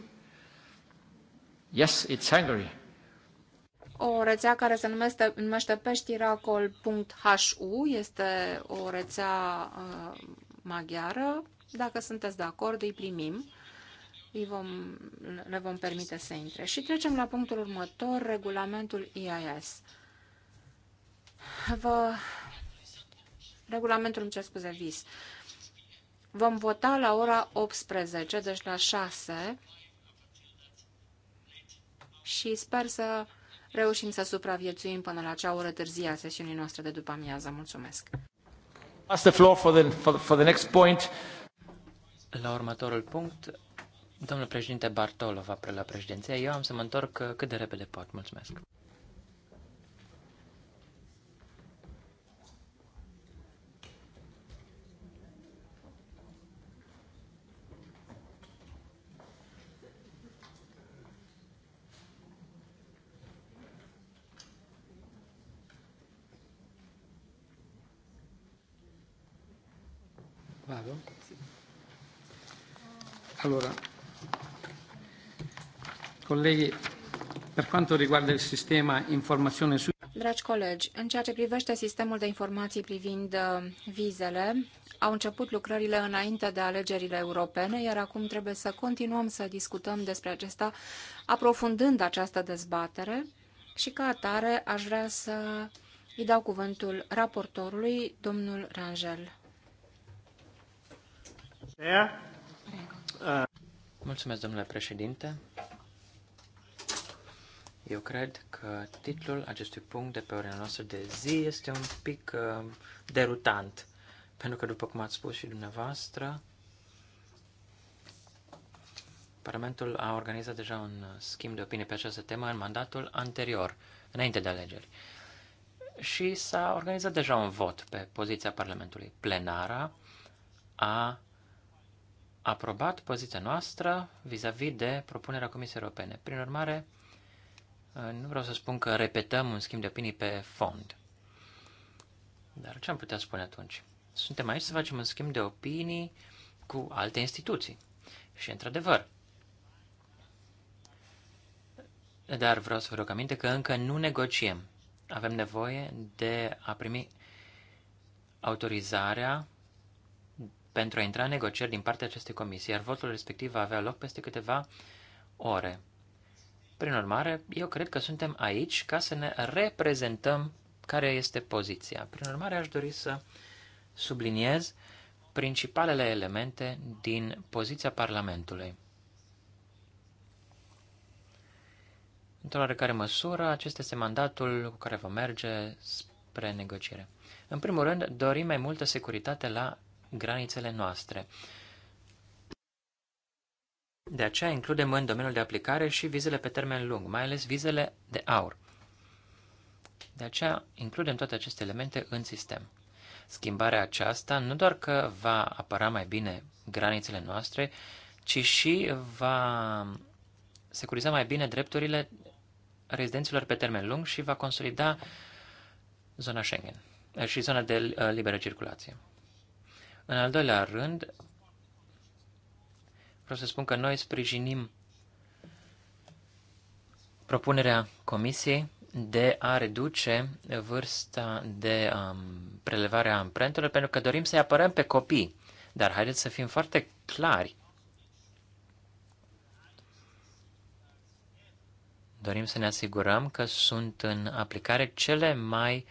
Yes, it's Hungary. O rețea care se numește, numește peștiracol.hu este o rețea uh, maghiară. Dacă sunteți de acord, îi primim. Îi vom, le vom permite să intre. Și trecem la punctul următor, regulamentul IIS. Vă... Regulamentul, îmi cer scuze, vis. Uh, Vom vota la ora 18, deci la 6 și sper să reușim să supraviețuim până la cea oră târzie a sesiunii noastre de după amiază. Mulțumesc! Pass the floor for the, for, for the next point. La următorul punct, domnul președinte Bartolo va prelua președinția. Eu am să mă întorc cât de repede pot. Mulțumesc! Vado? Allora, colleghi, per quanto riguarda il sistema informazione su... Dragi colegi, în ceea ce privește sistemul de informații privind uh, vizele, au început lucrările înainte de alegerile europene, iar acum trebuie să continuăm să discutăm despre acesta, aprofundând această dezbatere și ca atare aș vrea să îi dau cuvântul raportorului, domnul Rangel. Mulțumesc, domnule președinte. Eu cred că titlul acestui punct de pe ordinea noastră de zi este un pic uh, derutant, pentru că, după cum ați spus și dumneavoastră, Parlamentul a organizat deja un schimb de opinie pe această temă în mandatul anterior, înainte de alegeri. Și s-a organizat deja un vot pe poziția Parlamentului. Plenara a aprobat poziția noastră vis-a-vis -vis de propunerea Comisiei Europene. Prin urmare, uh, nu vreau să spun că repetăm un schimb de opinii pe fond. Dar ce am putea spune atunci? Suntem aici să facem un schimb de opinii cu alte instituții. Și într-adevăr. Dar vreau să vă rog aminte că încă nu negociem. Avem nevoie de a primi autorizarea pentru a intra în negocieri din partea acestei comisii, iar votul respectiv va avea loc peste câteva ore. Prin urmare, eu cred că suntem aici ca să ne reprezentăm care este poziția. Prin urmare, aș dori să subliniez principalele elemente din poziția Parlamentului. Într-o oarecare măsură, acesta este mandatul cu care vom merge spre negociere. În primul rând, dorim mai multă securitate la granițele noastre. De aceea includem în domeniul de aplicare și vizele pe termen lung, mai ales vizele de aur. De aceea includem toate aceste elemente în sistem. Schimbarea aceasta nu doar că va apăra mai bine granițele noastre, ci și va securiza mai bine drepturile rezidenților pe termen lung și va consolida zona Schengen eh, și zona de eh, liberă circulație. În al doilea rând, vreau să spun că noi sprijinim propunerea Comisiei de a reduce vârsta de um, prelevare a amprentelor, pentru că dorim să-i apărăm pe copii. Dar haideți să fim foarte clari. Dorim să ne asigurăm că sunt în aplicare cele mai uh,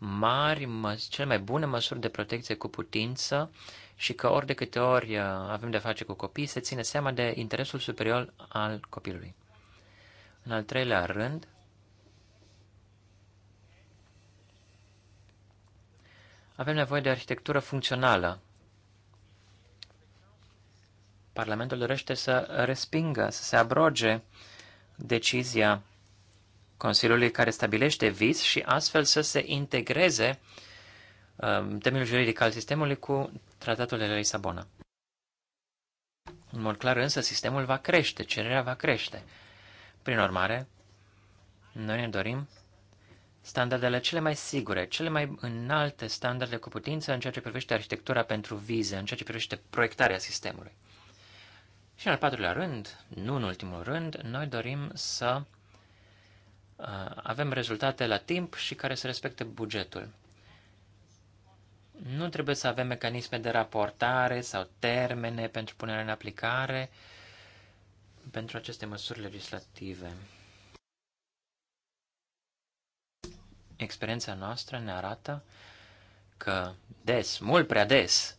mari, cele mai bune măsuri de protecție cu putință și că ori de câte ori uh, avem de face cu copii, se ține seama de interesul superior al copilului. În al treilea rând, avem nevoie de arhitectură funcțională. Parlamentul dorește să respingă, să se abroge decizia Consiliului care stabilește vis și astfel să se integreze um, temeiul juridic al sistemului cu tratatul de la Lisabona. În mod clar însă, sistemul va crește, cererea va crește. Prin urmare, noi ne dorim standardele cele mai sigure, cele mai înalte standarde cu putință în ceea ce privește arhitectura pentru vize, în ceea ce privește proiectarea sistemului. Și în al patrulea rând, nu în ultimul rând, noi dorim să Uh, avem rezultate la timp și care să respecte bugetul. Nu trebuie să avem mecanisme de raportare sau termene pentru punerea în aplicare pentru aceste măsuri legislative. Experiența noastră ne arată că des, mult prea des,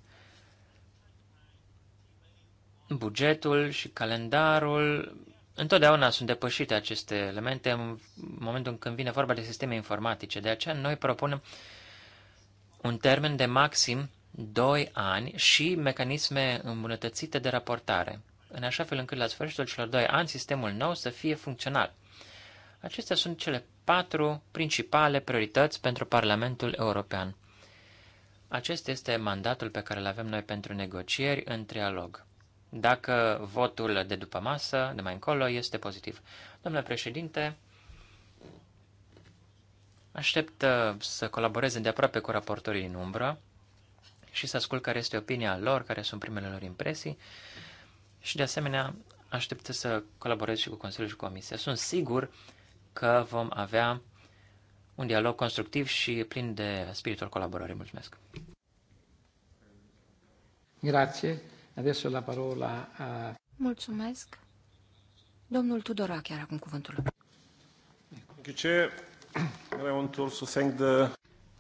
bugetul și calendarul Întotdeauna sunt depășite aceste elemente în momentul când vine vorba de sisteme informatice. De aceea noi propunem un termen de maxim 2 ani și mecanisme îmbunătățite de raportare, în așa fel încât la sfârșitul celor 2 ani sistemul nou să fie funcțional. Acestea sunt cele patru principale priorități pentru Parlamentul European. Acesta este mandatul pe care îl avem noi pentru negocieri în trialog dacă votul de după masă, de mai încolo, este pozitiv. Domnule președinte, aștept uh, să colaborez de aproape cu raportorii în umbră și să ascult care este opinia lor, care sunt primele lor impresii și, de asemenea, aștept să colaborez și cu Consiliul și Comisia. Sunt sigur că vom avea un dialog constructiv și plin de spiritul colaborării. Mulțumesc! Grazie. Adesso la parola a... Mulțumesc. Domnul Tudora chiar acum cuvântul.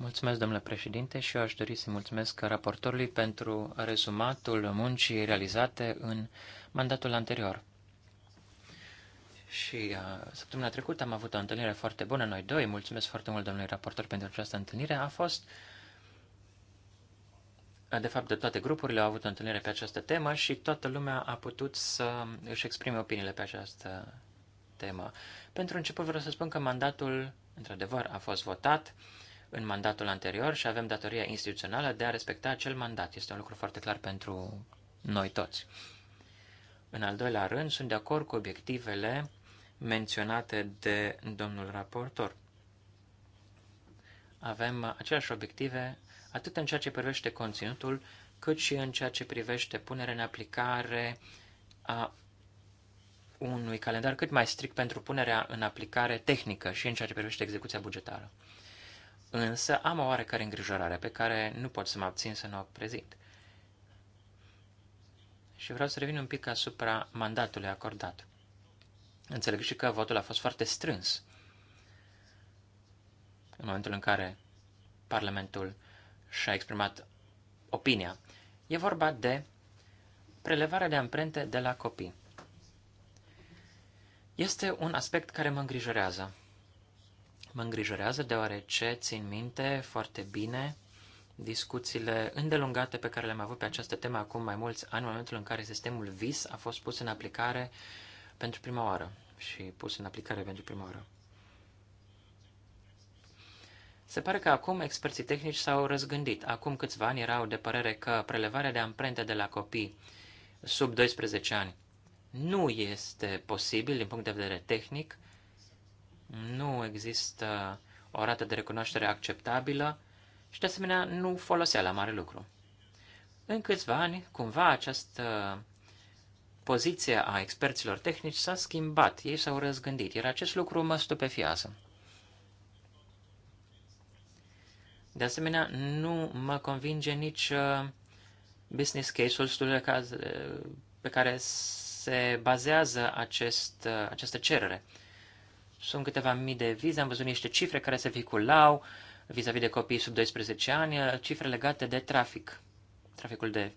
Mulțumesc, domnule președinte, și eu aș dori să mulțumesc raportorului pentru rezumatul muncii realizate în mandatul anterior. Și uh, săptămâna trecută am avut o întâlnire foarte bună, noi doi. Mulțumesc foarte mult, domnului raportor, pentru această întâlnire. A fost uh, de fapt de toate grupurile au avut o întâlnire pe această temă și toată lumea a putut să își exprime opiniile pe această temă. Pentru început vreau să spun că mandatul, într-adevăr, a fost votat în mandatul anterior și avem datoria instituțională de a respecta acel mandat. Este un lucru foarte clar pentru noi toți. În al doilea rând, sunt de acord cu obiectivele menționate de domnul raportor. Avem aceleași obiective atât în ceea ce privește conținutul, cât și în ceea ce privește punerea în aplicare a unui calendar cât mai strict pentru punerea în aplicare tehnică și în ceea ce privește execuția bugetară. Însă am o oarecare îngrijorare pe care nu pot să mă abțin să nu o prezint. Și vreau să revin un pic asupra mandatului acordat. Înțeleg și că votul a fost foarte strâns în momentul în care Parlamentul și-a exprimat opinia. E vorba de prelevarea de amprente de la copii. Este un aspect care mă îngrijorează. Mă îngrijorează deoarece țin minte foarte bine discuțiile îndelungate pe care le-am avut pe această temă acum mai mulți ani, în momentul în care sistemul VIS a fost pus în aplicare pentru prima oară și pus în aplicare pentru prima oară. Se pare că acum experții tehnici s-au răzgândit. Acum câțiva ani erau de părere că prelevarea de amprente de la copii sub 12 ani nu este posibil din punct de vedere tehnic, nu există o rată de recunoaștere acceptabilă și, de asemenea, nu folosea la mare lucru. În câțiva ani, cumva, această poziție a experților tehnici s-a schimbat, ei s-au răzgândit, iar acest lucru mă stupefiază. De asemenea, nu mă convinge nici uh, business case-ul, studiul pe care se bazează acest, uh, această cerere. Sunt câteva mii de vize, am văzut niște cifre care se vehiculau vis a -vis de copii sub 12 ani, uh, cifre legate de trafic, traficul de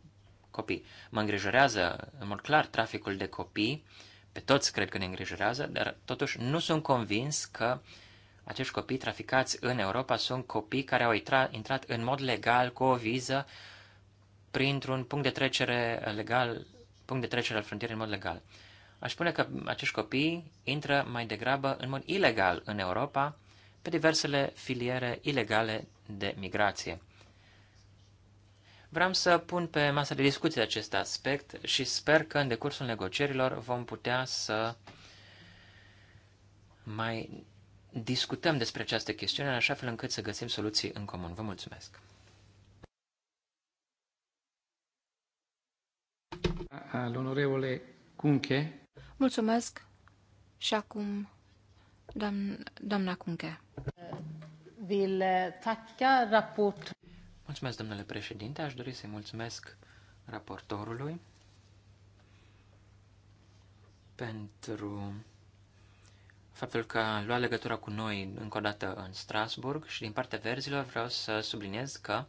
copii. Mă îngrijorează, în mod clar, traficul de copii, pe toți cred că ne îngrijorează, dar totuși nu sunt convins că uh, acești copii traficați în Europa sunt copii care au intrat în mod legal cu o viză printr-un punct de trecere legal, punct de trecere al frontierei în mod legal. Aș spune că acești copii intră mai degrabă în mod ilegal în Europa pe diversele filiere ilegale de migrație. Vreau să pun pe masa de discuție acest aspect și sper că în decursul negocierilor vom putea să mai discutăm despre această chestiune în așa fel încât să găsim soluții în comun. Vă mulțumesc! Al onorevole Cunche. Mulțumesc și acum doamn, doamna Cunche. Vil tacca raport. Mulțumesc, domnule președinte. Aș dori să-i mulțumesc raportorului pentru faptul că a luat legătura cu noi încă o dată în Strasburg și din partea verzilor vreau să subliniez că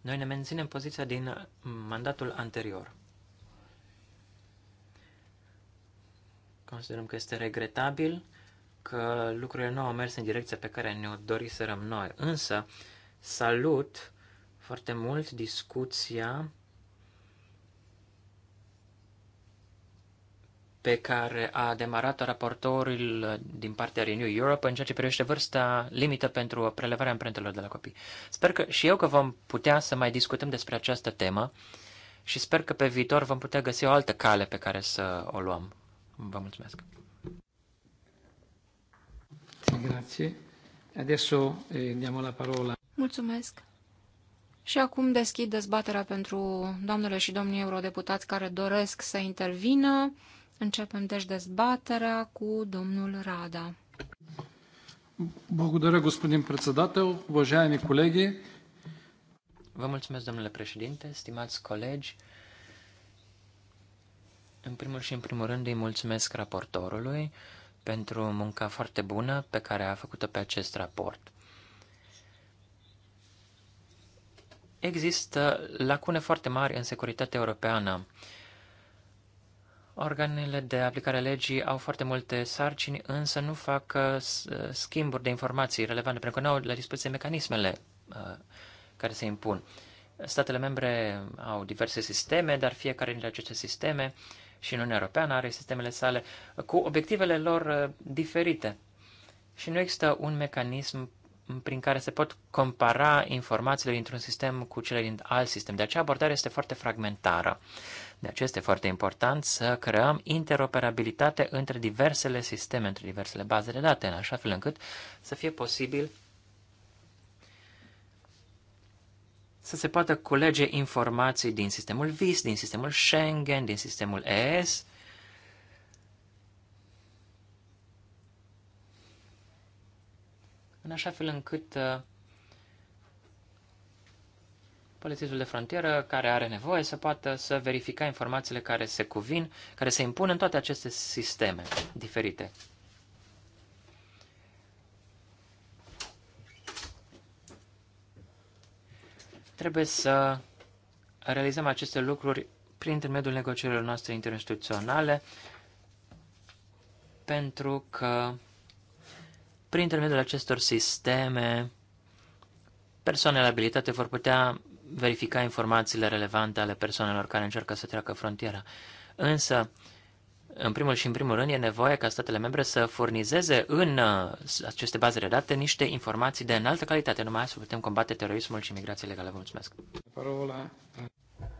noi ne menținem poziția din mandatul anterior. Considerăm că este regretabil că lucrurile nu au mers în direcția pe care ne-o doriserăm noi, însă salut foarte mult discuția pe care a demarat raportorul din partea Renew Europe în ceea ce privește vârsta limită pentru prelevarea amprentelor de la copii. Sper că și eu că vom putea să mai discutăm despre această temă și sper că pe viitor vom putea găsi o altă cale pe care să o luăm. Vă mulțumesc. Grazie. Adesso eh, diamo la parola. Mulțumesc. Și acum deschid dezbaterea pentru doamnele și domnii eurodeputați care doresc să intervină. Începem deci dezbaterea cu domnul Rada. Благодаря, господин председател, уважаеми колеги. Vă mulțumesc, domnule președinte, stimați colegi. În primul și în primul rând îi mulțumesc raportorului pentru munca foarte bună pe care a făcut-o pe acest raport. Există lacune foarte mari în securitatea europeană Organele de aplicare a legii au foarte multe sarcini, însă nu fac uh, uh, schimburi de informații relevante, pentru că nu au la dispoziție mecanismele uh, care se impun. Statele membre au diverse sisteme, dar fiecare dintre aceste sisteme și în Uniunea Europeană are sistemele sale cu obiectivele lor diferite. Și nu există un mecanism prin care se pot compara informațiile dintr-un sistem cu cele din alt sistem. De aceea abordarea este foarte fragmentară. De aceea este foarte important să creăm interoperabilitate între diversele sisteme, între diversele baze de date, în așa fel încât să fie posibil să se poată culege informații din sistemul VIS, din sistemul Schengen, din sistemul ES, în așa fel încât uh, polițistul de frontieră care are nevoie să poată să verifica informațiile care se cuvin, care se impun în toate aceste sisteme diferite. Trebuie să realizăm aceste lucruri prin intermediul negocierilor noastre interinstituționale, pentru că prin intermediul acestor sisteme, persoanele abilitate vor putea verifica informațiile relevante ale persoanelor care încearcă să treacă frontiera. Însă, în primul și în primul rând, e nevoie ca statele membre să furnizeze în uh, aceste baze de date niște informații de înaltă calitate. Numai astfel putem combate terorismul și migrația legală. Vă mulțumesc! Parola.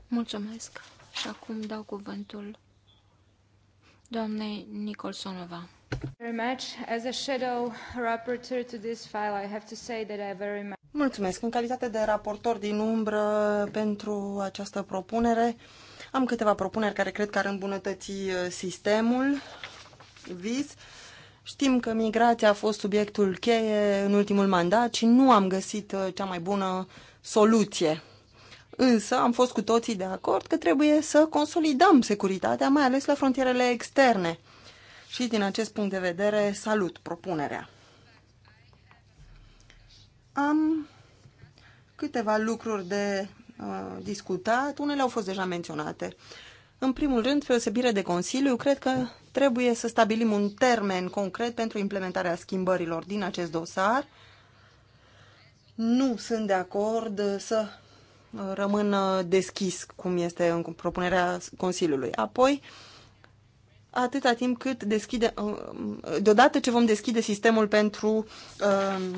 Mulțumesc! Și acum dau cuvântul doamnei Nicolsonova. Mulțumesc. În calitate de raportor din umbră pentru această propunere, am câteva propuneri care cred că ar îmbunătăți uh, sistemul VIS. Știm că migrația a fost subiectul cheie în ultimul mandat și nu am găsit uh, cea mai bună soluție. Însă am fost cu toții de acord că trebuie să consolidăm securitatea, mai ales la frontierele externe. Și din acest punct de vedere salut propunerea. Am câteva lucruri de uh, discutat, unele au fost deja menționate. În primul rând, feosebire de Consiliu, cred că trebuie să stabilim un termen concret pentru implementarea schimbărilor din acest dosar. Nu sunt de acord să rămână deschis, cum este în propunerea Consiliului. Apoi, uh, atâta timp cât deschide, um, deodată ce vom deschide sistemul pentru um,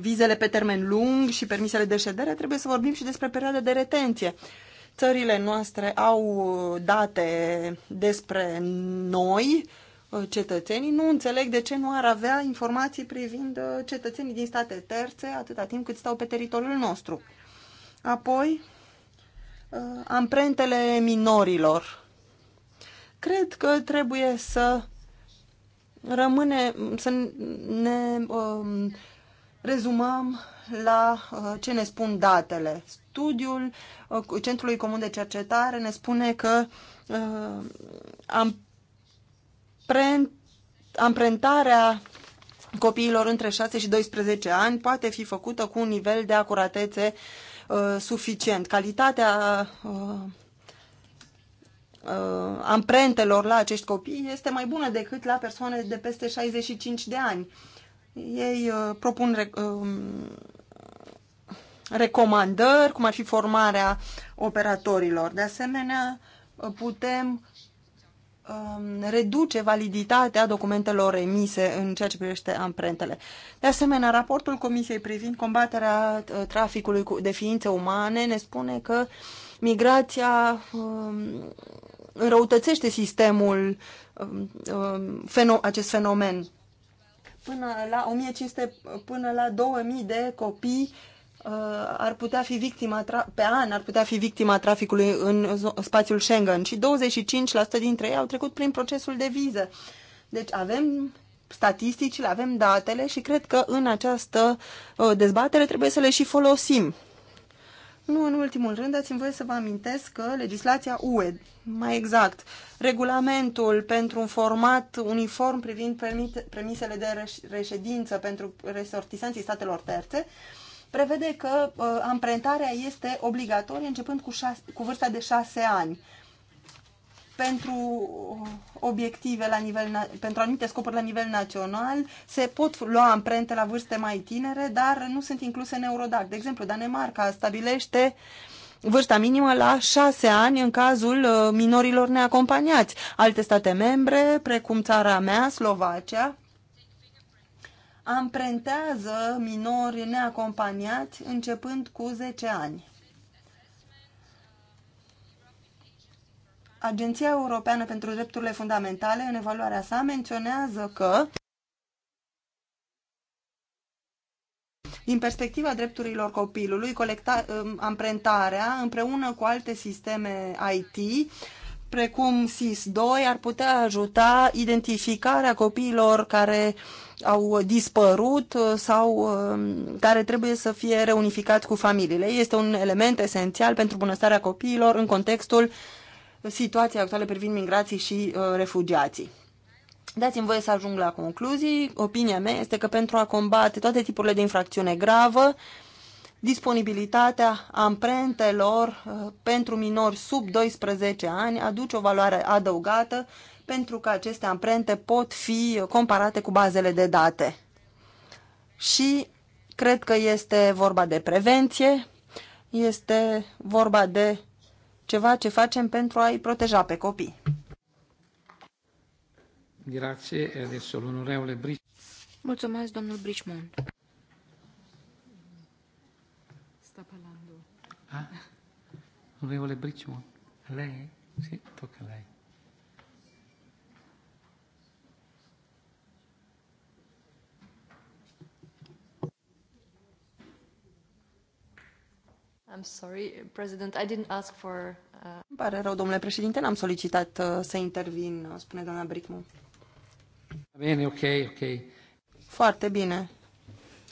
vizele pe termen lung și permisele de ședere, trebuie să vorbim și despre perioada de retenție. Țările noastre au date despre noi, uh, cetățenii, nu înțeleg de ce nu ar avea informații privind uh, cetățenii din state terțe atâta timp cât stau pe teritoriul nostru. Apoi, uh, amprentele minorilor. Cred că trebuie să rămâne, să ne um, rezumăm la uh, ce ne spun datele. Studiul uh, Centrului Comun de Cercetare ne spune că uh, amprent, amprentarea copiilor între 6 și 12 ani poate fi făcută cu un nivel de acuratețe uh, suficient. Calitatea uh, uh, amprentelor la acești copii este mai bună decât la persoane de peste 65 de ani. Ei uh, propun re- uh, um, recomandări, cum ar fi formarea operatorilor. De asemenea, uh, putem um, reduce validitatea documentelor emise în ceea ce privește amprentele. De asemenea, raportul Comisiei privind combaterea uh, traficului de ființe umane ne spune că migrația um, înrăutățește sistemul um, um, acest fenomen. Până la 1500, până la 2000 de copii uh, ar putea fi victima pe an ar putea fi victima traficului în spațiul Schengen și 25% dintre ei au trecut prin procesul de viză. Deci avem statisticile, avem datele și cred că în această uh, dezbatere trebuie să le și folosim. Nu în ultimul rând, dați-mi voie să vă amintesc că legislația UE, mai exact, regulamentul pentru un format uniform privind premisele de reședință pentru resortisanții statelor terțe, prevede că uh, amprentarea este obligatorie începând cu, șase, cu vârsta de șase ani pentru uh, obiective la nivel, pentru anumite scopuri la nivel național, se pot lua amprente la vârste mai tinere, dar nu sunt incluse în Eurodac. De exemplu, Danemarca stabilește vârsta minimă la șase ani în cazul uh, minorilor neacompaniați. Alte state membre, precum țara mea, Slovacia, amprentează minori neacompaniați începând cu 10 ani. Agenția Europeană pentru Drepturile Fundamentale, în evaluarea sa, menționează că Din perspectiva drepturilor copilului, colecta, um, amprentarea împreună cu alte sisteme IT, precum SIS-2, ar putea ajuta identificarea copiilor care au dispărut uh, sau um, care trebuie să fie reunificați cu familiile. Este un element esențial pentru bunăstarea copiilor în contextul situația actuală privind migrații și uh, refugiații. Dați-mi voie să ajung la concluzii. Opinia mea este că pentru a combate toate tipurile de infracțiune gravă, disponibilitatea amprentelor uh, pentru minori sub 12 ani aduce o valoare adăugată pentru că aceste amprente pot fi comparate cu bazele de date. Și cred că este vorba de prevenție, este vorba de ceva ce facem pentru a-i proteja pe copii. Grazie, adesso l'onorevole Mulțumesc, domnul Bricmont. Sta parlando. Ah, onorevole Bricmont, lei? Sì, tocca a lei. I'm sorry, President, I didn't ask for... Uh... Îmi pare rău, domnule președinte, n-am solicitat uh, să intervin, uh, spune doamna Brickman. Bine, ok, ok. Foarte bine.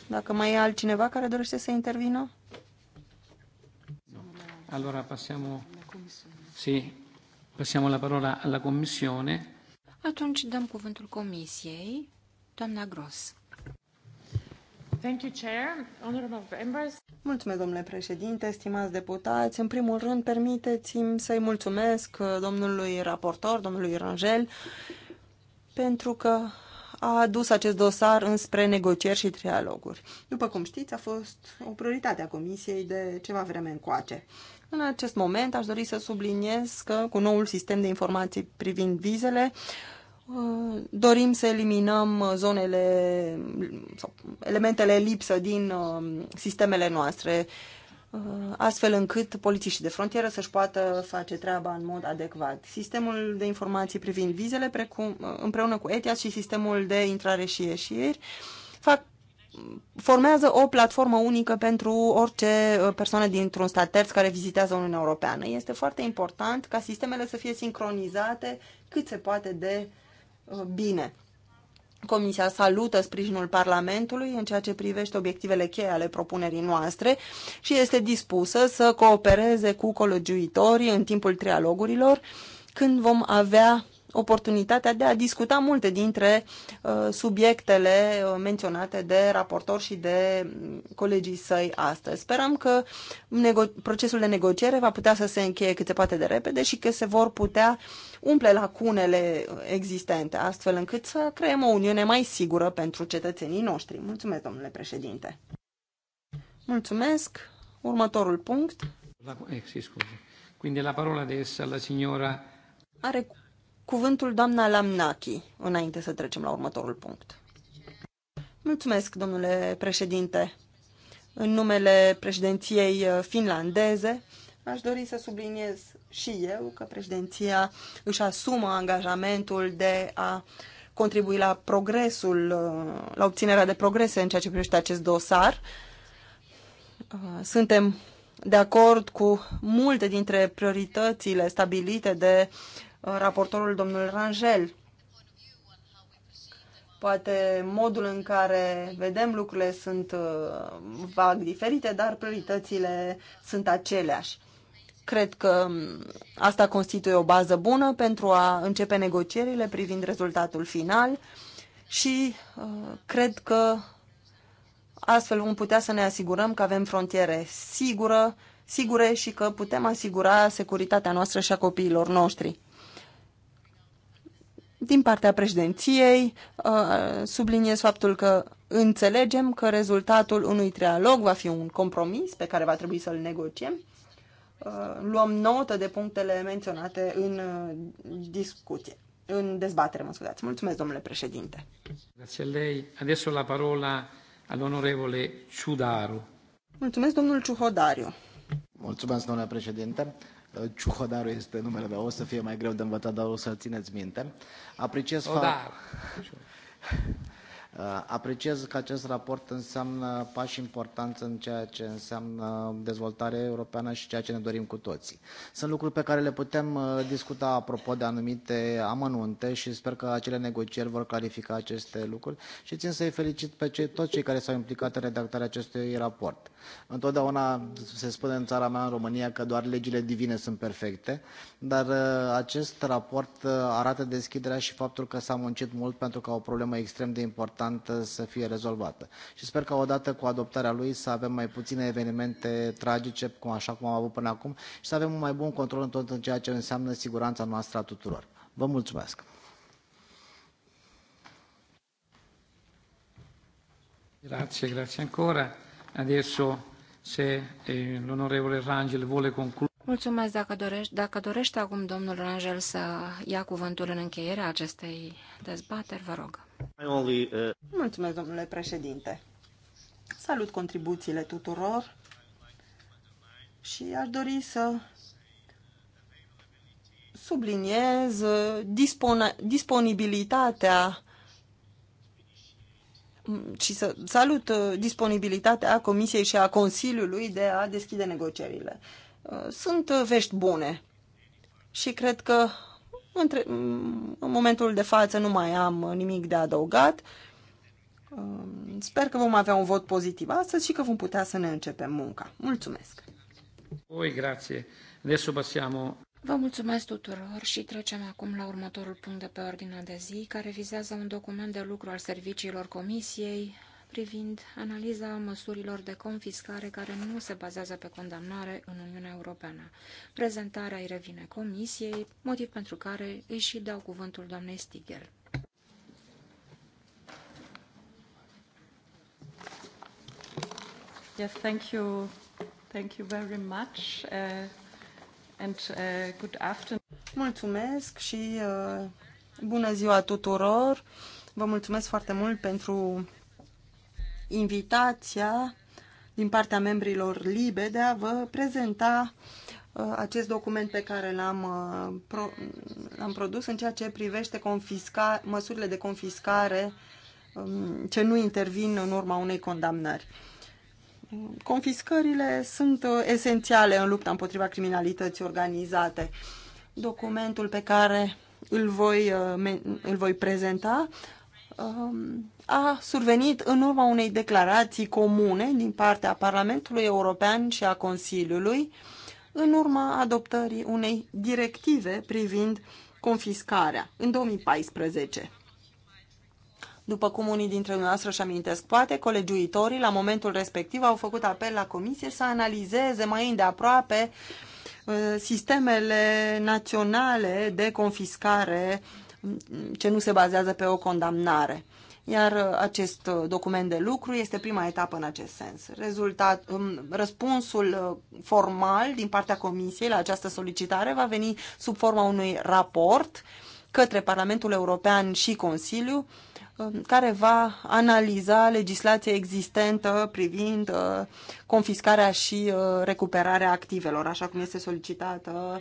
Dacă mai e altcineva care dorește să intervină? No. Allora passiamo... Sì, passiamo la parola alla Commissione. Atunci dăm cuvântul Comisiei, doamna Gros. Mulțumesc, domnule președinte, stimați deputați. În primul rând, permiteți-mi să-i mulțumesc uh, domnului raportor, domnului Rangel, pentru că a adus acest dosar înspre negocieri și trialoguri. După cum știți, a fost o prioritate a Comisiei de ceva vreme încoace. În acest moment aș dori să subliniez că cu noul sistem de informații privind vizele, Uh, dorim să eliminăm uh, zonele sau elementele lipsă din uh, sistemele noastre, astfel încât polițiștii de frontieră să-și poată face treaba în mod adecvat. Sistemul de informații privind vizele, precum, împreună cu ETIAS și sistemul de intrare și ieșiri, fac formează o platformă unică pentru orice persoană dintr-un stat terț care vizitează Uniunea Europeană. Este foarte important ca sistemele să fie sincronizate cât se poate de uh, bine. Comisia salută sprijinul Parlamentului în ceea ce privește obiectivele cheie ale propunerii noastre și este dispusă să coopereze cu colegiuitorii în timpul trialogurilor când vom avea oportunitatea de a discuta multe dintre uh, subiectele uh, menționate de raportor și de mm, colegii săi astăzi. Sperăm că procesul de negociere va putea să se încheie cât se poate de repede și că se vor putea umple lacunele existente, astfel încât să creăm o uniune mai sigură pentru cetățenii noștri. Mulțumesc, domnule președinte. Mulțumesc. Următorul punct. La, eh, sì, scusi. Quindi la parola adesso alla signora are cuvântul doamna Lamnachi, înainte să trecem la următorul punct. Mulțumesc, domnule președinte. În numele președinției uh, finlandeze, aș dori să subliniez și eu că președinția își asumă angajamentul de a contribui la progresul, uh, la obținerea de progrese în ceea ce privește acest dosar. Uh, suntem de acord cu multe dintre prioritățile stabilite de uh, raportorul domnul Rangel. Poate modul în care vedem lucrurile sunt uh, vag diferite, dar prioritățile sunt aceleași. Cred că um, asta constituie o bază bună pentru a începe negocierile privind rezultatul final și uh, cred că astfel vom putea să ne asigurăm că avem frontiere sigură, sigure și că putem asigura securitatea noastră și a copiilor noștri. Din partea președinției, uh, subliniez faptul că înțelegem că rezultatul unui trialog va fi un compromis pe care va trebui să-l negociem. Uh, luăm notă de punctele menționate în uh, discuție, în dezbatere, mă scuzați. Mulțumesc, domnule președinte. Grazie lei. Adesso la parola all'onorevole Ciudaru. Mulțumesc, domnul Ciuhodariu. Mulțumesc, domnule președinte. Ciuhodaru este numele meu, o să fie mai greu de învățat, dar o să țineți minte. Apreciez, da. fa- Uh, apreciez că acest raport înseamnă pași importanți în ceea ce înseamnă dezvoltare europeană și ceea ce ne dorim cu toții. Sunt lucruri pe care le putem uh, discuta apropo de anumite amănunte și sper că acele negocieri vor clarifica aceste lucruri și țin să-i felicit pe cei, toți cei care s-au implicat în redactarea acestui raport. Întotdeauna se spune în țara mea, în România, că doar legile divine sunt perfecte, dar uh, acest raport arată deschiderea și faptul că s-a muncit mult pentru ca o problemă extrem de importantă importantă să fie rezolvată și sper că odată cu adoptarea lui să avem mai puține evenimente tragice așa cum am avut până acum și să avem un mai bun control tot în ceea ce înseamnă siguranța noastră a tuturor. Vă mulțumesc! Grazie, grazie ancora. Adesso se eh, l'onorevole Rangel vuole concludere. Mulțumesc dacă dorește, dacă dorește acum domnul Rangel să ia cuvântul în încheierea acestei dezbateri, vă rog. Uh, Mulțumesc, domnule președinte. Salut contribuțiile tuturor și aș dori să subliniez uh, disponibilitatea și să salut uh, disponibilitatea Comisiei și a Consiliului de a deschide negocierile. Sunt vești bune și cred că între, în momentul de față nu mai am nimic de adăugat. Um, sper că vom avea un vot pozitiv astăzi și că vom putea să ne începem munca. Mulțumesc! Oi, grație! Ne passiamo... Vă mulțumesc tuturor și trecem acum la următorul punct de pe ordinea de zi, care vizează un document de lucru al serviciilor Comisiei privind analiza măsurilor de confiscare care nu se bazează pe condamnare în Uniunea Europeană. Prezentarea îi revine Comisiei, motiv pentru care îi și dau cuvântul doamnei Stigel. Yes, thank you. Thank you very much. Uh, and uh, good afternoon. Mulțumesc și uh, bună ziua tuturor. Vă mulțumesc foarte mult pentru invitația din partea membrilor LIBE de a vă prezenta uh, acest document pe care l-am uh, pro, produs în ceea ce privește confisca, măsurile de confiscare um, ce nu intervin în urma unei condamnări. Confiscările sunt uh, esențiale în lupta împotriva criminalității organizate. Documentul pe care îl voi, îl voi prezenta Um, a survenit în urma unei declarații comune din partea Parlamentului European și a Consiliului, în urma adoptării unei directive privind confiscarea în 2014. După cum unii dintre dumneavoastră își amintesc, poate colegiuitorii la momentul respectiv au făcut apel la comisie să analizeze mai îndeaproape uh, sistemele naționale de confiscare uh, ce nu se bazează pe o condamnare. Iar uh, acest uh, document de lucru este prima etapă în acest sens. Rezultat, um, răspunsul uh, formal din partea Comisiei la această solicitare va veni sub forma unui raport către Parlamentul European și Consiliu, um, care va analiza legislația existentă privind confiscarea și recuperarea activelor, așa cum este solicitată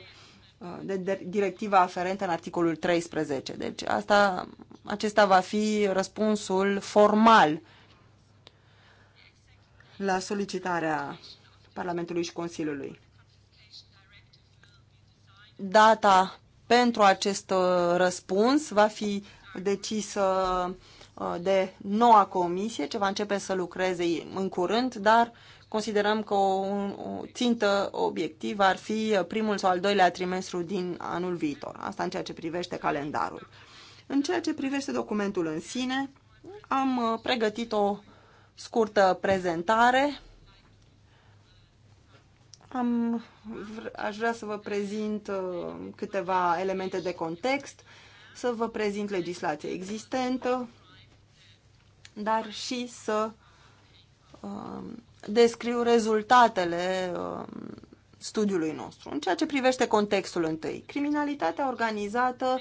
Uh, de directiva aferentă în articolul 13. Deci asta, acesta va fi răspunsul formal la solicitarea Parlamentului și Consiliului. Data pentru acest uh, răspuns va fi decisă uh, de noua comisie, ce va începe să lucreze în curând, dar Considerăm că o, o țintă obiectivă ar fi primul sau al doilea trimestru din anul viitor. Asta în ceea ce privește calendarul. În ceea ce privește documentul în sine, am uh, pregătit o scurtă prezentare. Am, aș vrea să vă prezint uh, câteva elemente de context, să vă prezint legislația existentă, dar și să uh, descriu rezultatele um, studiului nostru. În ceea ce privește contextul întâi, criminalitatea organizată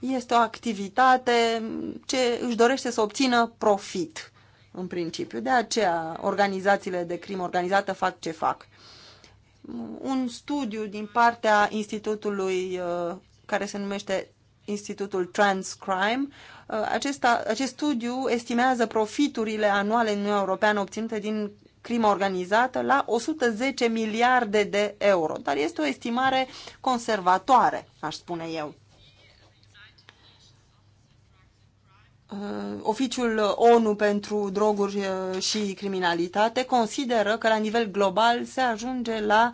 este o activitate ce își dorește să obțină profit, în principiu. De aceea, organizațiile de crimă organizată fac ce fac. Un studiu din partea institutului uh, care se numește Institutul Transcrime. Uh, acesta, acest studiu estimează profiturile anuale în Uniunea Europeană obținute din crimă organizată la 110 miliarde de euro, dar este o estimare conservatoare, aș spune eu. Uh, Oficiul ONU pentru droguri uh, și criminalitate consideră că la nivel global se ajunge la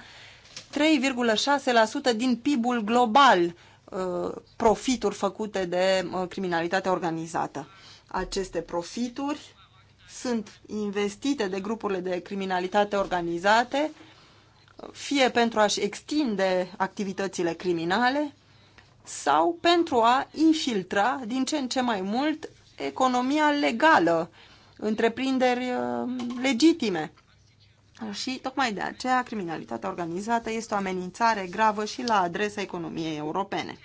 3,6% din PIB-ul global uh, profituri făcute de criminalitate organizată. Aceste profituri sunt investite de grupurile de criminalitate organizate, fie pentru a-și extinde activitățile criminale sau pentru a infiltra din ce în ce mai mult economia legală, întreprinderi uh, legitime. Și tocmai de aceea criminalitatea organizată este o amenințare gravă și la adresa economiei europene.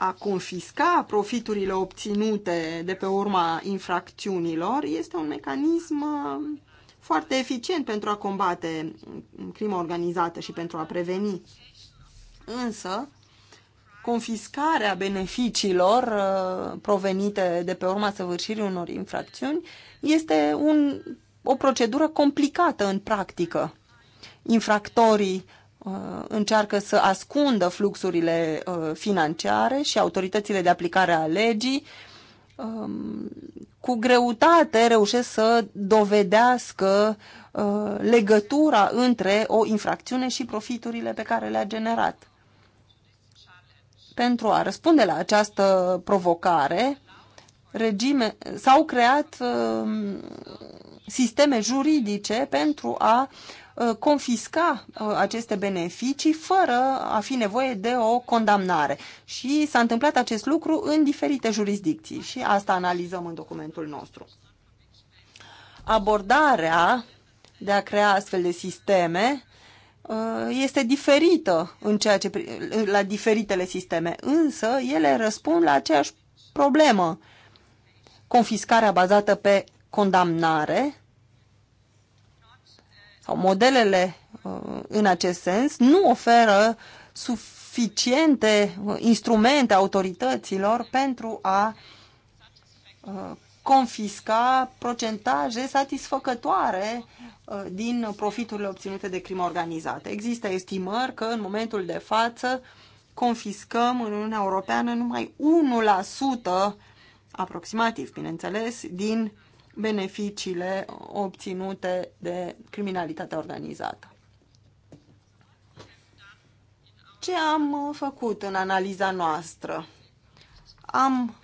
a confisca profiturile obținute de pe urma infracțiunilor este un mecanism uh, foarte eficient pentru a combate crima organizată și pentru a preveni. Însă, confiscarea beneficiilor uh, provenite de pe urma săvârșirii unor infracțiuni este un, o procedură complicată în practică. Infractorii Uh, încearcă să ascundă fluxurile uh, financiare și autoritățile de aplicare a legii um, cu greutate reușesc să dovedească uh, legătura între o infracțiune și profiturile pe care le-a generat. Pentru a răspunde la această provocare, regime, s-au creat um, sisteme juridice pentru a uh, Uh, confisca uh, aceste beneficii fără a fi nevoie de o condamnare. Și s-a întâmplat acest lucru în diferite jurisdicții și asta analizăm în documentul nostru. Abordarea de a crea astfel de sisteme uh, este diferită în ceea ce, la diferitele sisteme, însă ele răspund la aceeași problemă. Confiscarea bazată pe condamnare sau modelele uh, în acest sens nu oferă suficiente uh, instrumente autorităților pentru a uh, confisca procentaje satisfăcătoare din profiturile obținute de crimă organizată. Există estimări că în momentul de față confiscăm în Uniunea Europeană numai 1% aproximativ, bineînțeles, din uh, beneficiile obținute de criminalitatea organizată. Ce am făcut în analiza noastră? Am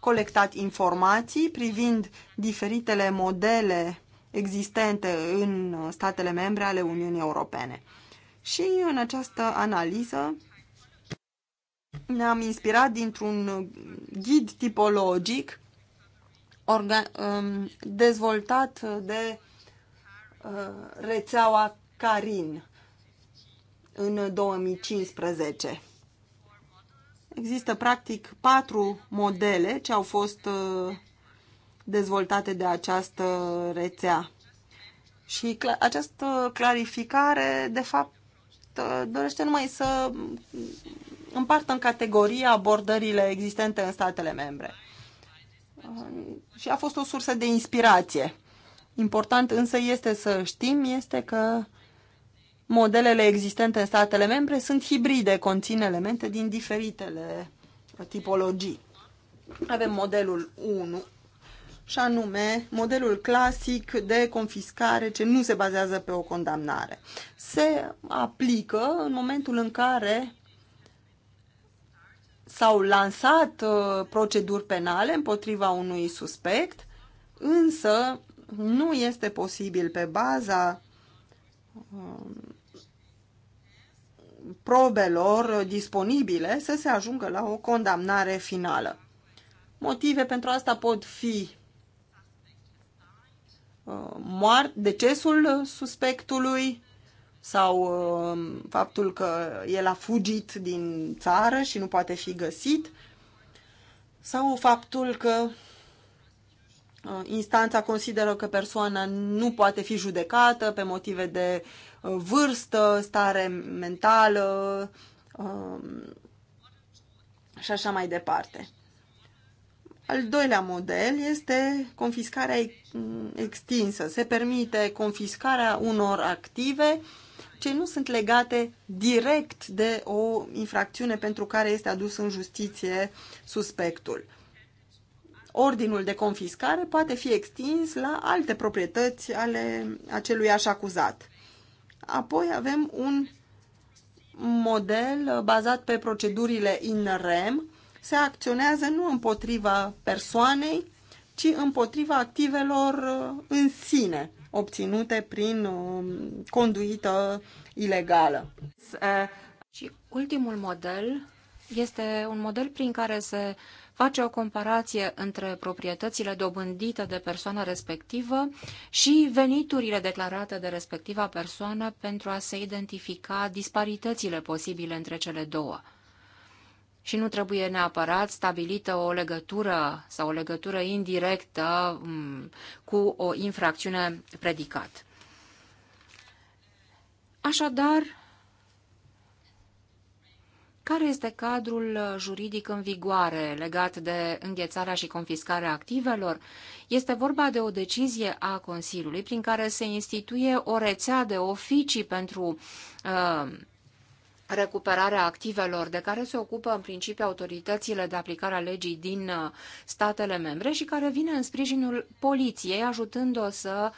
colectat informații privind diferitele modele existente în statele membre ale Uniunii Europene. Și în această analiză ne-am inspirat dintr-un ghid tipologic Um, dezvoltat de uh, rețeaua Carin în 2015. Există practic patru modele ce au fost uh, dezvoltate de această rețea. Și cl această clarificare, de fapt, uh, dorește numai să împartă în categoria abordările existente în statele membre. Um, și a fost o sursă de inspirație. Important însă este să știm este că modelele existente în statele membre sunt hibride, conțin elemente din diferitele tipologii. Avem modelul 1, și anume modelul clasic de confiscare ce nu se bazează pe o condamnare. Se aplică în momentul în care s-au lansat uh, proceduri penale împotriva unui suspect, însă nu este posibil pe baza um, probelor disponibile să se ajungă la o condamnare finală. Motive pentru asta pot fi uh, moar, decesul suspectului, sau um, faptul că el a fugit din țară și nu poate fi găsit sau faptul că uh, instanța consideră că persoana nu poate fi judecată pe motive de uh, vârstă, stare mentală um, și așa mai departe. Al doilea model este confiscarea extinsă. Se permite confiscarea unor active ce nu sunt legate direct de o infracțiune pentru care este adus în justiție suspectul. Ordinul de confiscare poate fi extins la alte proprietăți ale acelui așa acuzat. Apoi avem un model bazat pe procedurile in rem. Se acționează nu împotriva persoanei, ci împotriva activelor uh, în sine obținute prin um, conduită ilegală. Și ultimul model este un model prin care se face o comparație între proprietățile dobândite de persoana respectivă și veniturile declarate de respectiva persoană pentru a se identifica disparitățile posibile între cele două și nu trebuie neapărat stabilită o legătură sau o legătură indirectă mm, cu o infracțiune predicat. Așadar, care este cadrul juridic în vigoare legat de înghețarea și confiscarea activelor? Este vorba de o decizie a Consiliului prin care se instituie o rețea de oficii pentru uh, recuperarea activelor de care se ocupă în principiu autoritățile de aplicare a legii din uh, statele membre și care vine în sprijinul poliției, ajutând-o să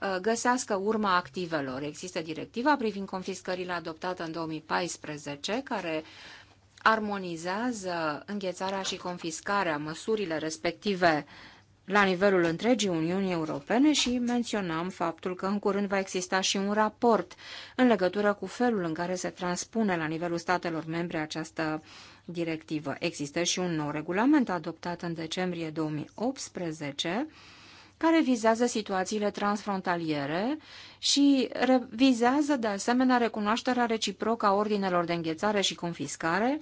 uh, găsească urma activelor. Există directiva privind confiscările adoptată în 2014, care armonizează înghețarea și confiscarea, măsurile respective la nivelul întregii Uniunii Europene și menționam faptul că în curând va exista și un raport în legătură cu felul în care se transpune la nivelul statelor membre această directivă. Există și un nou regulament adoptat în decembrie 2018 care vizează situațiile transfrontaliere și vizează de asemenea recunoașterea reciprocă a ordinelor de înghețare și confiscare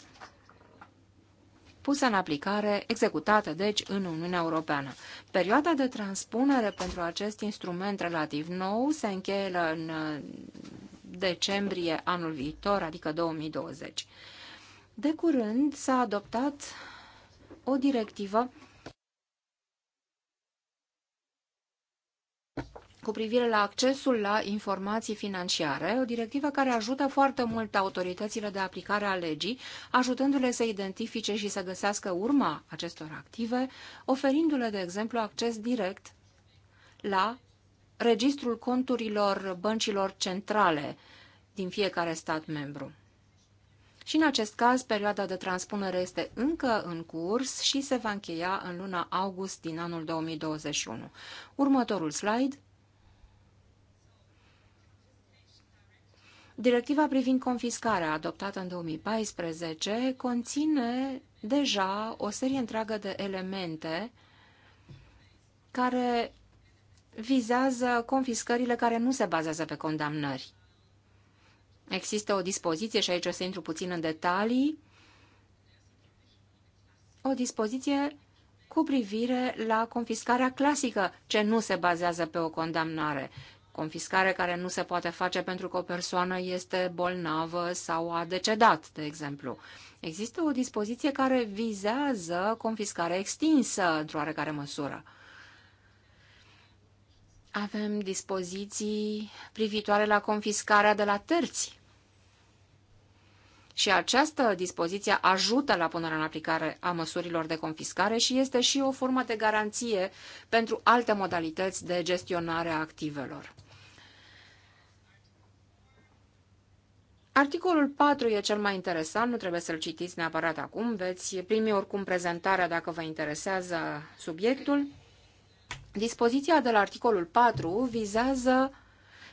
pusă în aplicare, executată, deci, în Uniunea Europeană. Perioada de transpunere pentru acest instrument relativ nou se încheie în uh, decembrie anul viitor, adică 2020. De curând s-a adoptat o directivă cu privire la accesul la informații financiare, o directivă care ajută foarte mult autoritățile de aplicare a legii, ajutându-le să identifice și să găsească urma acestor active, oferindu-le, de exemplu, acces direct la registrul conturilor băncilor centrale din fiecare stat membru. Și în acest caz, perioada de transpunere este încă în curs și se va încheia în luna august din anul 2021. Următorul slide Directiva privind confiscarea, adoptată în 2014, conține deja o serie întreagă de elemente care vizează confiscările care nu se bazează pe condamnări. Există o dispoziție, și aici o să intru puțin în detalii, o dispoziție cu privire la confiscarea clasică, ce nu se bazează pe o condamnare confiscare care nu se poate face pentru că o persoană este bolnavă sau a decedat, de exemplu. Există o dispoziție care vizează confiscarea extinsă într-o oarecare măsură. Avem dispoziții privitoare la confiscarea de la terți. Și această dispoziție ajută la punerea în aplicare a măsurilor de confiscare și este și o formă de garanție pentru alte modalități de gestionare a activelor. Articolul 4 e cel mai interesant, nu trebuie să-l citiți neapărat acum, veți primi oricum prezentarea dacă vă interesează subiectul. Dispoziția de la articolul 4 vizează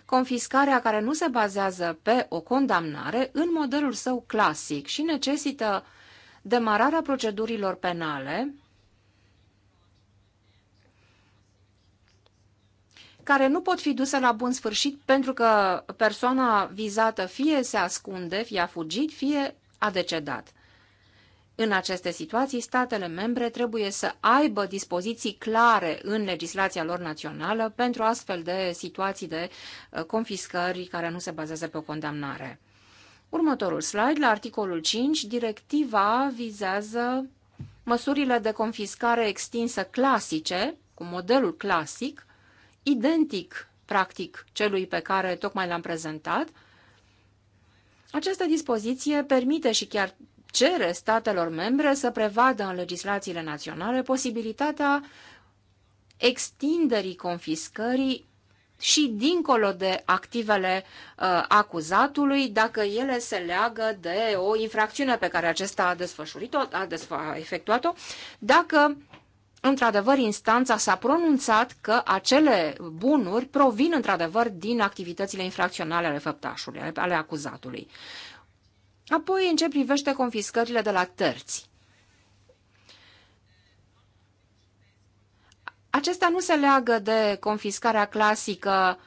confiscarea care nu se bazează pe o condamnare în modelul său clasic și necesită demararea procedurilor penale care nu pot fi duse la bun sfârșit pentru că persoana vizată fie se ascunde, fie a fugit, fie a decedat. În aceste situații, statele membre trebuie să aibă dispoziții clare în legislația lor națională pentru astfel de situații de uh, confiscări care nu se bazează pe o condamnare. Următorul slide, la articolul 5, directiva vizează măsurile de confiscare extinsă clasice, cu modelul clasic, identic, practic, celui pe care tocmai l-am prezentat, această dispoziție permite și chiar cere statelor membre să prevadă în legislațiile naționale posibilitatea extinderii confiscării și dincolo de activele uh, acuzatului, dacă ele se leagă de o infracțiune pe care acesta a, desfășurit-o, a, desfă, a efectuat-o, dacă într-adevăr, instanța s-a pronunțat că acele bunuri provin, într-adevăr, din activitățile infracționale ale făptașului, ale acuzatului. Apoi, în ce privește confiscările de la terți. Acestea nu se leagă de confiscarea clasică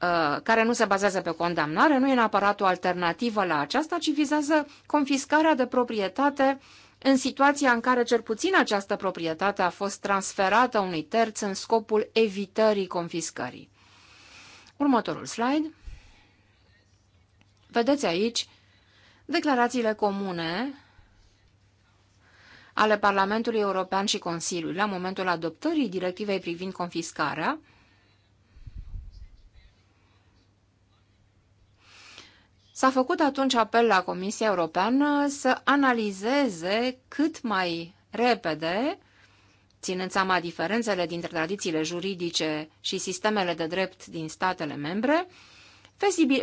uh, care nu se bazează pe condamnare, nu e neapărat o alternativă la aceasta, ci vizează confiscarea de proprietate uh, în situația în care cel puțin această proprietate a fost transferată unui terț în scopul evitării confiscării. Următorul slide. Vedeți aici declarațiile comune ale Parlamentului European și Consiliului la momentul adoptării directivei privind confiscarea, S-a făcut atunci apel la Comisia Europeană să analizeze cât mai repede, ținând seama diferențele dintre tradițiile juridice și sistemele de drept din statele membre,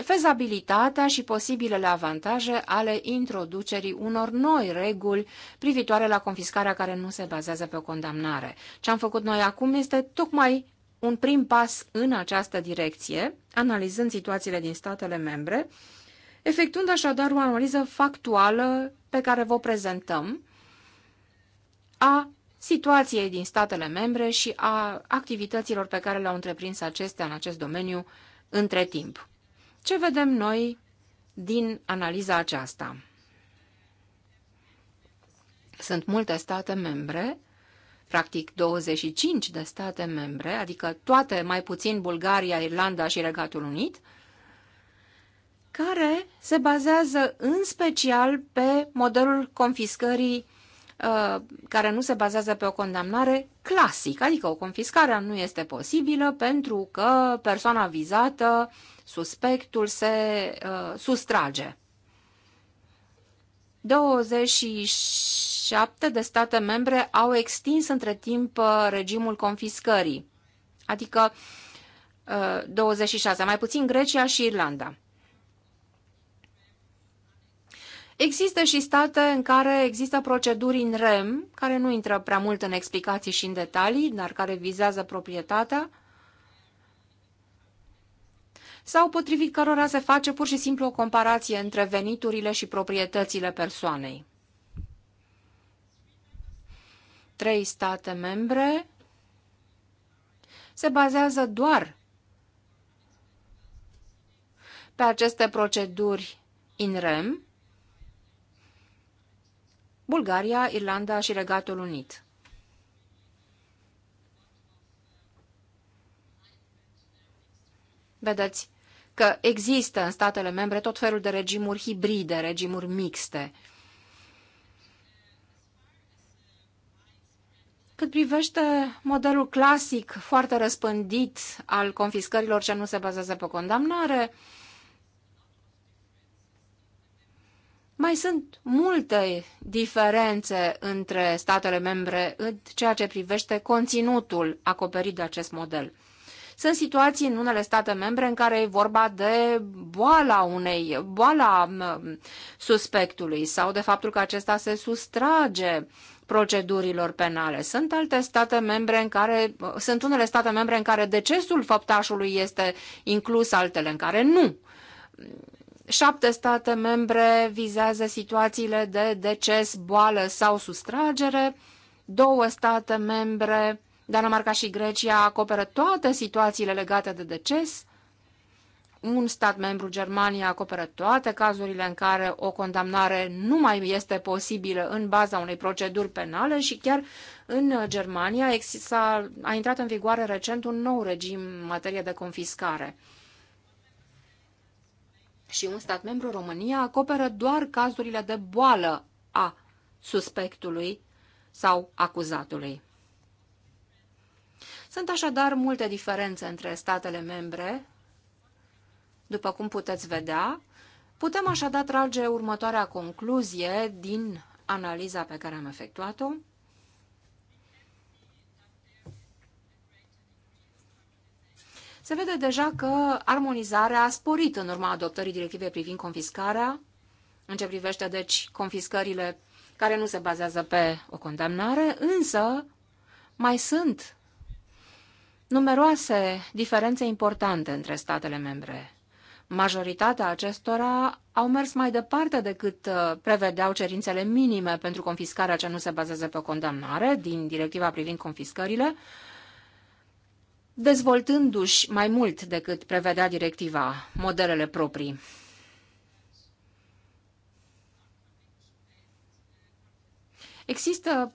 fezabilitatea și posibilele avantaje ale introducerii unor noi reguli privitoare la confiscarea care nu se bazează pe o condamnare. Ce am făcut noi acum este tocmai un prim pas în această direcție, analizând situațiile din statele membre efectuând așadar o analiză factuală pe care vă prezentăm a situației din statele membre și a activităților pe care le-au întreprins acestea în acest domeniu între timp. Ce vedem noi din analiza aceasta? Sunt multe state membre, practic 25 de state membre, adică toate mai puțin Bulgaria, Irlanda și Regatul Unit, care se bazează în special pe modelul confiscării uh, care nu se bazează pe o condamnare clasică, adică o confiscare nu este posibilă pentru că persoana vizată, suspectul, se uh, sustrage. 27 de state membre au extins între timp uh, regimul confiscării, adică uh, 26, mai puțin Grecia și Irlanda. Există și state în care există proceduri în rem, care nu intră prea mult în explicații și în detalii, dar care vizează proprietatea, sau potrivit cărora se face pur și simplu o comparație între veniturile și proprietățile persoanei. Trei state membre se bazează doar pe aceste proceduri in rem, Bulgaria, Irlanda și Regatul Unit. Vedeți că există în statele membre tot felul de regimuri hibride, regimuri mixte. Cât privește modelul clasic foarte răspândit al confiscărilor ce nu se bazează pe condamnare, Mai sunt multe diferențe între statele membre în ceea ce privește conținutul acoperit de acest model. Sunt situații în unele state membre în care e vorba de boala unei, boala um, suspectului sau de faptul că acesta se sustrage procedurilor penale. Sunt alte state membre în care, uh, sunt unele state membre în care decesul făptașului este inclus, altele în care nu. Șapte state membre vizează situațiile de deces, boală sau sustragere. Două state membre, Danemarca și Grecia, acoperă toate situațiile legate de deces. Un stat membru, Germania, acoperă toate cazurile în care o condamnare nu mai este posibilă în baza unei proceduri penale și chiar în Germania a a intrat în vigoare recent un nou regim în materie de confiscare și un stat membru, România, acoperă doar cazurile de boală a suspectului sau acuzatului. Sunt așadar multe diferențe între statele membre, după cum puteți vedea. Putem așadar trage următoarea concluzie din analiza pe care am efectuat-o. se vede deja că armonizarea a sporit în urma adoptării directivei privind confiscarea, în ce privește, deci, confiscările care nu se bazează pe o condamnare, însă mai sunt numeroase diferențe importante între statele membre. Majoritatea acestora au mers mai departe decât uh, prevedeau cerințele minime pentru confiscarea ce nu se bazează pe o condamnare din directiva privind confiscările, dezvoltându-și mai mult decât prevedea directiva modelele proprii. Există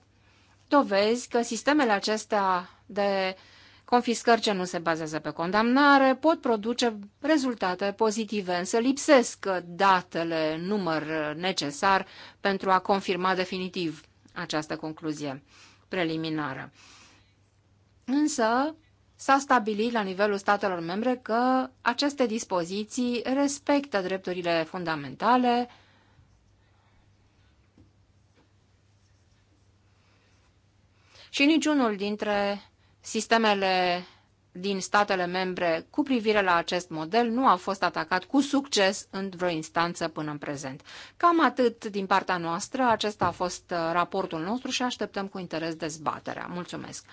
dovezi că sistemele acestea de confiscări ce nu se bazează pe condamnare pot produce rezultate pozitive, însă lipsesc datele, număr necesar pentru a confirma definitiv această concluzie preliminară. Însă, s-a stabilit la nivelul statelor membre că aceste dispoziții respectă drepturile fundamentale, și niciunul dintre sistemele din statele membre cu privire la acest model nu a fost atacat cu succes în vreo instanță până în prezent. Cam atât din partea noastră, acesta a fost uh, raportul nostru și așteptăm cu interes dezbaterea. Mulțumesc!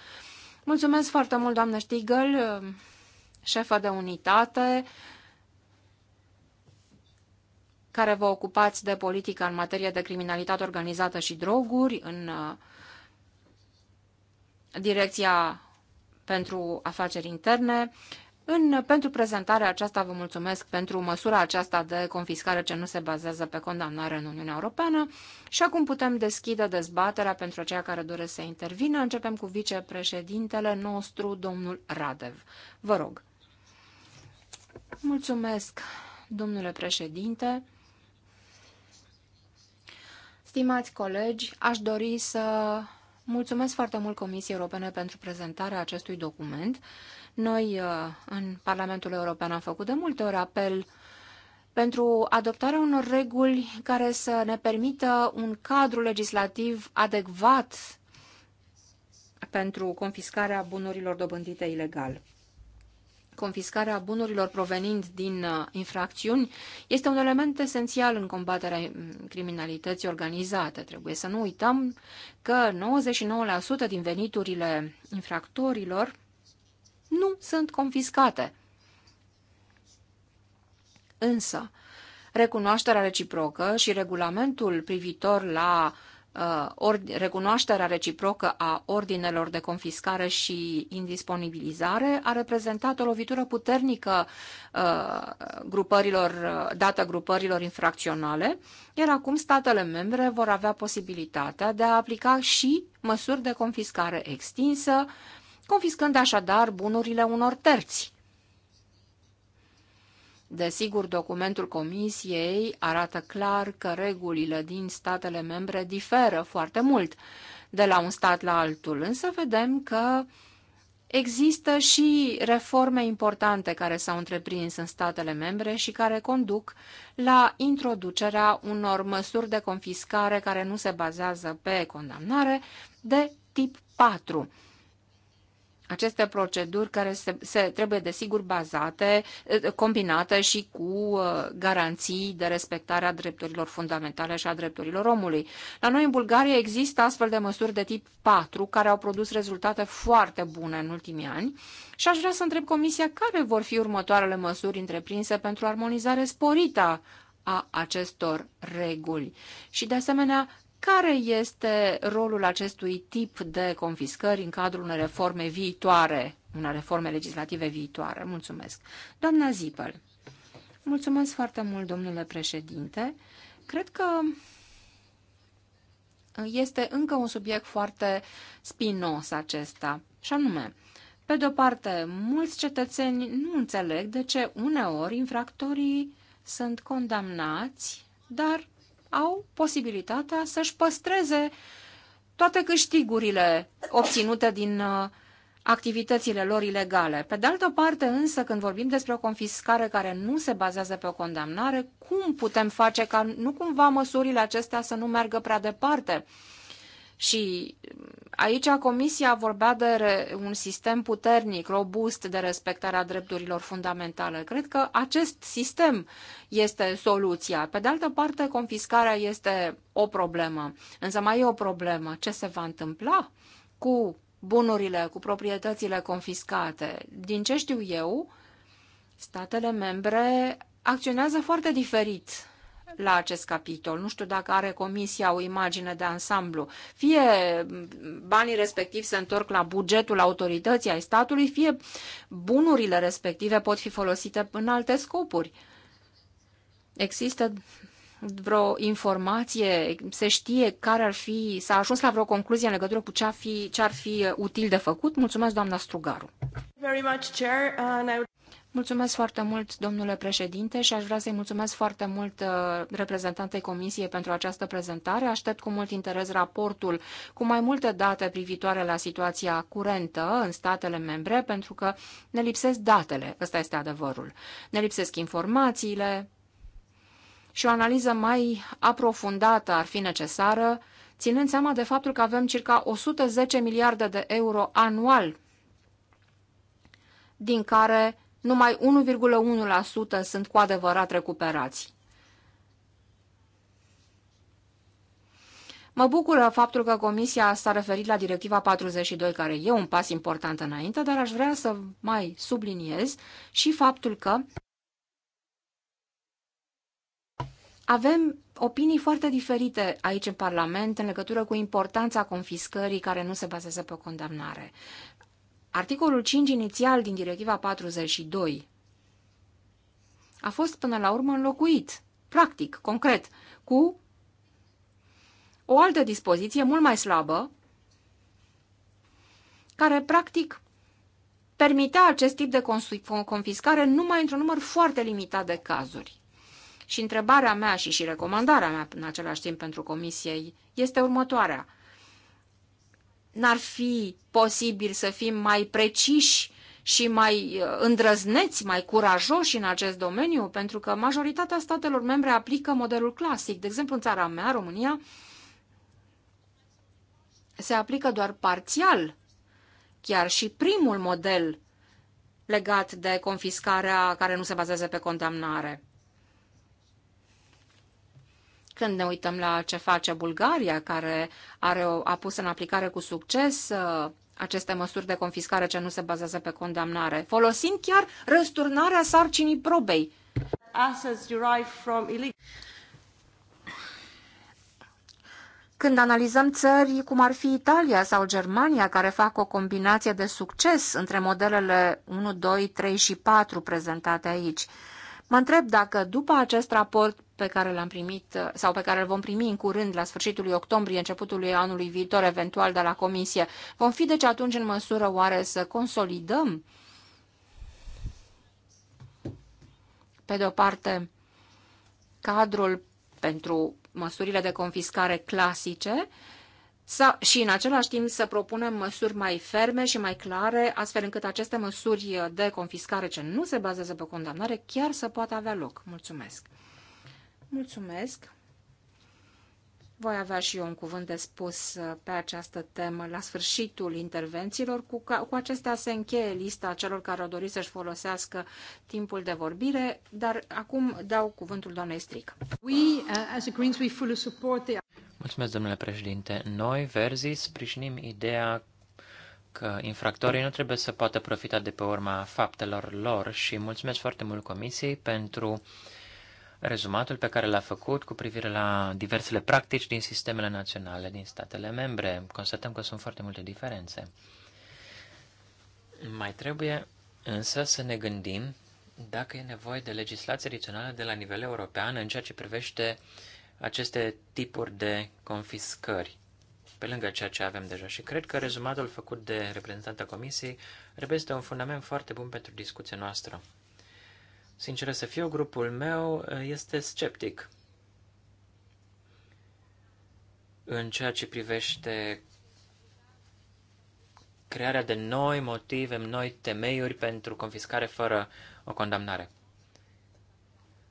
Mulțumesc foarte mult, doamnă Stigăl, șefă de unitate, care vă ocupați de politică în materie de criminalitate organizată și droguri în uh, direcția pentru afaceri interne. În, pentru prezentarea aceasta vă mulțumesc pentru măsura aceasta de confiscare ce nu se bazează pe condamnare în Uniunea Europeană și acum putem deschide dezbaterea pentru aceia care doresc să intervină. Începem cu vicepreședintele nostru, domnul Radev. Vă rog. Mulțumesc, domnule președinte. Stimați colegi, aș dori să mulțumesc foarte mult Comisiei Europene pentru prezentarea acestui document noi uh, în Parlamentul European am făcut de multe ori apel pentru adoptarea unor reguli care să ne permită un cadru legislativ adecvat pentru confiscarea bunurilor dobândite ilegal. Confiscarea bunurilor provenind din uh, infracțiuni este un element esențial în combaterea mm, criminalității organizate. Trebuie să nu uităm că 99% din veniturile infractorilor nu sunt confiscate. Însă, recunoașterea reciprocă și regulamentul privitor la uh, recunoașterea reciprocă a ordinelor de confiscare și indisponibilizare a reprezentat o lovitură puternică uh, grupărilor, uh, dată grupărilor infracționale, iar acum statele membre vor avea posibilitatea de a aplica și măsuri de confiscare extinsă confiscând așadar bunurile unor terți. Desigur, documentul Comisiei arată clar că regulile din statele membre diferă foarte mult de la un stat la altul, însă vedem că există și reforme importante care s-au întreprins în statele membre și care conduc la introducerea unor măsuri de confiscare care nu se bazează pe condamnare de tip 4 aceste proceduri care se, se trebuie desigur bazate, eh, combinate și cu eh, garanții de respectare a drepturilor fundamentale și a drepturilor omului. La noi în Bulgaria există astfel de măsuri de tip 4 care au produs rezultate foarte bune în ultimii ani și aș vrea să întreb Comisia care vor fi următoarele măsuri întreprinse pentru armonizare sporită a acestor reguli. Și de asemenea, care este rolul acestui tip de confiscări în cadrul unei reforme viitoare, unei reforme legislative viitoare? Mulțumesc. Doamna Zipel. Mulțumesc foarte mult, domnule președinte. Cred că este încă un subiect foarte spinos acesta, și anume, pe de-o parte, mulți cetățeni nu înțeleg de ce uneori infractorii sunt condamnați, dar au posibilitatea să-și păstreze toate câștigurile obținute din uh, activitățile lor ilegale. Pe de altă parte, însă, când vorbim despre o confiscare care nu se bazează pe o condamnare, cum putem face ca nu cumva măsurile acestea să nu meargă prea departe? Și aici Comisia vorbea de un sistem puternic, robust de respectarea drepturilor fundamentale. Cred că acest sistem este soluția. Pe de altă parte, confiscarea este o problemă. Însă mai e o problemă. Ce se va întâmpla cu bunurile, cu proprietățile confiscate? Din ce știu eu, statele membre acționează foarte diferit la acest capitol. Nu știu dacă are comisia o imagine de ansamblu. Fie banii respectivi se întorc la bugetul autorității ai statului, fie bunurile respective pot fi folosite în alte scopuri. Există vreo informație, se știe care ar fi, s-a ajuns la vreo concluzie în legătură cu ce ar fi, ce ar fi util de făcut? Mulțumesc, doamna Strugaru. Very much, Chair, Mulțumesc foarte mult, domnule președinte, și aș vrea să-i mulțumesc foarte mult uh, reprezentantei Comisiei pentru această prezentare. Aștept cu mult interes raportul cu mai multe date privitoare la situația curentă în statele membre, pentru că ne lipsesc datele, ăsta este adevărul. Ne lipsesc informațiile și o analiză mai aprofundată ar fi necesară, ținând seama de faptul că avem circa 110 miliarde de euro anual, din care numai 1,1% sunt cu adevărat recuperați. Mă bucură faptul că Comisia s-a referit la Directiva 42, care e un pas important înainte, dar aș vrea să mai subliniez și faptul că avem opinii foarte diferite aici în Parlament în legătură cu importanța confiscării care nu se bazează pe o condamnare. Articolul 5 inițial din Directiva 42 a fost până la urmă înlocuit, practic, concret, cu o altă dispoziție mult mai slabă, care practic permitea acest tip de confiscare numai într-un număr foarte limitat de cazuri. Și întrebarea mea și și recomandarea mea în același timp pentru comisiei este următoarea – n-ar fi posibil să fim mai preciși și mai uh, îndrăzneți, mai curajoși în acest domeniu, pentru că majoritatea statelor membre aplică modelul clasic. De exemplu, în țara mea, România, se aplică doar parțial chiar și primul model legat de confiscarea care nu se bazează pe condamnare. Când ne uităm la ce face Bulgaria, care are o, a pus în aplicare cu succes uh, aceste măsuri de confiscare ce nu se bazează pe condamnare, folosind chiar răsturnarea sarcinii probei. Când analizăm țări cum ar fi Italia sau Germania, care fac o combinație de succes între modelele 1, 2, 3 și 4 prezentate aici, mă întreb dacă după acest raport pe care l-am primit sau pe care îl vom primi în curând la sfârșitul lui octombrie, începutul lui anului viitor, eventual de la Comisie. Vom fi deci atunci în măsură oare să consolidăm pe de o parte cadrul pentru măsurile de confiscare clasice sau, și în același timp să propunem măsuri mai ferme și mai clare, astfel încât aceste măsuri de confiscare ce nu se bazează pe condamnare chiar să poată avea loc. Mulțumesc! Mulțumesc! Voi avea și eu un cuvânt de spus uh, pe această temă la sfârșitul intervențiilor. Cu, ca, cu acestea se încheie lista celor care au dorit să-și folosească timpul de vorbire, dar acum dau cuvântul doamnei Stric. We, uh, as a Greens, we fully support the... Mulțumesc, domnule președinte. Noi, Verzii, sprijinim ideea că infractorii nu trebuie să poată profita de pe urma faptelor lor și mulțumesc foarte mult Comisiei pentru uh, rezumatul pe care l-a făcut cu privire la diversele practici din sistemele naționale din statele membre. Constatăm că sunt foarte multe diferențe. Mai trebuie însă să ne gândim dacă e nevoie de legislație adițională de la nivel european în ceea ce privește aceste tipuri de confiscări, pe lângă ceea ce avem deja. Și cred că rezumatul făcut de reprezentanta Comisiei reprezintă un fundament foarte bun pentru discuția noastră. Sincer să fiu, grupul meu uh, este sceptic în ceea ce privește crearea de noi motive, noi temeiuri pentru confiscare fără o condamnare.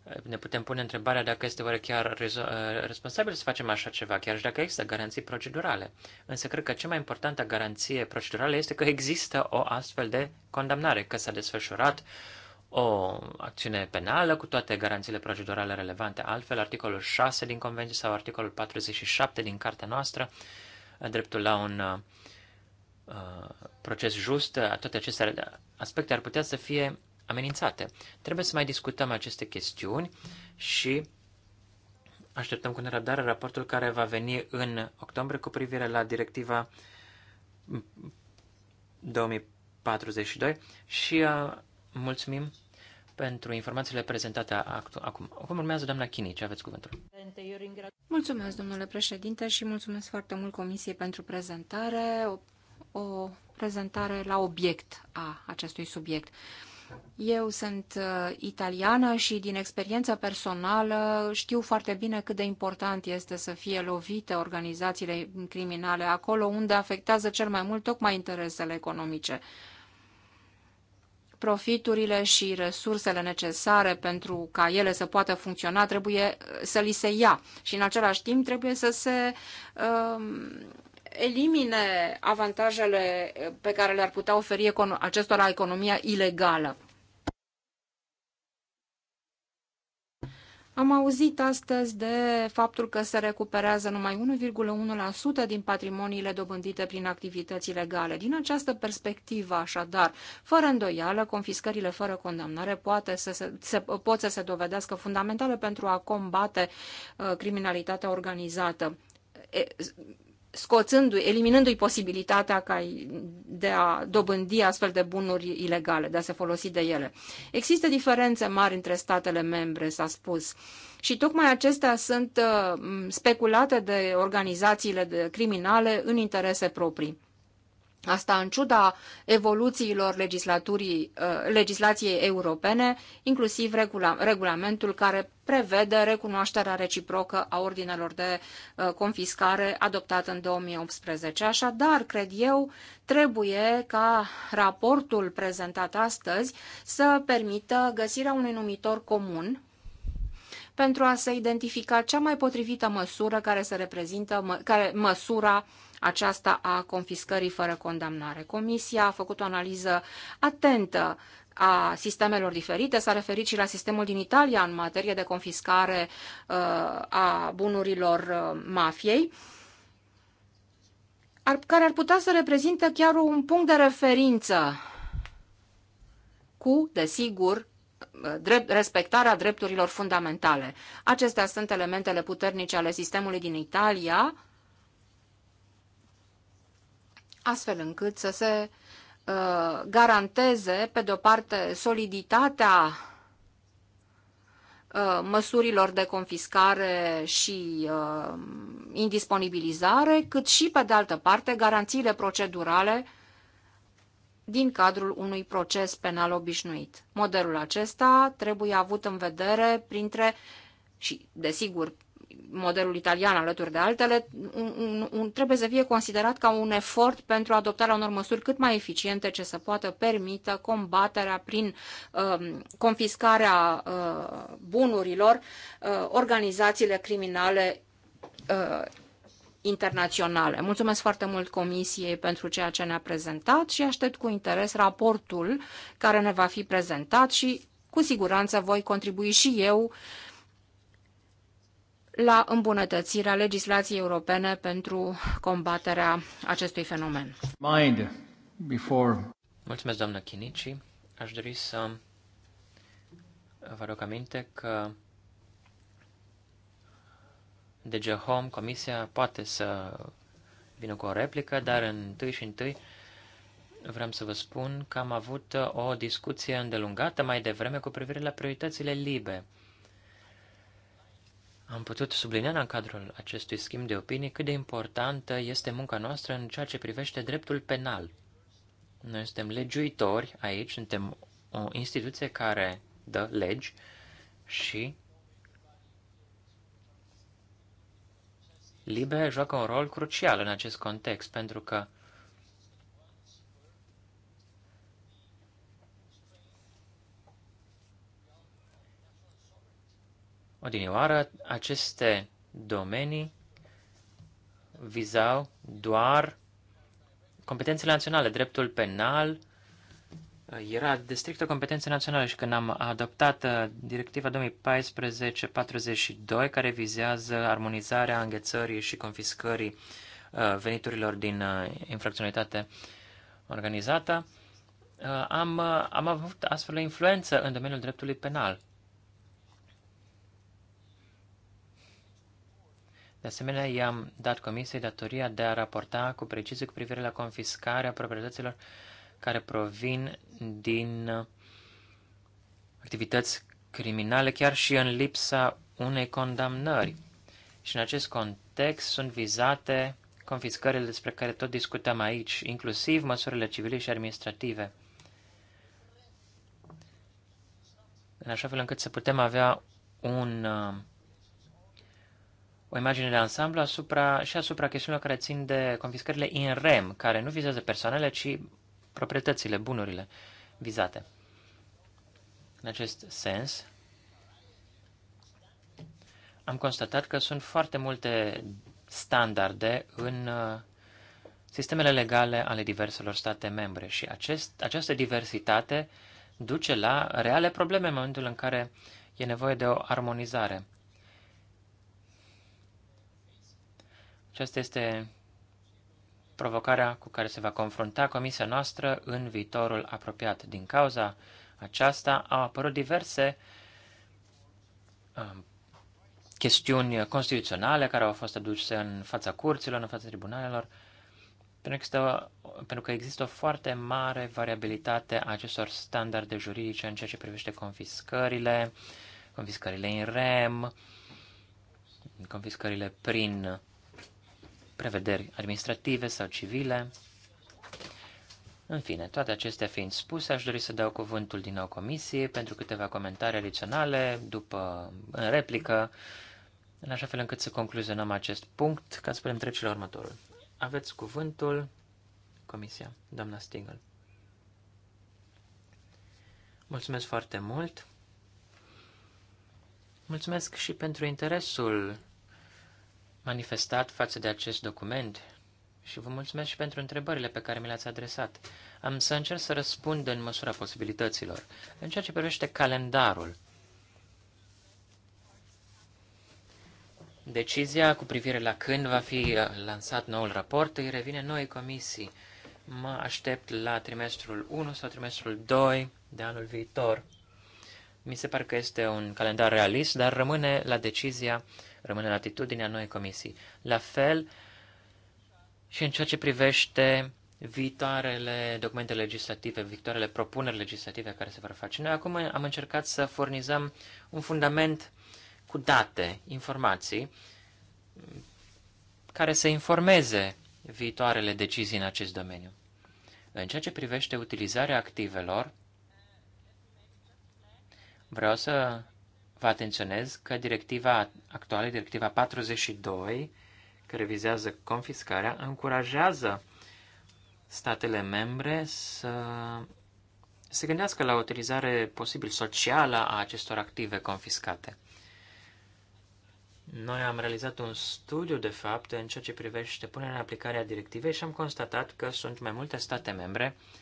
Uh, ne putem pune întrebarea dacă este oare chiar uh, responsabil să facem așa ceva, chiar și dacă există garanții procedurale. Însă cred că cea mai importantă garanție procedurală este că există o astfel de condamnare, că s-a desfășurat uh, o acțiune penală cu toate garanțiile procedurale relevante. Altfel, articolul 6 din Convenție sau articolul 47 din Cartea noastră, dreptul la un uh, proces just, toate aceste aspecte ar putea să fie amenințate. Trebuie să mai discutăm aceste chestiuni și așteptăm cu nerăbdare raportul care va veni în octombrie cu privire la directiva 2042 și uh, Mulțumim pentru informațiile prezentate acum. Acum urmează doamna Ce aveți cuvântul. Mulțumesc, domnule președinte, și mulțumesc foarte mult Comisiei pentru prezentare, o, o prezentare la obiect a acestui subiect. Eu sunt uh, italiană și din experiență personală știu foarte bine cât de important este să fie lovite organizațiile criminale acolo unde afectează cel mai mult tocmai interesele economice profiturile și resursele necesare pentru ca ele să poată funcționa trebuie uh, să li se ia și în același timp trebuie să se uh, elimine avantajele uh, pe care le-ar putea oferi acestora economia ilegală. Am auzit astăzi de faptul că se recuperează numai 1,1% din patrimoniile dobândite prin activități ilegale. Din această perspectivă, așadar, fără îndoială, confiscările fără condamnare poate să se, se, pot să se dovedească fundamentale pentru a combate uh, criminalitatea organizată scoțându-i, eliminându-i posibilitatea ca de a dobândi astfel de bunuri ilegale, de a se folosi de ele. Există diferențe mari între statele membre, s-a spus, și tocmai acestea sunt uh, speculate de organizațiile de criminale în interese proprii. Asta în ciuda evoluțiilor legislaturii, uh, legislației europene, inclusiv regula, regulamentul care prevede recunoașterea reciprocă a ordinelor de uh, confiscare adoptat în 2018. Așadar, cred eu, trebuie ca raportul prezentat astăzi să permită găsirea unui numitor comun pentru a se identifica cea mai potrivită măsură care să reprezintă care, măsura aceasta a confiscării fără condamnare. Comisia a făcut o analiză atentă a sistemelor diferite, s-a referit și la sistemul din Italia în materie de confiscare uh, a bunurilor uh, mafiei ar, care ar putea să reprezintă chiar un punct de referință cu, desigur, uh, drept, respectarea drepturilor fundamentale. Acestea sunt elementele puternice ale sistemului din Italia, astfel încât să se uh, garanteze, pe de-o parte, soliditatea uh, măsurilor de confiscare și uh, indisponibilizare, cât și, pe de altă parte, garanțiile procedurale din cadrul unui proces penal obișnuit. Modelul acesta trebuie avut în vedere printre și, desigur, modelul italian alături de altele, un, un, un, trebuie să fie considerat ca un efort pentru adoptarea unor măsuri cât mai eficiente ce să poată permită combaterea prin uh, confiscarea uh, bunurilor uh, organizațiile criminale uh, internaționale. Mulțumesc foarte mult Comisiei pentru ceea ce ne-a prezentat și aștept cu interes raportul care ne va fi prezentat și cu siguranță voi contribui și eu uh, la îmbunătățirea legislației europene pentru combaterea acestui fenomen. Mind before... Mulțumesc, doamnă Chinici. Aș dori să vă rog aminte că DG Home, comisia, poate să vină cu o replică, dar întâi și întâi vreau să vă spun că am avut o discuție îndelungată mai devreme cu privire la prioritățile libe. Am putut sublinia în cadrul acestui schimb de opinii cât de importantă este munca noastră în ceea ce privește dreptul penal. Noi suntem legiuitori aici, suntem o instituție care dă legi și Libe joacă un rol crucial în acest context, pentru că Odinioară, aceste domenii vizau doar competențele naționale. Dreptul penal uh, era de strictă competență națională și când am adoptat uh, directiva 2014-42 care vizează armonizarea înghețării și confiscării uh, veniturilor din infracționalitate organizată, am, am avut astfel o influență în domeniul dreptului penal. De asemenea, i-am dat comisiei datoria de a raporta cu precizie cu privire la confiscarea proprietăților care provin din uh, activități criminale, chiar și în lipsa unei condamnări. Și în acest context sunt vizate confiscările despre care tot discutăm aici, inclusiv măsurile civile și administrative. În așa fel încât să putem avea un uh, o imagine de ansamblu asupra, și asupra chestiunilor care țin de confiscările in rem, care nu vizează persoanele, ci proprietățile, bunurile vizate. În acest sens, am constatat că sunt foarte multe standarde în uh, sistemele legale ale diverselor state membre și acest, această diversitate duce la reale probleme în momentul în care e nevoie de o armonizare. Aceasta este provocarea cu care se va confrunta comisia noastră în viitorul apropiat. Din cauza aceasta au apărut diverse um, chestiuni constituționale care au fost aduse în fața curților, în fața tribunalelor, pentru că, există, pentru că există o foarte mare variabilitate a acestor standarde juridice în ceea ce privește confiscările, confiscările în rem, confiscările prin prevederi administrative sau civile. În fine, toate acestea fiind spuse, aș dori să dau cuvântul din nou comisiei pentru câteva comentarii adiționale, după, în replică, în așa fel încât să concluzionăm acest punct, ca să putem trece la următorul. Aveți cuvântul, comisia, doamna Stingel. Mulțumesc foarte mult. Mulțumesc și pentru interesul manifestat față de acest document și vă mulțumesc și pentru întrebările pe care mi le-ați adresat. Am să încerc să răspund în măsura posibilităților. În ceea ce privește calendarul, Decizia cu privire la când va fi uh, lansat noul raport îi revine noi comisii. Mă aștept la trimestrul 1 sau trimestrul 2 de anul viitor. Mi se pare că este un calendar realist, dar rămâne la decizia Rămâne la atitudinea noi comisii. La fel și în ceea ce privește viitoarele documente legislative, viitoarele propuneri legislative care se vor face. Noi acum am încercat să furnizăm un fundament cu date, informații, care să informeze viitoarele decizii în acest domeniu. În ceea ce privește utilizarea activelor, vreau să vă atenționez că directiva actuală, directiva 42, care vizează confiscarea, încurajează statele membre să se gândească la o utilizare posibil socială a acestor active confiscate. Noi am realizat un studiu, de fapt, în ceea ce privește punerea în aplicare a directivei și am constatat că sunt mai multe state membre uh,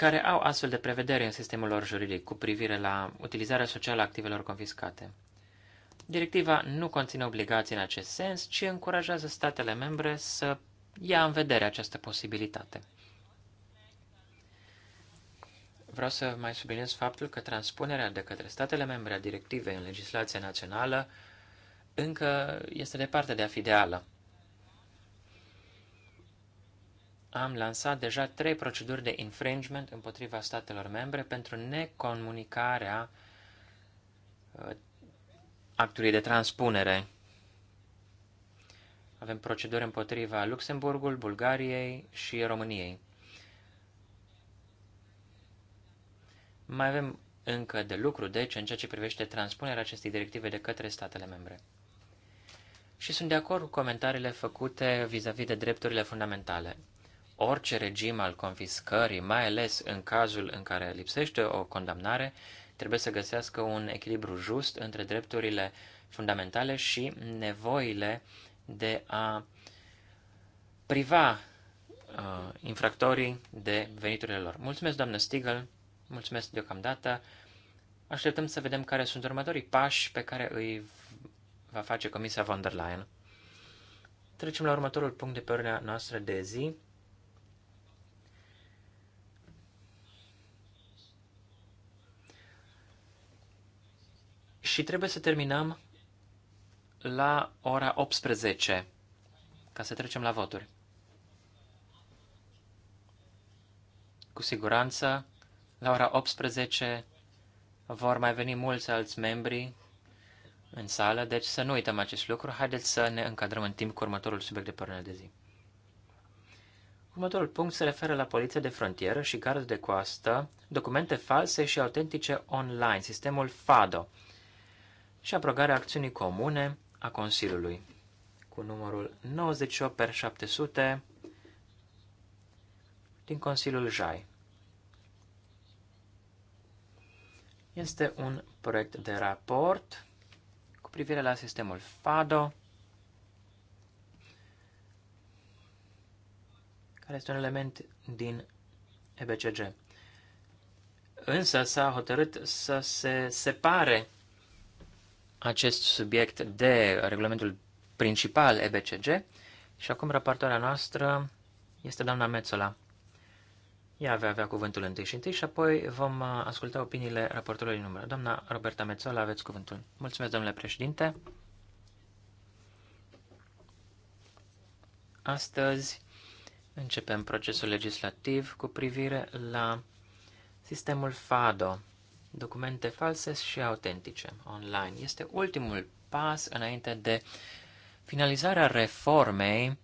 care au astfel de prevedere în sistemul lor juridic cu privire la utilizarea socială a activelor confiscate. Directiva nu conține obligații în acest sens, ci încurajează statele membre să ia în vedere această posibilitate. Vreau să mai subliniez faptul că transpunerea de către statele membre a directivei în legislația națională încă este departe de a fi ideală. Am lansat deja trei proceduri de infringement împotriva statelor membre pentru necomunicarea uh, actului de transpunere. Avem proceduri împotriva Luxemburgul, Bulgariei și României. Mai avem încă de lucru, deci, în ceea ce privește transpunerea acestei directive de către statele membre. Și sunt de acord cu comentariile făcute vis-a-vis -vis de drepturile fundamentale orice regim al confiscării, mai ales în cazul în care lipsește o condamnare, trebuie să găsească un echilibru just între drepturile fundamentale și nevoile de a priva uh, infractorii de veniturile lor. Mulțumesc, doamnă Stigl, mulțumesc deocamdată. Așteptăm să vedem care sunt următorii pași pe care îi va face Comisia von der Leyen. Trecem la următorul punct de pe ordinea noastră de zi. și trebuie să terminăm la ora 18 ca să trecem la voturi. Cu siguranță, la ora 18 vor mai veni mulți alți membri în sală, deci să nu uităm acest lucru. Haideți să ne încadrăm în timp cu următorul subiect de părere de zi. Următorul punct se referă la poliția de frontieră și gardul de coastă, documente false și autentice online, sistemul FADO și abrogarea acțiunii comune a Consiliului cu numărul 98 per 700 din Consiliul JAI. Este un proiect de raport cu privire la sistemul FADO, care este un element din EBCG. Însă s-a hotărât să se separe acest subiect de regulamentul principal EBCG și acum raportoarea noastră este doamna Mețola. Ea va avea cuvântul întâi și întâi și apoi vom uh, asculta opiniile raportorului din Doamna Roberta Mețola, aveți cuvântul. Mulțumesc, domnule președinte. Astăzi începem procesul legislativ cu privire la sistemul FADO, documente false și autentice online. Este ultimul pas înainte de finalizarea reformei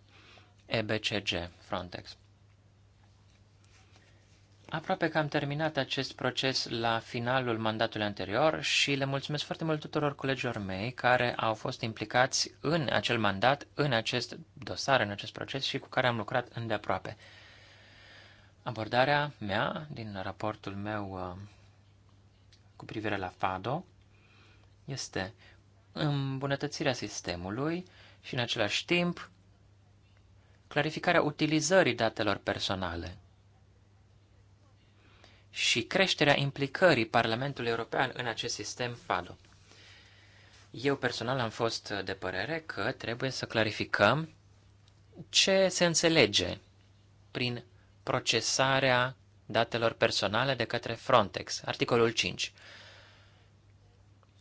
EBCG Frontex. Aproape că am terminat acest proces la finalul mandatului anterior și le mulțumesc foarte mult tuturor colegilor mei care au fost implicați în acel mandat, în acest dosar, în acest proces și cu care am lucrat îndeaproape. Abordarea mea din raportul meu uh, cu privire la FADO este îmbunătățirea sistemului și, în același timp, clarificarea utilizării datelor personale și creșterea implicării Parlamentului European în acest sistem FADO. Eu personal am fost de părere că trebuie să clarificăm ce se înțelege prin procesarea datelor personale de către Frontex. Articolul 5.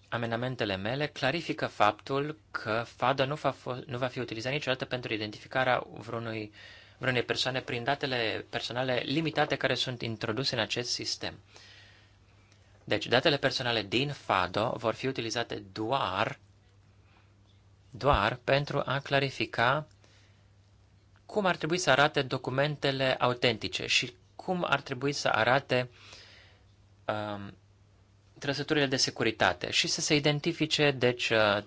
Amenamentele mele clarifică faptul că fado nu va, nu va fi utilizat niciodată pentru identificarea vreunui, vreunei persoane prin datele personale limitate care sunt introduse în acest sistem. Deci, datele personale din FADO vor fi utilizate doar, doar pentru a clarifica cum ar trebui să arate documentele autentice și cum ar trebui să arate um, trăsăturile de securitate și să se identifice, deci, uh,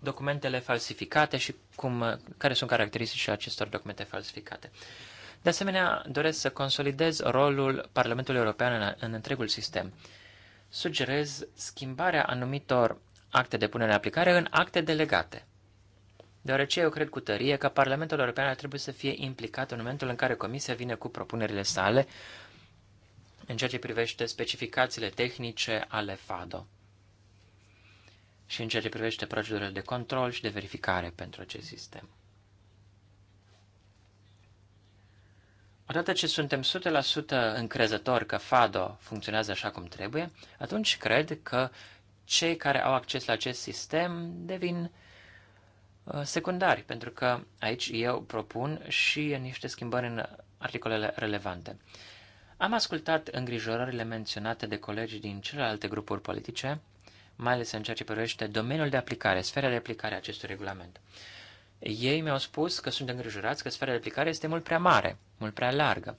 documentele falsificate și cum, uh, care sunt caracteristicile acestor documente falsificate. De asemenea, doresc să consolidez rolul Parlamentului European în, în întregul sistem. Sugerez schimbarea anumitor acte de punere în aplicare în acte delegate deoarece eu cred cu tărie că Parlamentul European ar trebui să fie implicat în momentul în care Comisia vine cu propunerile sale în ceea ce privește specificațiile tehnice ale FADO și în ceea ce privește procedurile de control și de verificare pentru acest sistem. Odată ce suntem 100% încrezători că FADO funcționează așa cum trebuie, atunci cred că cei care au acces la acest sistem devin uh, Uh, secundari, pentru că aici eu propun și niște schimbări în articolele relevante. Am ascultat îngrijorările menționate de colegii din celelalte grupuri politice, mai ales în ceea ce privește domeniul de aplicare, sfera de aplicare a acestui regulament. Ei mi-au spus că sunt îngrijorați că sfera de aplicare este mult prea mare, mult prea largă.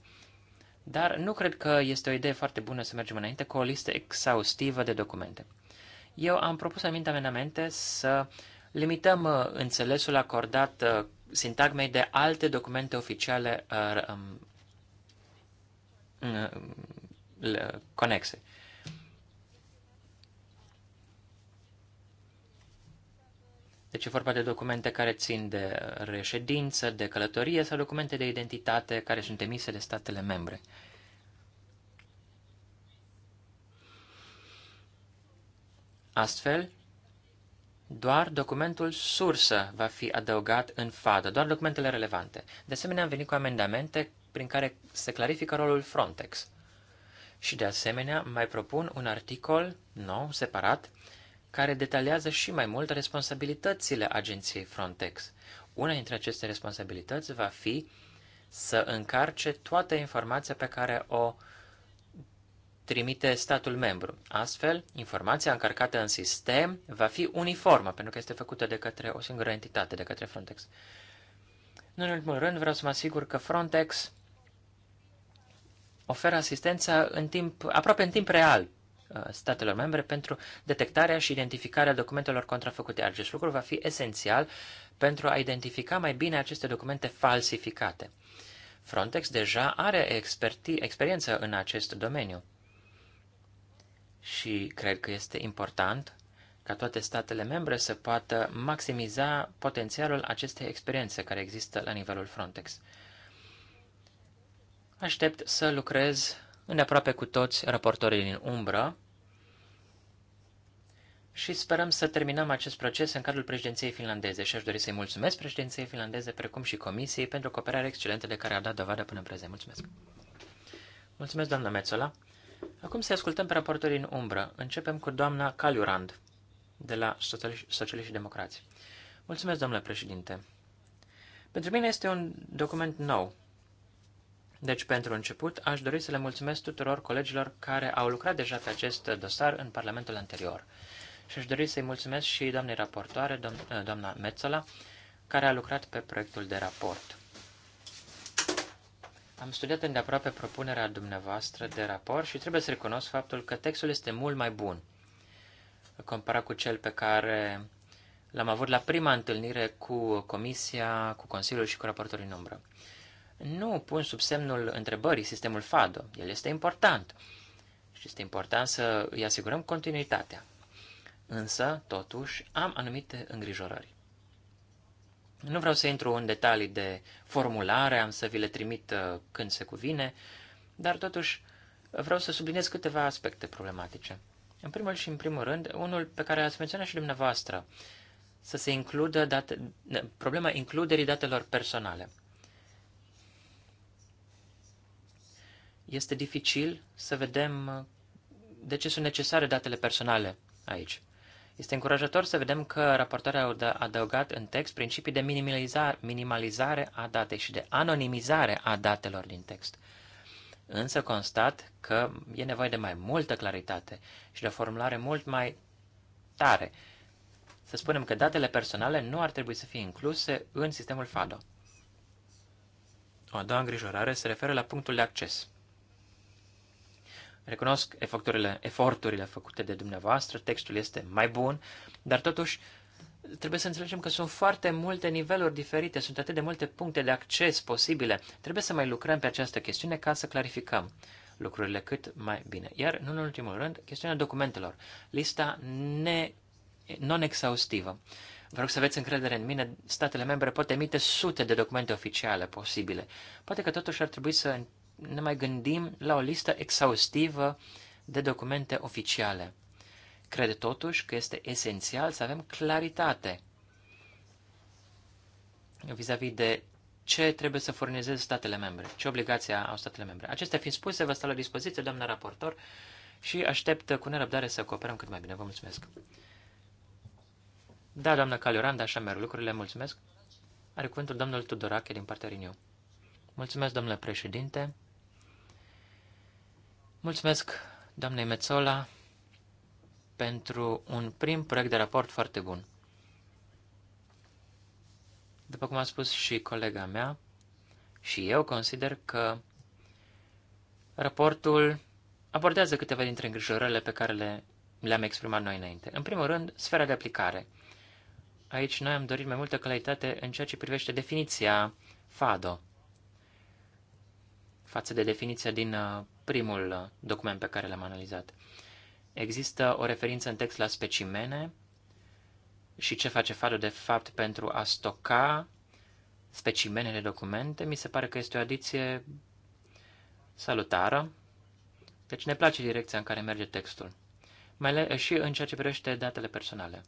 Dar nu cred că este o idee foarte bună să mergem înainte cu o listă exhaustivă de documente. Eu am propus anumite amendamente să uh, Limităm uh, înțelesul acordat uh, sintagmei de alte documente oficiale uh, um, conexe. Deci e vorba de documente care țin de reședință, de călătorie sau documente de identitate care sunt emise de statele membre. Astfel, doar documentul sursă va fi adăugat în fadă, doar documentele relevante. De asemenea, am venit cu amendamente prin care se clarifică rolul Frontex. Și de asemenea, mai propun un articol nou, separat, care detaliază și mai mult responsabilitățile agenției Frontex. Una dintre aceste responsabilități va fi să încarce toată informația pe care o uh, trimite statul membru. Astfel, informația încărcată în sistem va fi uniformă, pentru că este făcută de către o singură entitate, de către Frontex. Nu în ultimul rând, vreau să mă asigur că Frontex oferă asistența în timp, aproape în timp real uh, statelor membre pentru detectarea și identificarea documentelor contrafăcute. Acest lucru va fi esențial pentru a identifica mai bine aceste documente falsificate. Frontex deja are experti- experiență în acest domeniu și cred că este important ca toate statele membre să poată maximiza potențialul acestei experiențe care există la nivelul Frontex. Aștept să lucrez îndeaproape cu toți raportorii din umbră și sperăm să terminăm acest proces în cadrul președinției finlandeze și aș dori să-i mulțumesc președinției finlandeze precum și comisiei pentru cooperarea excelentă de care a dat dovadă până în prezent. Mulțumesc! Mulțumesc, doamna Mețola! Acum să ascultăm pe raportorii în umbră. Începem cu doamna Caliurand, de la Socialiști și Democrați. Mulțumesc, domnule președinte. Pentru mine este un document nou. Deci, pentru început, aș dori să le mulțumesc tuturor colegilor care au lucrat deja pe acest dosar în Parlamentul anterior. Și aș dori să-i mulțumesc și doamnei raportoare, doamna Metzola, care a lucrat pe proiectul de raport. Am studiat îndeaproape propunerea dumneavoastră de raport și trebuie să recunosc faptul că textul este mult mai bun comparat cu cel pe care l-am avut la prima întâlnire cu Comisia, cu Consiliul și cu raportorii în umbră. Nu pun sub semnul întrebării sistemul FADO. El este important și este important să îi asigurăm continuitatea. Însă, totuși, am anumite îngrijorări. Nu vreau să intru în detalii de formulare, am să vi le trimit uh, când se cuvine, dar totuși vreau să subliniez câteva aspecte problematice. În primul și în primul rând, unul pe care ați menționat și dumneavoastră, să se includă date, problema includerii datelor personale. Este dificil să vedem uh, de ce sunt necesare datele personale aici. Este încurajator să vedem că raportarea a da-, adăugat în text principii de minimalizare, minimalizare a datei și de anonimizare a datelor din text. Însă constat că e nevoie de mai multă claritate și de o formulare mult mai tare. Să spunem că datele personale nu ar trebui să fie incluse în sistemul FADO. O a doua îngrijorare se referă la punctul de acces. Recunosc eforturile, eforturile făcute de dumneavoastră, textul este mai bun, dar totuși trebuie să înțelegem că sunt foarte multe niveluri diferite, sunt atât de multe puncte de acces posibile. Trebuie să mai lucrăm pe această chestiune ca să clarificăm lucrurile cât mai bine. Iar, nu în ultimul rând, chestiunea documentelor. Lista ne, non-exhaustivă. Vă rog să aveți încredere în mine, statele membre pot emite sute de documente oficiale posibile. Poate că totuși ar trebui să ne mai gândim la o listă exhaustivă de documente oficiale. Cred totuși că este esențial să avem claritate vis-a-vis -vis de ce trebuie să furnizeze statele membre, ce obligația au statele membre. Acestea fiind spuse, vă stau la dispoziție, doamna raportor, și aștept cu nerăbdare să cooperăm cât mai bine. Vă mulțumesc. Da, doamna Calioranda, așa merg lucrurile, mulțumesc. Are cuvântul domnul Tudorache din partea Riniu. Mulțumesc, domnule președinte. Mulțumesc doamnei Mețola pentru un prim proiect de raport foarte bun. După cum a spus și colega mea, și eu consider că raportul abordează câteva dintre îngrijorările pe care le, le-am exprimat noi înainte. În primul rând, sfera de aplicare. Aici noi am dorit mai multă claritate în ceea ce privește definiția FADO față de definiția din uh, primul uh, document pe care l-am analizat. Există o referință în text la specimene și ce face FADO de fapt pentru a stoca specimenele documente. Mi se pare că este o adiție salutară, deci ne place direcția în care merge textul, mai le- și în ceea ce privește datele personale.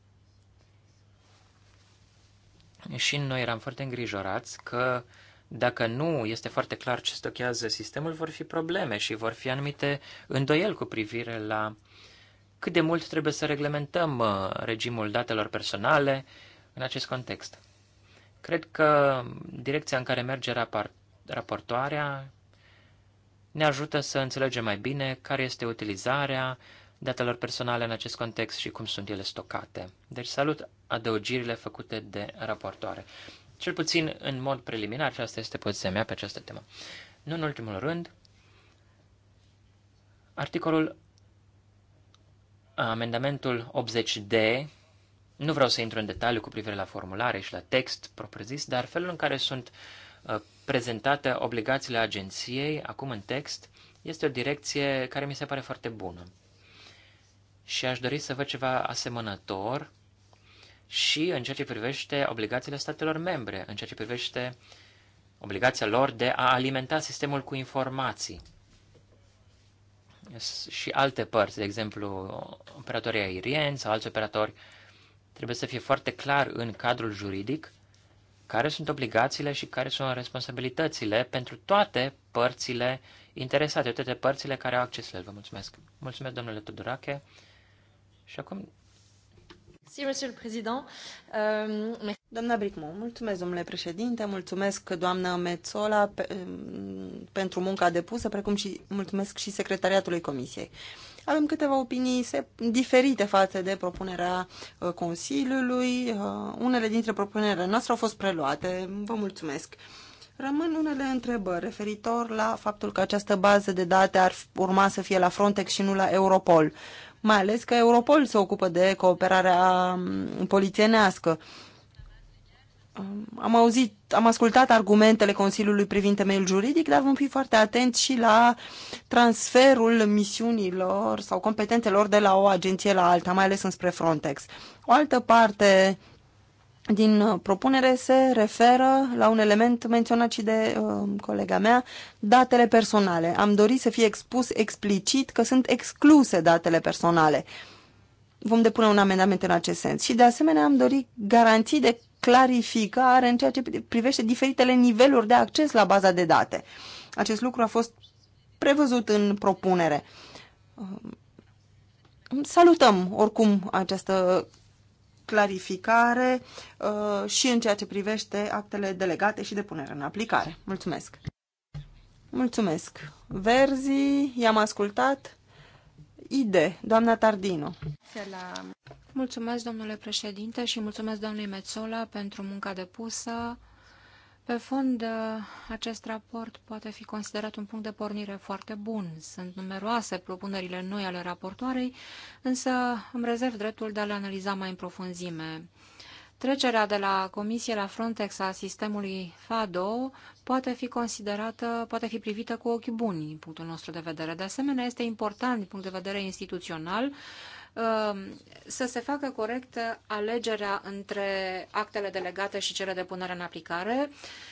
Și noi eram foarte îngrijorați că uh, dacă nu este foarte clar ce stochează sistemul, vor fi probleme și vor fi anumite îndoieli cu privire la cât de mult trebuie să reglementăm uh, regimul datelor personale în acest context. Cred că direcția în care merge raportoarea ne ajută să înțelegem mai bine care este utilizarea datelor personale în acest context și cum sunt ele stocate. Deci salut adăugirile făcute de raportoare. Cel puțin în mod preliminar, aceasta este poziția mea pe această temă. Nu în ultimul rând, articolul amendamentul 80D, nu vreau să intru în detaliu cu privire la formulare și la text propriu-zis, dar felul în care sunt uh, prezentate obligațiile agenției acum în text este o direcție care mi se pare foarte bună. Și aș dori să văd ceva asemănător și în ceea ce privește obligațiile statelor membre, în ceea ce privește obligația lor de a alimenta sistemul cu informații și alte părți, de exemplu operatorii aerieni sau alți operatori, trebuie să fie foarte clar în cadrul juridic care sunt obligațiile și care sunt responsabilitățile pentru toate părțile interesate, toate părțile care au acces la el. Vă mulțumesc. Mulțumesc, domnule Tudorache. Și acum Euh, doamna Bricmo, mulțumesc, domnule președinte, mulțumesc, doamna Mețola, pe, um, pentru munca depusă, precum și mulțumesc și secretariatului Comisiei. Avem câteva opinii diferite față de propunerea uh, Consiliului. Uh, unele dintre propunerile noastre au fost preluate. Vă mulțumesc. Rămân unele întrebări referitor la faptul că această bază de date ar urma să fie la Frontex și nu la Europol. Uh, mai ales că Europol se ocupă de cooperarea um, polițienească. Um, am auzit, am ascultat argumentele Consiliului privind temeiul juridic, dar vom fi foarte atenți și la transferul misiunilor sau competențelor de la o agenție la alta, mai ales înspre Frontex. O altă parte din uh, propunere se referă la un element menționat și de uh, colega mea, datele personale. Am dorit să fie expus explicit că sunt excluse datele personale. Vom depune un amendament în acest sens. Și de asemenea am dorit garanții de clarificare în ceea ce privește diferitele niveluri de acces la baza de date. Acest lucru a fost prevăzut în propunere. Um, Salutăm oricum această clarificare uh, și în ceea ce privește actele delegate și de punere în aplicare. Mulțumesc! Mulțumesc! Verzi, i-am ascultat. IDE, doamna Tardino. Mulțumesc, domnule președinte, și mulțumesc doamnei Mețola pentru munca depusă pe fond, uh, acest raport poate fi considerat un punct de pornire foarte bun. Sunt numeroase propunerile noi ale raportoarei, însă îmi rezerv dreptul de a le analiza mai în profunzime. Trecerea de la Comisie la Frontex a sistemului FADO poate fi considerată, poate fi privită cu ochi buni din punctul nostru de vedere. De asemenea, este important din punct de vedere instituțional Um, să se facă corect alegerea între actele delegate și cele de punere în aplicare.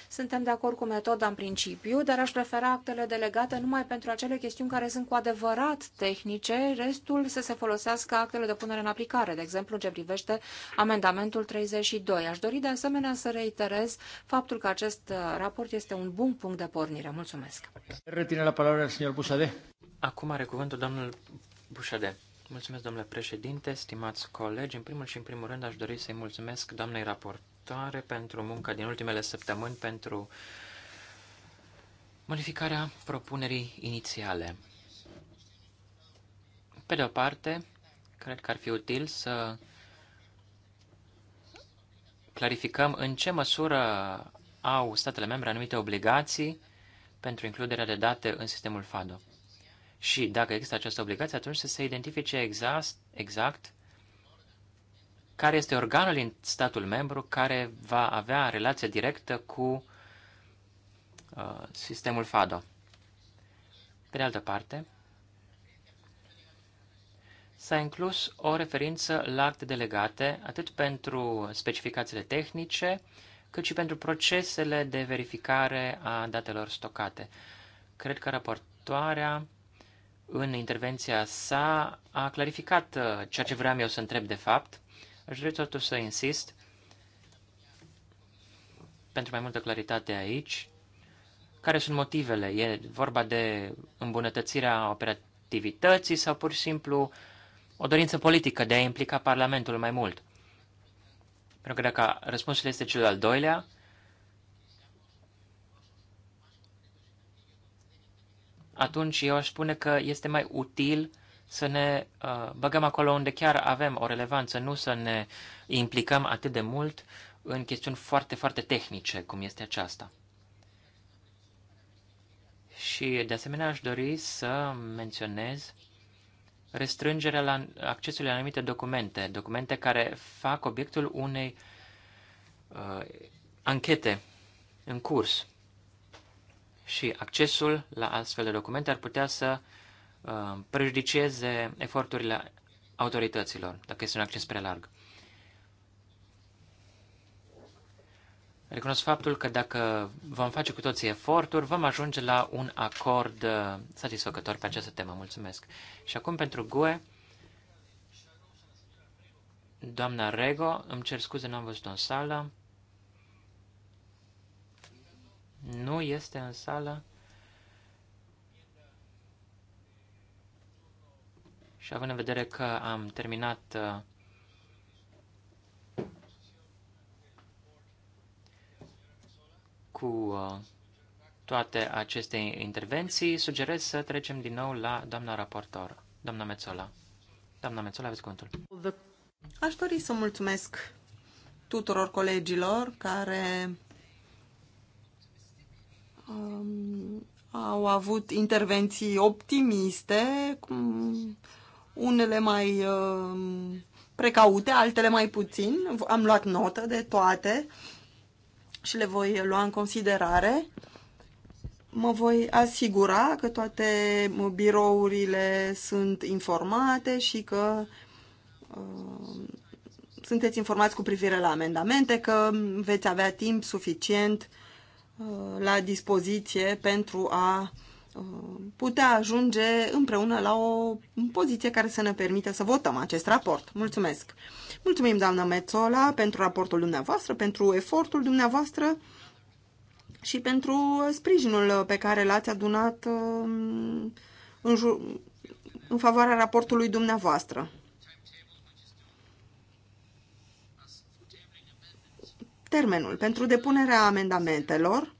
Suntem de acord cu metoda în principiu, dar aș prefera actele delegate numai pentru acele chestiuni care sunt cu adevărat tehnice, restul să se folosească actele de punere în aplicare, de exemplu ce privește amendamentul 32. Aș dori de asemenea să reiterez faptul că acest uh, raport este un bun punct de pornire. Mulțumesc! Retine la palabra señor Acum are cuvântul domnul Bușade. Mulțumesc, domnule președinte, stimați colegi. În primul și în primul rând aș dori să-i mulțumesc doamnei raportoare pentru munca din ultimele săptămâni, pentru modificarea propunerii inițiale. Pe de o parte, cred că ar fi util să clarificăm în ce măsură au statele membre anumite obligații pentru includerea de date în sistemul FADO. Și dacă există această obligație, atunci să se identifice exact, exact care este organul în statul membru care va avea relație directă cu uh, sistemul FADO. Pe de altă parte, s-a inclus o referință la acte delegate, atât pentru specificațiile tehnice, cât și pentru procesele de verificare a datelor stocate. Cred că raportoarea în intervenția sa a clarificat uh, ceea ce vreau eu să întreb de fapt. Aș vrea totuși să insist pentru mai multă claritate aici. Care sunt motivele? E vorba de îmbunătățirea operativității sau pur și simplu o dorință politică de a implica Parlamentul mai mult? Pentru că dacă răspunsul este cel al doilea, atunci eu aș spune că este mai util să ne uh, băgăm acolo unde chiar avem o relevanță, nu să ne implicăm atât de mult în chestiuni foarte, foarte tehnice, cum este aceasta. Și, de asemenea, aș dori să menționez restrângerea la accesul la anumite documente, documente care fac obiectul unei uh, anchete în curs și accesul la astfel de documente ar putea să uh, prejudicieze eforturile autorităților, dacă este un acces prea larg. Recunosc faptul că dacă vom face cu toții eforturi, vom ajunge la un acord uh, satisfăcător pe această temă. Mulțumesc. Și acum pentru GUE, doamna Rego, îmi cer scuze, n-am văzut-o în sală. Nu este în sală și având în vedere că am terminat uh, cu uh, toate aceste intervenții, sugerez să trecem din nou la doamna raportor, doamna Mețola. Doamna Mețola, aveți cuvântul. Aș dori să mulțumesc tuturor colegilor care um, au avut intervenții optimiste, unele mai um, precaute, altele mai puțin. Am luat notă de toate și le voi lua în considerare. Mă voi asigura că toate birourile sunt informate și că uh, sunteți informați cu privire la amendamente, că veți avea timp suficient uh, Uh, la dispoziție pentru a uh, putea ajunge împreună la o poziție care să ne permită să votăm acest raport. Mulțumesc! Mulțumim, doamna Metzola, pentru raportul dumneavoastră, pentru efortul dumneavoastră și pentru sprijinul pe care l-ați adunat uh, în, jur... în favoarea raportului dumneavoastră. Termenul pentru depunerea amendamentelor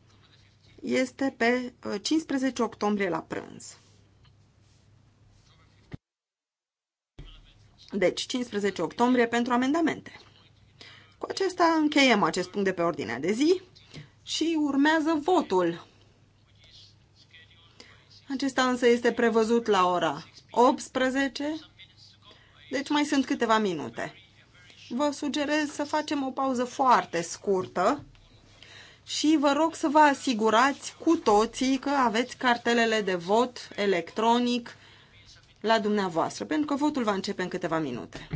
este pe 15 uh, octombrie la prânz. Deci, 15 octombrie pentru amendamente. Cu acesta încheiem acest punct de pe ordinea de zi și urmează votul. Acesta însă este prevăzut la ora 18, deci mai sunt câteva minute vă sugerez să facem o pauză foarte scurtă și vă rog să vă asigurați cu toții că aveți cartelele de vot electronic la dumneavoastră, pentru că votul va începe în câteva minute.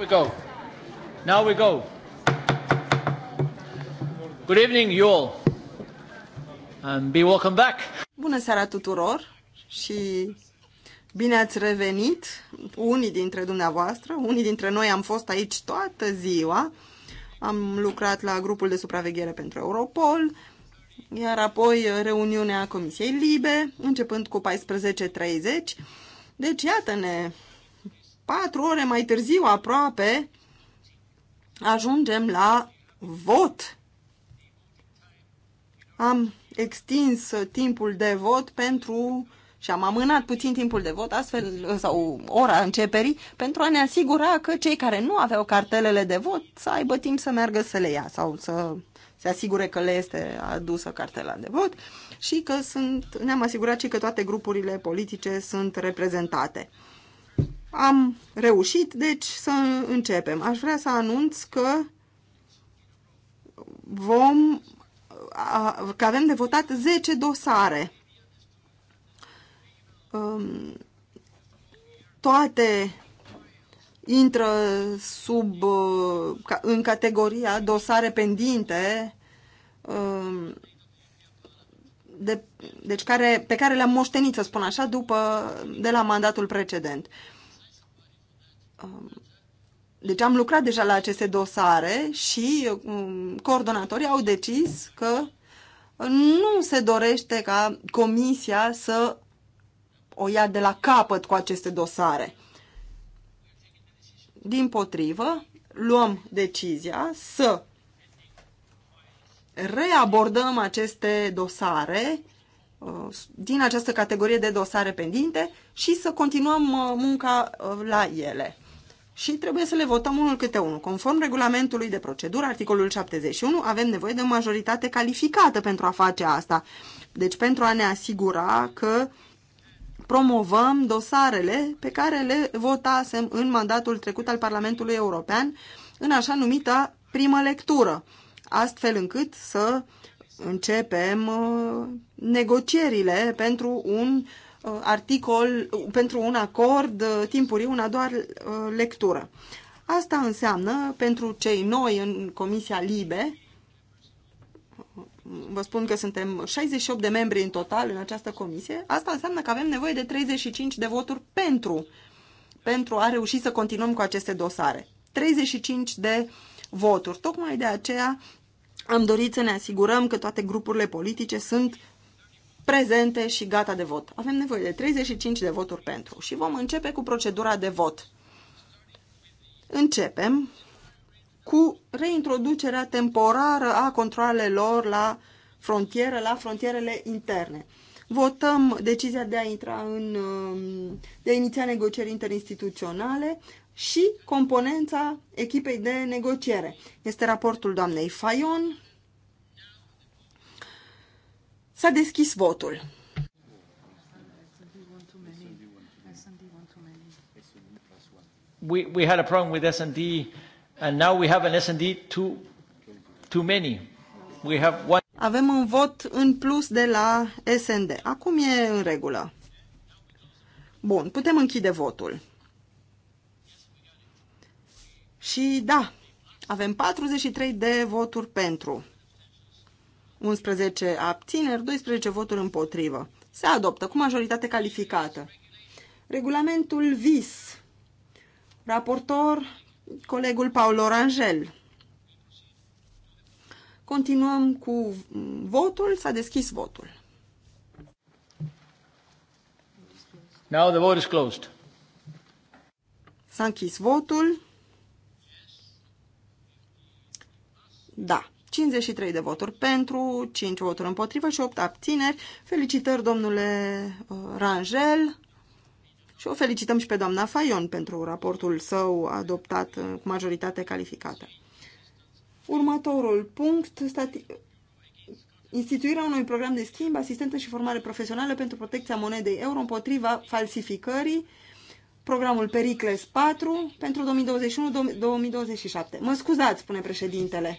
we go. Now we go. Good evening, you all. And be welcome back. Bună seara tuturor și bine ați revenit, unii dintre dumneavoastră, unii dintre noi am fost aici toată ziua, am lucrat la grupul de supraveghere pentru Europol, iar apoi reuniunea Comisiei Libe, începând cu 14.30. Deci, iată-ne patru ore mai târziu aproape ajungem la vot. Am extins timpul de vot pentru și am amânat puțin timpul de vot astfel sau ora începerii pentru a ne asigura că cei care nu aveau cartelele de vot să aibă timp să meargă să le ia sau să se asigure că le este adusă cartela de vot și că sunt, ne-am asigurat și că toate grupurile politice sunt reprezentate. Am reușit, deci să începem. Aș vrea să anunț că vom că avem de votat 10 dosare. Um, toate intră sub uh, în categoria dosare pendinte um, de, deci care, pe care le-am moștenit, să spun așa, după, de la mandatul precedent. Uh, Um, deci am lucrat deja la aceste dosare și um, coordonatorii au decis că nu se dorește ca comisia să o ia de la capăt cu aceste dosare. Din potrivă, luăm decizia să reabordăm aceste dosare uh, din această categorie de dosare pendinte și să continuăm uh, munca uh, la ele și trebuie să le votăm unul câte unul. Conform regulamentului de procedură, articolul 71, avem nevoie de o majoritate calificată pentru a face asta. Deci pentru a ne asigura că promovăm dosarele pe care le votasem în mandatul trecut al Parlamentului European în așa numită primă lectură, astfel încât să începem uh, negocierile pentru un uh, Uh, articol, uh, pentru un acord uh, timpuriu, una doar lectură. Asta înseamnă pentru cei noi în Comisia Libe, vă spun că suntem 68 de membri în total în această comisie, asta înseamnă că avem nevoie de 35 de voturi pentru, pentru a reuși să continuăm cu aceste dosare. 35 de voturi. Tocmai de aceea am dorit să ne asigurăm că toate grupurile politice sunt prezente și gata de vot. Avem nevoie de 35 de voturi pentru și vom începe cu procedura de vot. Începem cu reintroducerea temporară a controalelor la frontieră, la frontierele interne. Votăm decizia de a intra în, um, de a iniția negocieri interinstituționale și componența echipei de negociere. Este raportul doamnei Fayon, S-a deschis votul. We, we had a problem with S&D and now we have an S&D too, too many. We have one... Avem un vot în plus de la SND. Acum e în regulă. Bun, putem închide votul. Și da, avem 43 de voturi pentru. 11 abțineri, 12 voturi împotrivă. Se adoptă cu majoritate calificată. Regulamentul VIS. Raportor, colegul Paul Orangel. Continuăm cu votul. S-a deschis votul. Now the vote is closed. S-a închis votul. Da. 53 de voturi pentru, 5 voturi împotrivă și 8 abțineri. Felicitări, domnule uh, Rangel. Și o felicităm și pe doamna Fayon pentru raportul său adoptat cu majoritate calificată. Următorul punct, stati... instituirea unui program de schimb, asistență și formare profesională pentru protecția monedei euro împotriva falsificării, programul Pericles 4 pentru 2021-2027. Mă scuzați, spune președintele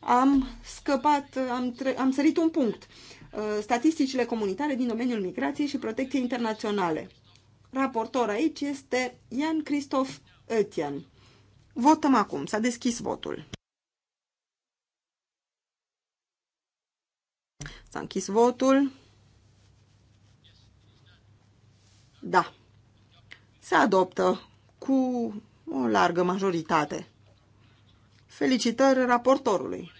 am scăpat, am, am sărit un punct. Uh, statisticile comunitare din domeniul migrației și protecției internaționale. Raportor aici este Ian Christoph Etian. Votăm acum. S-a deschis votul. S-a închis votul. Da. Se adoptă cu o largă majoritate. Felicitări raportorului.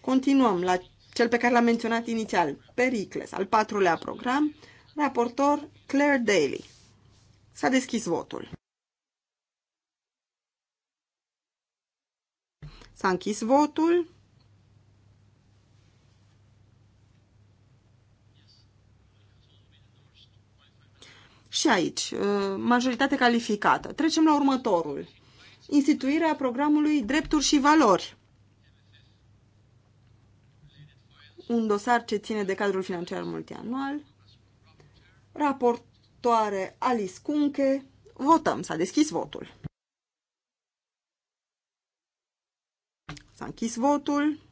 Continuăm la cel pe care l-am menționat inițial, Pericles, al patrulea program, raportor Claire Daly. S-a deschis votul. S-a închis votul. Și aici, uh, majoritate calificată. Trecem la următorul instituirea programului Drepturi și Valori, un dosar ce ține de cadrul financiar multianual. Raportoare Alice Cunche, votăm, s-a deschis votul. S-a închis votul.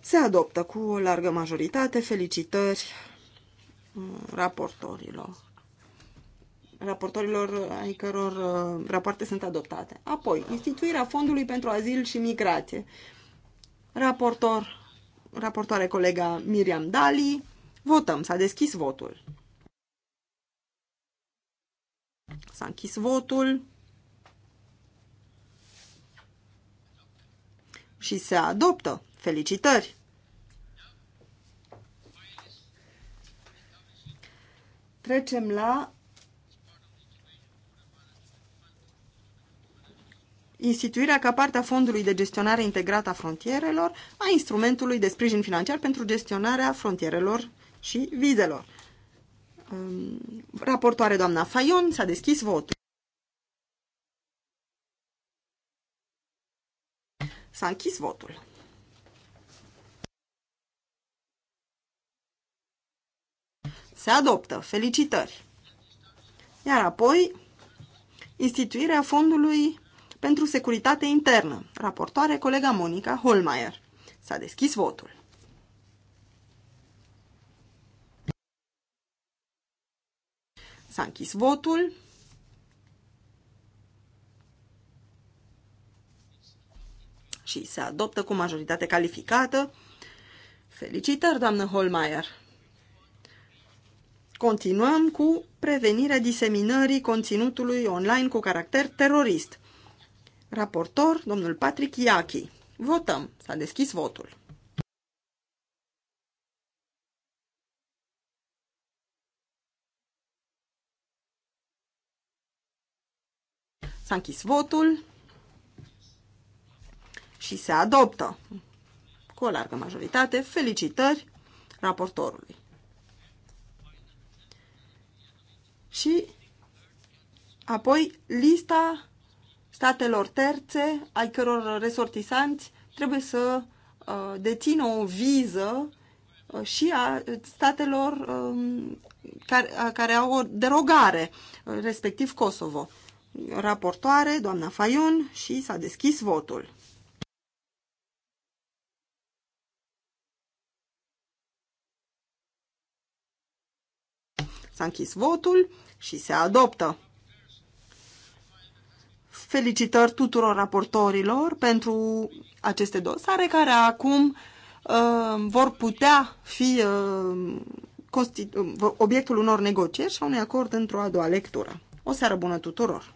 se adoptă cu o largă majoritate. Felicitări uh, raportorilor raportorilor ai căror uh, rapoarte sunt adoptate. Apoi, instituirea Fondului pentru Azil și Migrație. Raportor, raportoare colega Miriam Dali. Votăm. S-a deschis votul. S-a închis votul. Și se adoptă. Felicitări! Trecem la instituirea ca parte a Fondului de Gestionare Integrată a Frontierelor a instrumentului de sprijin financiar pentru gestionarea frontierelor și vizelor. Um, raportoare doamna Fayon s-a deschis votul. S-a închis votul. Se adoptă. Felicitări! Iar apoi, instituirea fondului pentru securitate internă. Raportoare colega Monica Holmeier. S-a deschis votul. S-a închis votul. Și se adoptă cu majoritate calificată. Felicitări, doamnă Holmeier! Continuăm cu prevenirea diseminării conținutului online cu caracter terorist. Raportor, domnul Patrick Iachi. Votăm. S-a deschis votul. S-a închis votul și se adoptă cu o largă majoritate. Felicitări raportorului. Și apoi lista statelor terțe, ai căror resortisanți trebuie să uh, dețină o viză uh, și a statelor um, care, care au o derogare, uh, respectiv Kosovo. Raportoare, doamna Faiun, și s-a deschis votul. S-a închis votul și se adoptă. Felicitări tuturor raportorilor pentru aceste dosare care acum uh, vor putea fi uh, uh, obiectul unor negocieri și a unui acord într-o a doua lectură. O seară bună tuturor!